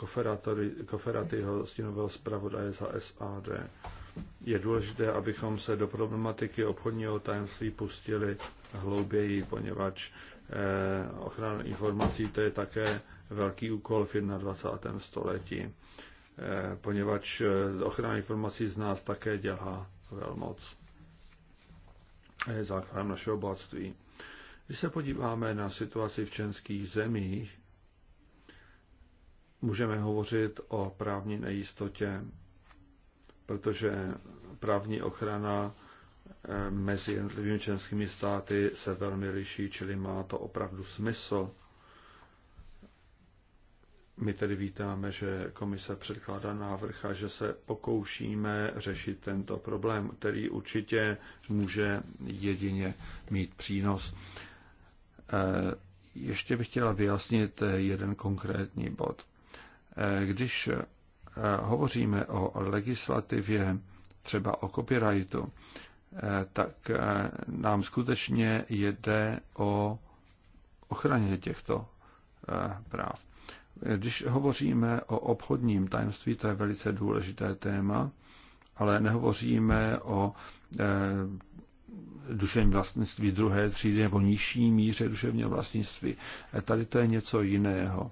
Koferatyho, stínového zpravodaje za SAD. Je důležité, abychom se do problematiky obchodního tajemství pustili hlouběji, poněvadž ochrana informací to je také velký úkol v 21. století, eh, poněvadž eh, ochrana informací z nás také dělá velmoc. A je základem našeho bohatství. Když se podíváme na situaci v českých zemích, můžeme hovořit o právní nejistotě, protože právní ochrana eh, mezi jednotlivými členskými státy se velmi liší, čili má to opravdu smysl my tedy vítáme, že komise předkládá návrh a že se pokoušíme řešit tento problém, který určitě může jedině mít přínos. E, ještě bych chtěla vyjasnit jeden konkrétní bod. E, když e, hovoříme o legislativě, třeba o copyrightu, tak nám skutečně jede o ochraně těchto práv. Když hovoříme o obchodním tajemství, to je velice důležité téma, ale nehovoříme o eh, duševním vlastnictví druhé třídy nebo nižší míře duševního vlastnictví. Eh, tady to je něco jiného.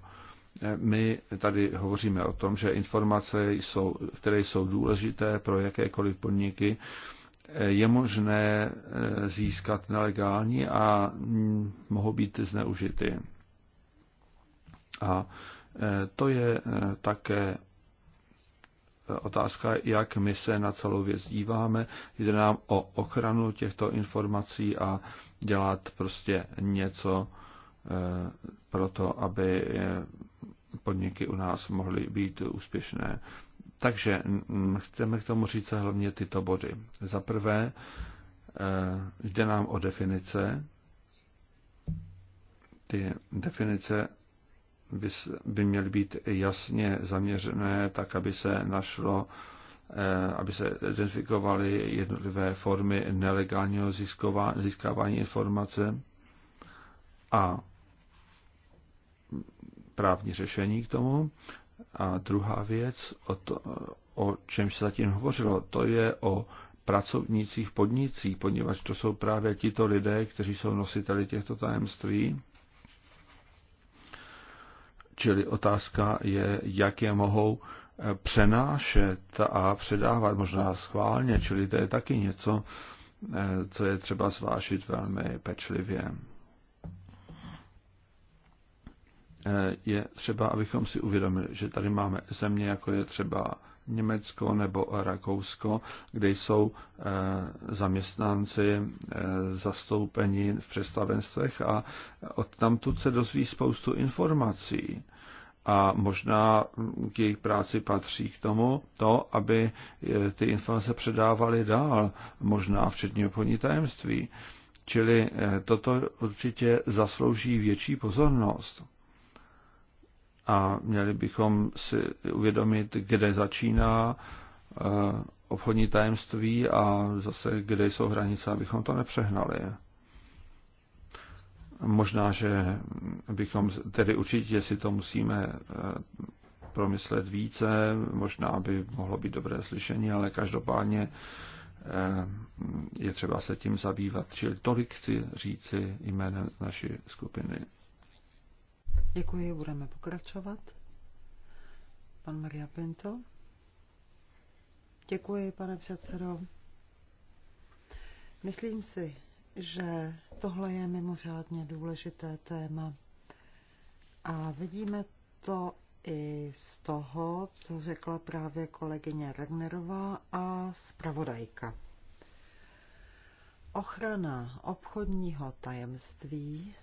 Eh, my tady hovoříme o tom, že informace, jsou, které jsou důležité pro jakékoliv podniky, je možné získat nelegální a mm, mohou být zneužity. A Eh, to je eh, také eh, otázka, jak my se na celou věc díváme. Jde nám o ochranu těchto informací a dělat prostě něco pro to, aby podniky u nás mohly být úspěšné. Takže chceme k tomu říct hlavně tyto body. Za prvé, jde nám o definice. Ty definice by, by měly být jasně zaměřené, tak aby se našlo, eh, aby se identifikovaly jednotlivé formy nelegálního získávání informace a právní řešení k tomu. A druhá věc, o, to, o čem se zatím hovořilo, to je o pracovnících podnicích, poněvadž to jsou právě tito lidé, kteří jsou nositeli těchto tajemství Čili otázka je, jak je mohou eh, přenášet a předávat možná schválně, čili to je taky něco, eh, co je třeba zvážit velmi pečlivě. Eh, je třeba, abychom si uvědomili, že tady máme země, jako je třeba Německo nebo Rakousko, kde jsou eh, zaměstnanci eh, zastoupeni v představenstvech a od tamtud se dozví spoustu informací. A možná k jejich práci patří k tomu to, aby eh, ty informace předávaly dál, možná včetně obchodní tajemství. Čili toto určitě zaslouží větší pozornost a měli bychom si uvědomit, kde začíná eh, obchodní tajemství a zase kde jsou hranice, abychom to nepřehnali. Možná, že bychom, tedy určitě si to musíme eh, promyslet více, možná by mohlo být dobré slyšení, ale každopádně eh, je třeba se tím zabývat. Čili tolik chci říci jménem naší skupiny. Děkuji, budeme pokračovat. Pan Maria Pinto. Děkuji, pane předsedo. Myslím si, že tohle je mimořádně důležité téma a vidíme to i z toho, co řekla právě kolegyně Regnerová a zpravodajka. Ochrana obchodního tajemství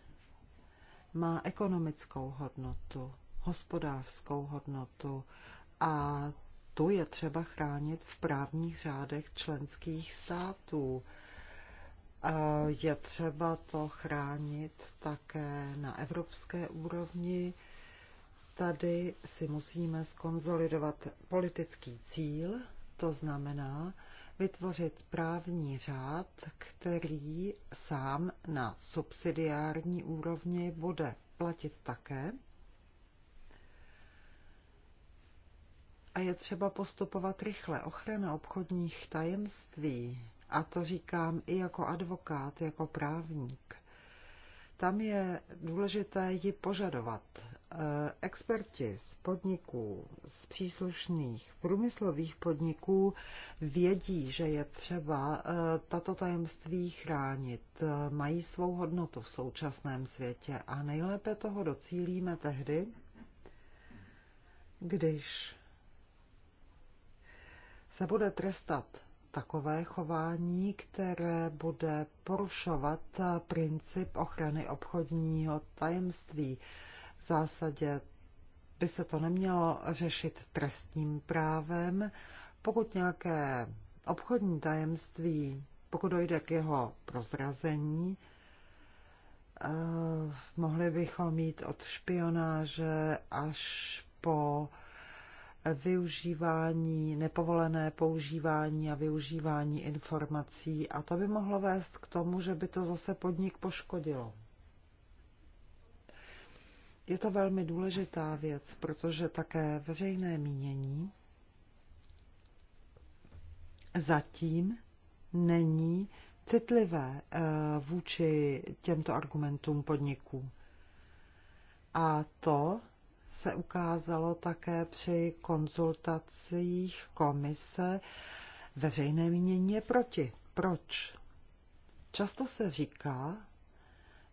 má ekonomickou hodnotu, hospodářskou hodnotu a tu je třeba chránit v právních řádech členských států. Je třeba to chránit také na evropské úrovni. Tady si musíme skonzolidovat politický cíl, to znamená, vytvořit právní řád, který sám na subsidiární úrovni bude platit také. A je třeba postupovat rychle. Ochrana obchodních tajemství, a to říkám i jako advokát, jako právník, tam je důležité ji požadovat. E, experti z podniků, z příslušných průmyslových podniků vědí, že je třeba e, tato tajemství chránit. E, mají svou hodnotu v současném světě a nejlépe toho docílíme tehdy, když se bude trestat takové chování, které bude porušovat princip ochrany obchodního tajemství. V zásadě by se to nemělo řešit trestním právem. Pokud nějaké obchodní tajemství, pokud dojde k jeho prozrazení, eh, mohli bychom mít od špionáže až po využívání, nepovolené používání a využívání informací a to by mohlo vést k tomu, že by to zase podnik poškodilo. Je to velmi důležitá věc, protože také veřejné mínění zatím není citlivé eh, vůči těmto argumentům podniků. A to se ukázalo také při konzultacích komise veřejné mínění je proti. Proč? Často se říká,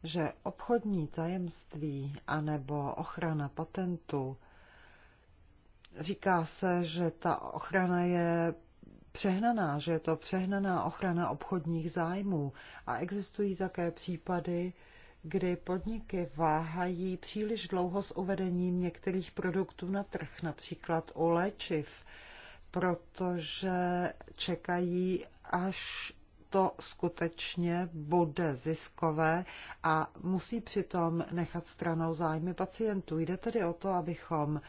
že obchodní tajemství anebo ochrana patentů říká se, že ta ochrana je přehnaná, že je to přehnaná ochrana obchodních zájmů a existují také případy, kdy podniky váhají příliš dlouho s uvedením některých produktů na trh, například u léčiv, protože čekají, až to skutečně bude ziskové a musí přitom nechat stranou zájmy pacientů. Jde tedy o to, abychom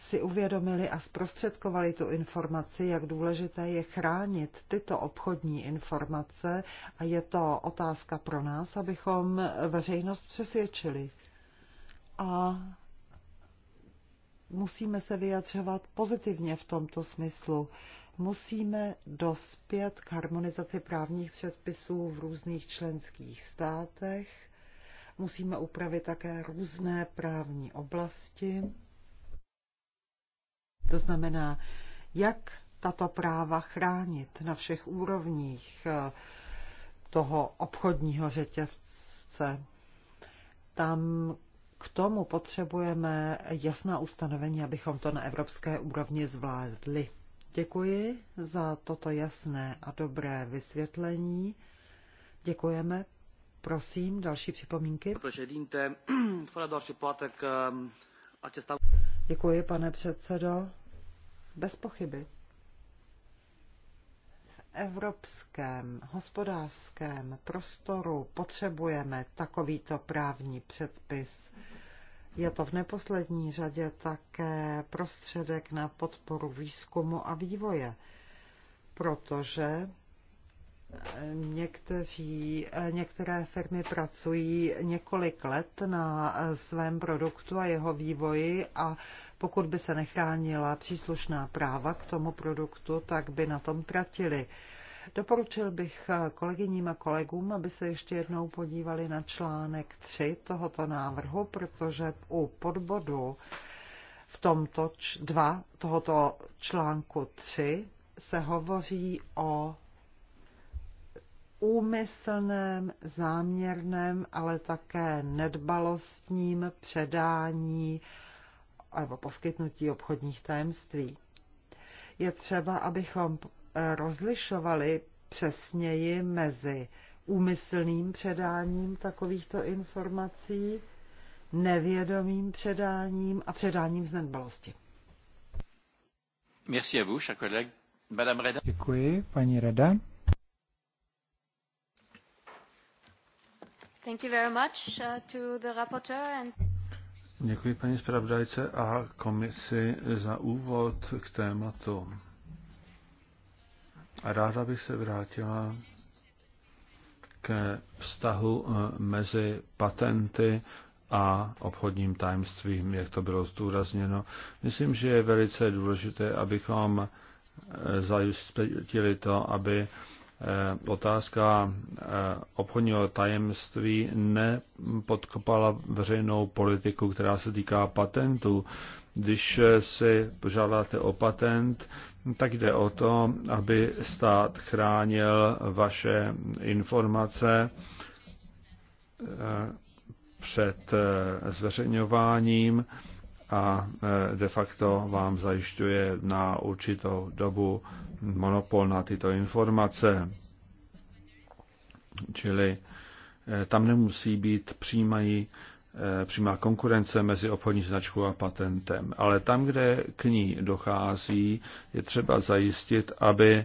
si uvědomili a zprostředkovali tu informaci, jak důležité je chránit tyto obchodní informace a je to otázka pro nás, abychom veřejnost přesvědčili. A musíme se vyjadřovat pozitivně v tomto smyslu. Musíme dospět k harmonizaci právních předpisů v různých členských státech. Musíme upravit také různé právní oblasti. To znamená, jak tato práva chránit na všech úrovních eh, toho obchodního řetězce. Tam k tomu potřebujeme jasná ustanovení, abychom to na evropské úrovni zvládli. Děkuji za toto jasné a dobré vysvětlení. Děkujeme. Prosím, další připomínky. Um, Děkuji, pane předsedo bez pochyby. V evropském hospodářském prostoru potřebujeme takovýto právní předpis. Je to v neposlední řadě také prostředek na podporu výzkumu a vývoje, protože Někteří, eh, některé firmy pracují několik let na eh, svém produktu a jeho vývoji a pokud by se nechránila příslušná práva k tomu produktu, tak by na tom tratili. Doporučil bych eh, kolegyním a kolegům, aby se ještě jednou podívali na článek 3 tohoto návrhu, protože u podbodu v tomto 2 tohoto článku 3 se hovoří o úmyslném, záměrném, ale také nedbalostním předání nebo poskytnutí obchodních tajemství. Je třeba, abychom eh, rozlišovali přesněji mezi úmyslným předáním takovýchto informací, nevědomým předáním a předáním z nedbalosti. Merci à vous, chers collègues. Madame Reda. Děkuji, paní Reda. Uh, Děkuji paní zpravodajce a komisi za úvod k tématu. A ráda bych se vrátila ke vztahu uh, mezi patenty a obchodním tajemstvím, jak to bylo zdůrazněno. Myslím, že je velice důležité, abychom eh, zajistili to, aby Eh, otázka eh, obchodního tajemství nepodkopala veřejnou politiku, která se týká patentů. Když si požádáte o patent, tak jde o to, aby stát chránil vaše informace eh, před zveřejňováním a e, de facto vám zajišťuje na určitou dobu monopol na tyto informace. Čili e, tam nemusí být přímají, e, přímá konkurence mezi obchodní značkou a patentem. Ale tam, kde k ní dochází, je třeba zajistit, aby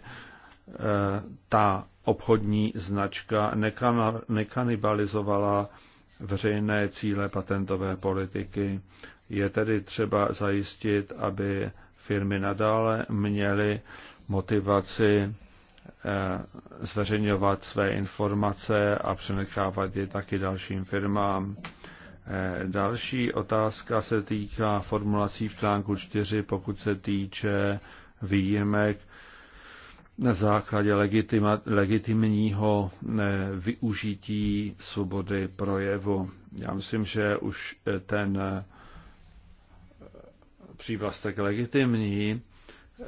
ta obchodní značka nekanibalizovala veřejné cíle patentové politiky. Je tedy třeba zajistit, aby firmy nadále měly motivaci eh, zveřejňovat své informace a přenechávat je taky dalším firmám. Eh, další otázka se týká formulací v článku 4, pokud se týče výjimek na základě legitima, legitimního eh, využití svobody projevu. Já myslím, že už ten přívlastek legitimní, eh,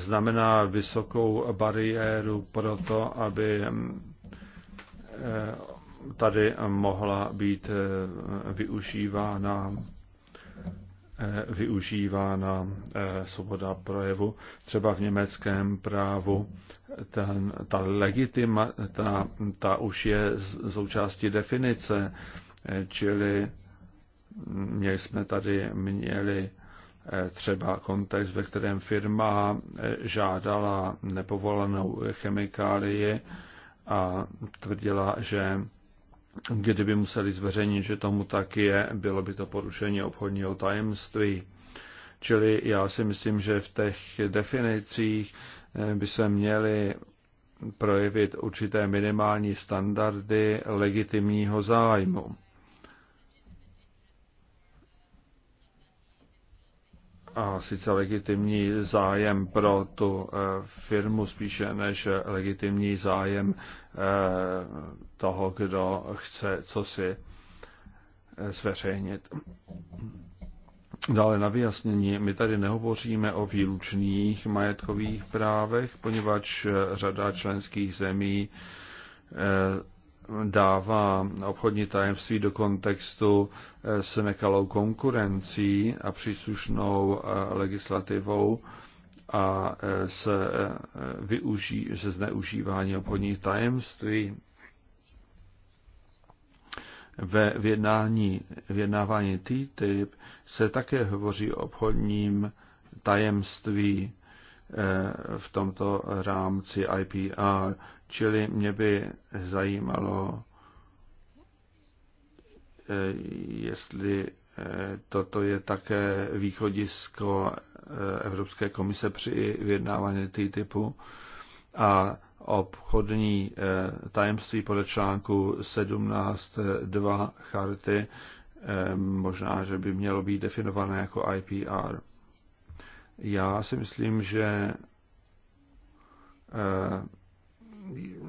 znamená vysokou bariéru pro to, aby mm, eh, tady mohla být eh, využívána využívána svoboda projevu. Třeba v německém právu ten, ta legitima, ta, ta už je součástí definice, čili mm, měli jsme tady měli třeba kontext, ve kterém firma žádala nepovolenou chemikálii a tvrdila, že kdyby museli zveřejnit, že tomu tak je, bylo by to porušení obchodního tajemství. Čili já si myslím, že v těch definicích eh, by se měly projevit určité minimální standardy legitimního zájmu. a sice legitimní zájem pro tu eh, firmu spíše než legitimní zájem eh, toho, kdo chce co si eh, zveřejnit. Dále na vyjasnění, my tady nehovoříme o výlučných majetkových právech, poněvadž řada členských zemí dává obchodní tajemství do kontextu eh, s nekalou konkurencí a příslušnou eh, legislativou a eh, se, využí, se zneužívání obchodních tajemství ve vědnání, vědnávání TTIP se také hovoří o obchodním tajemství v tomto rámci IPR. Čili mě by zajímalo, eh, jestli eh, toto je také východisko eh, Evropské komise při vyjednávání TTIPu a obchodní tajemství podle článku 17.2 charty možná, že by mělo být definované jako IPR. Já si myslím, že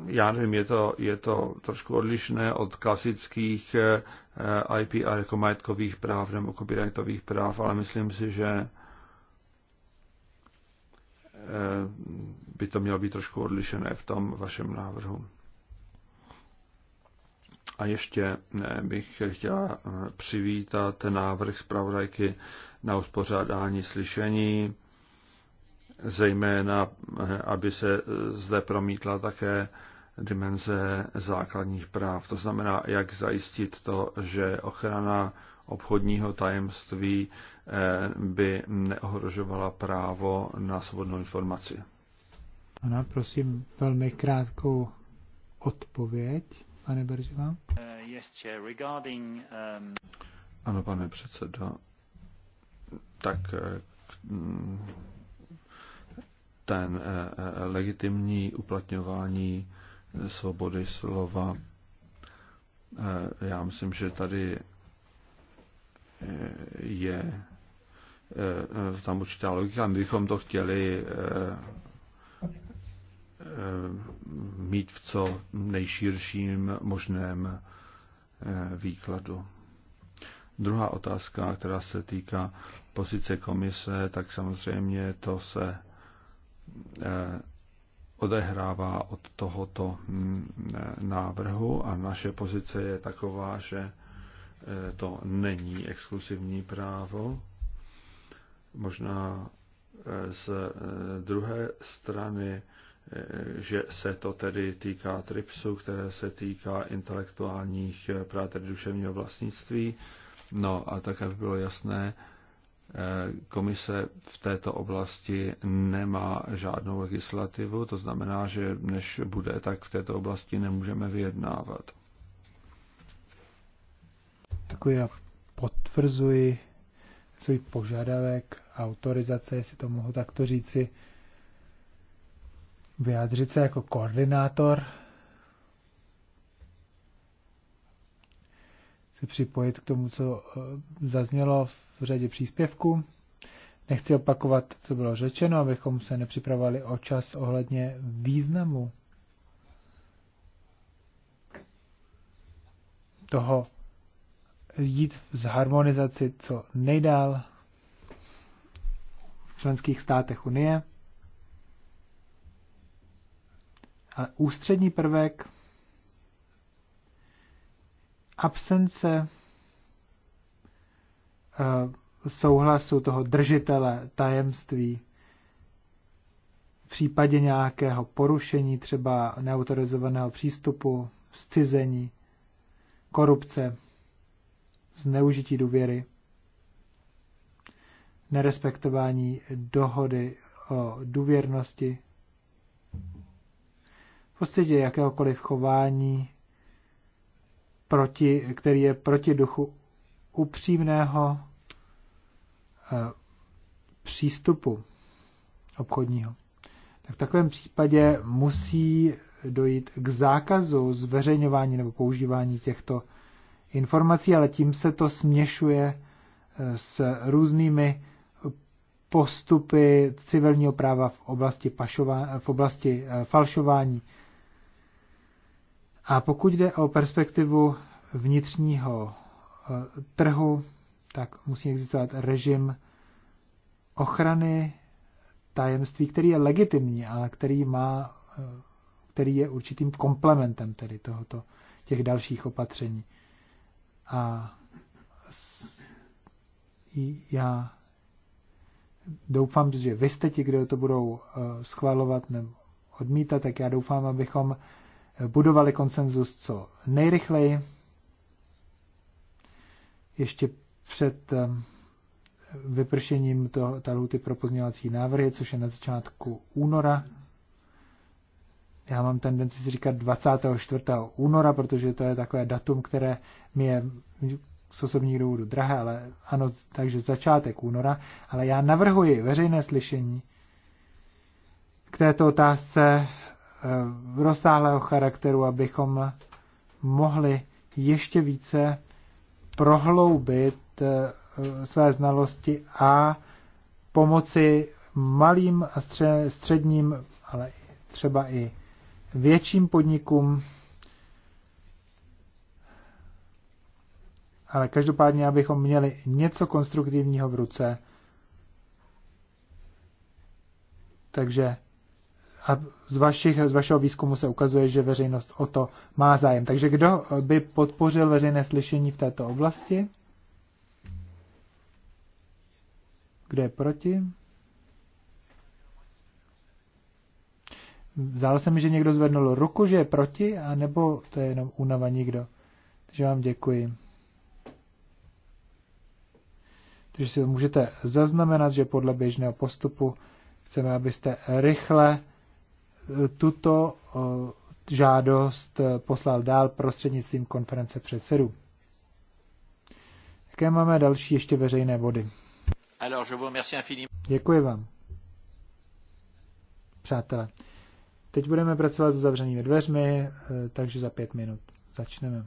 já nevím, je to, je to trošku odlišné od klasických eh, IPR jako majetkových práv nebo copyrightových práv, ale myslím si, že eh, by to mělo být trošku odlišené v tom vašem návrhu. A ještě eh, bych chtěla přivítat návrh zpravodajky na uspořádání slyšení zejména eh, aby se eh, zde promítla také dimenze základních práv. To znamená, jak zajistit to, že ochrana obchodního tajemství eh, by neohrožovala právo na svobodnou informaci. Ano, prosím, velmi krátkou odpověď, pane Beržová. Uh, yes, chair. Regarding, um... Ano, pane předsedo. Tak ten eh, eh, legitimní uplatňování svobody slova. Eh, já myslím, že tady je tam určitá logika. My bychom to chtěli mít v co nejširším možném výkladu. Druhá otázka, která se týká pozice komise, tak samozřejmě to se Eh, odehrává od tohoto mm, eh, návrhu a naše pozice je taková, že eh, to není exkluzivní právo. Možná z druhé strany, že se to tedy týká TRIPSu, které se týká intelektuálních práv, tedy duševního vlastnictví. No a tak, aby bylo jasné, Komise v této oblasti nemá žádnou legislativu, to znamená, že než bude, tak v této oblasti nemůžeme vyjednávat. Tak já potvrzuji svůj požadavek autorizace, jestli to mohu takto říci, vyjádřit se jako koordinátor připojit k tomu, co eh, zaznělo v řadě příspěvků. Nechci opakovat, co bylo řečeno, abychom se nepřipravovali o čas ohledně významu toho jít z harmonizaci co nejdál v členských státech Unie. A ústřední prvek absence eh, souhlasu toho držitele tajemství v případě nějakého porušení, třeba neautorizovaného přístupu, zcizení, korupce, zneužití důvěry, nerespektování dohody o důvěrnosti, v podstatě jakéhokoliv chování proti, který je proti duchu upřímného eh, přístupu obchodního. Tak v takovém případě musí dojít k zákazu zveřejňování nebo používání těchto informací, ale tím se to směšuje eh, s různými postupy civilního práva v oblasti, pašová, v oblasti eh, falšování a pokud jde o perspektivu vnitřního eh, trhu, tak musí existovat režim ochrany tajemství, který je legitimní, ale který má, eh, který je určitým komplementem tedy tohoto, těch dalších opatření. A já doufám, že vy jste ti, kdo to budou eh, schvalovat nebo odmítat, tak já doufám, abychom budovali konsenzus co nejrychleji, ještě před eh, vypršením toho, ta lhuty pro pozměňovací návrhy, což je na začátku února. Já mám tendenci si říkat 24. února, protože to je takové datum, které mi je z osobní důvodu drahé, ale ano, takže začátek února. Ale já navrhuji veřejné slyšení k této otázce Eh, rozsáhlého charakteru, abychom mohli ještě více prohloubit eh, své znalosti a pomoci malým a středním, ale třeba i větším podnikům. Ale každopádně, abychom měli něco konstruktivního v ruce. Takže a z, vašich, z vašeho výzkumu se ukazuje, že veřejnost o to má zájem. Takže kdo by podpořil veřejné slyšení v této oblasti? Kdo je proti? Zdálo se mi, že někdo zvednul ruku, že je proti, nebo to je jenom únava nikdo. Takže vám děkuji. Takže si můžete zaznamenat, že podle běžného postupu chceme, abyste rychle tuto žádost eh, poslal dál prostřednictvím konference předsedů. Jaké máme další ještě veřejné body? Děkuji vám. Přátelé, teď budeme pracovat s zavřenými dveřmi, eh, takže za pět minut začneme.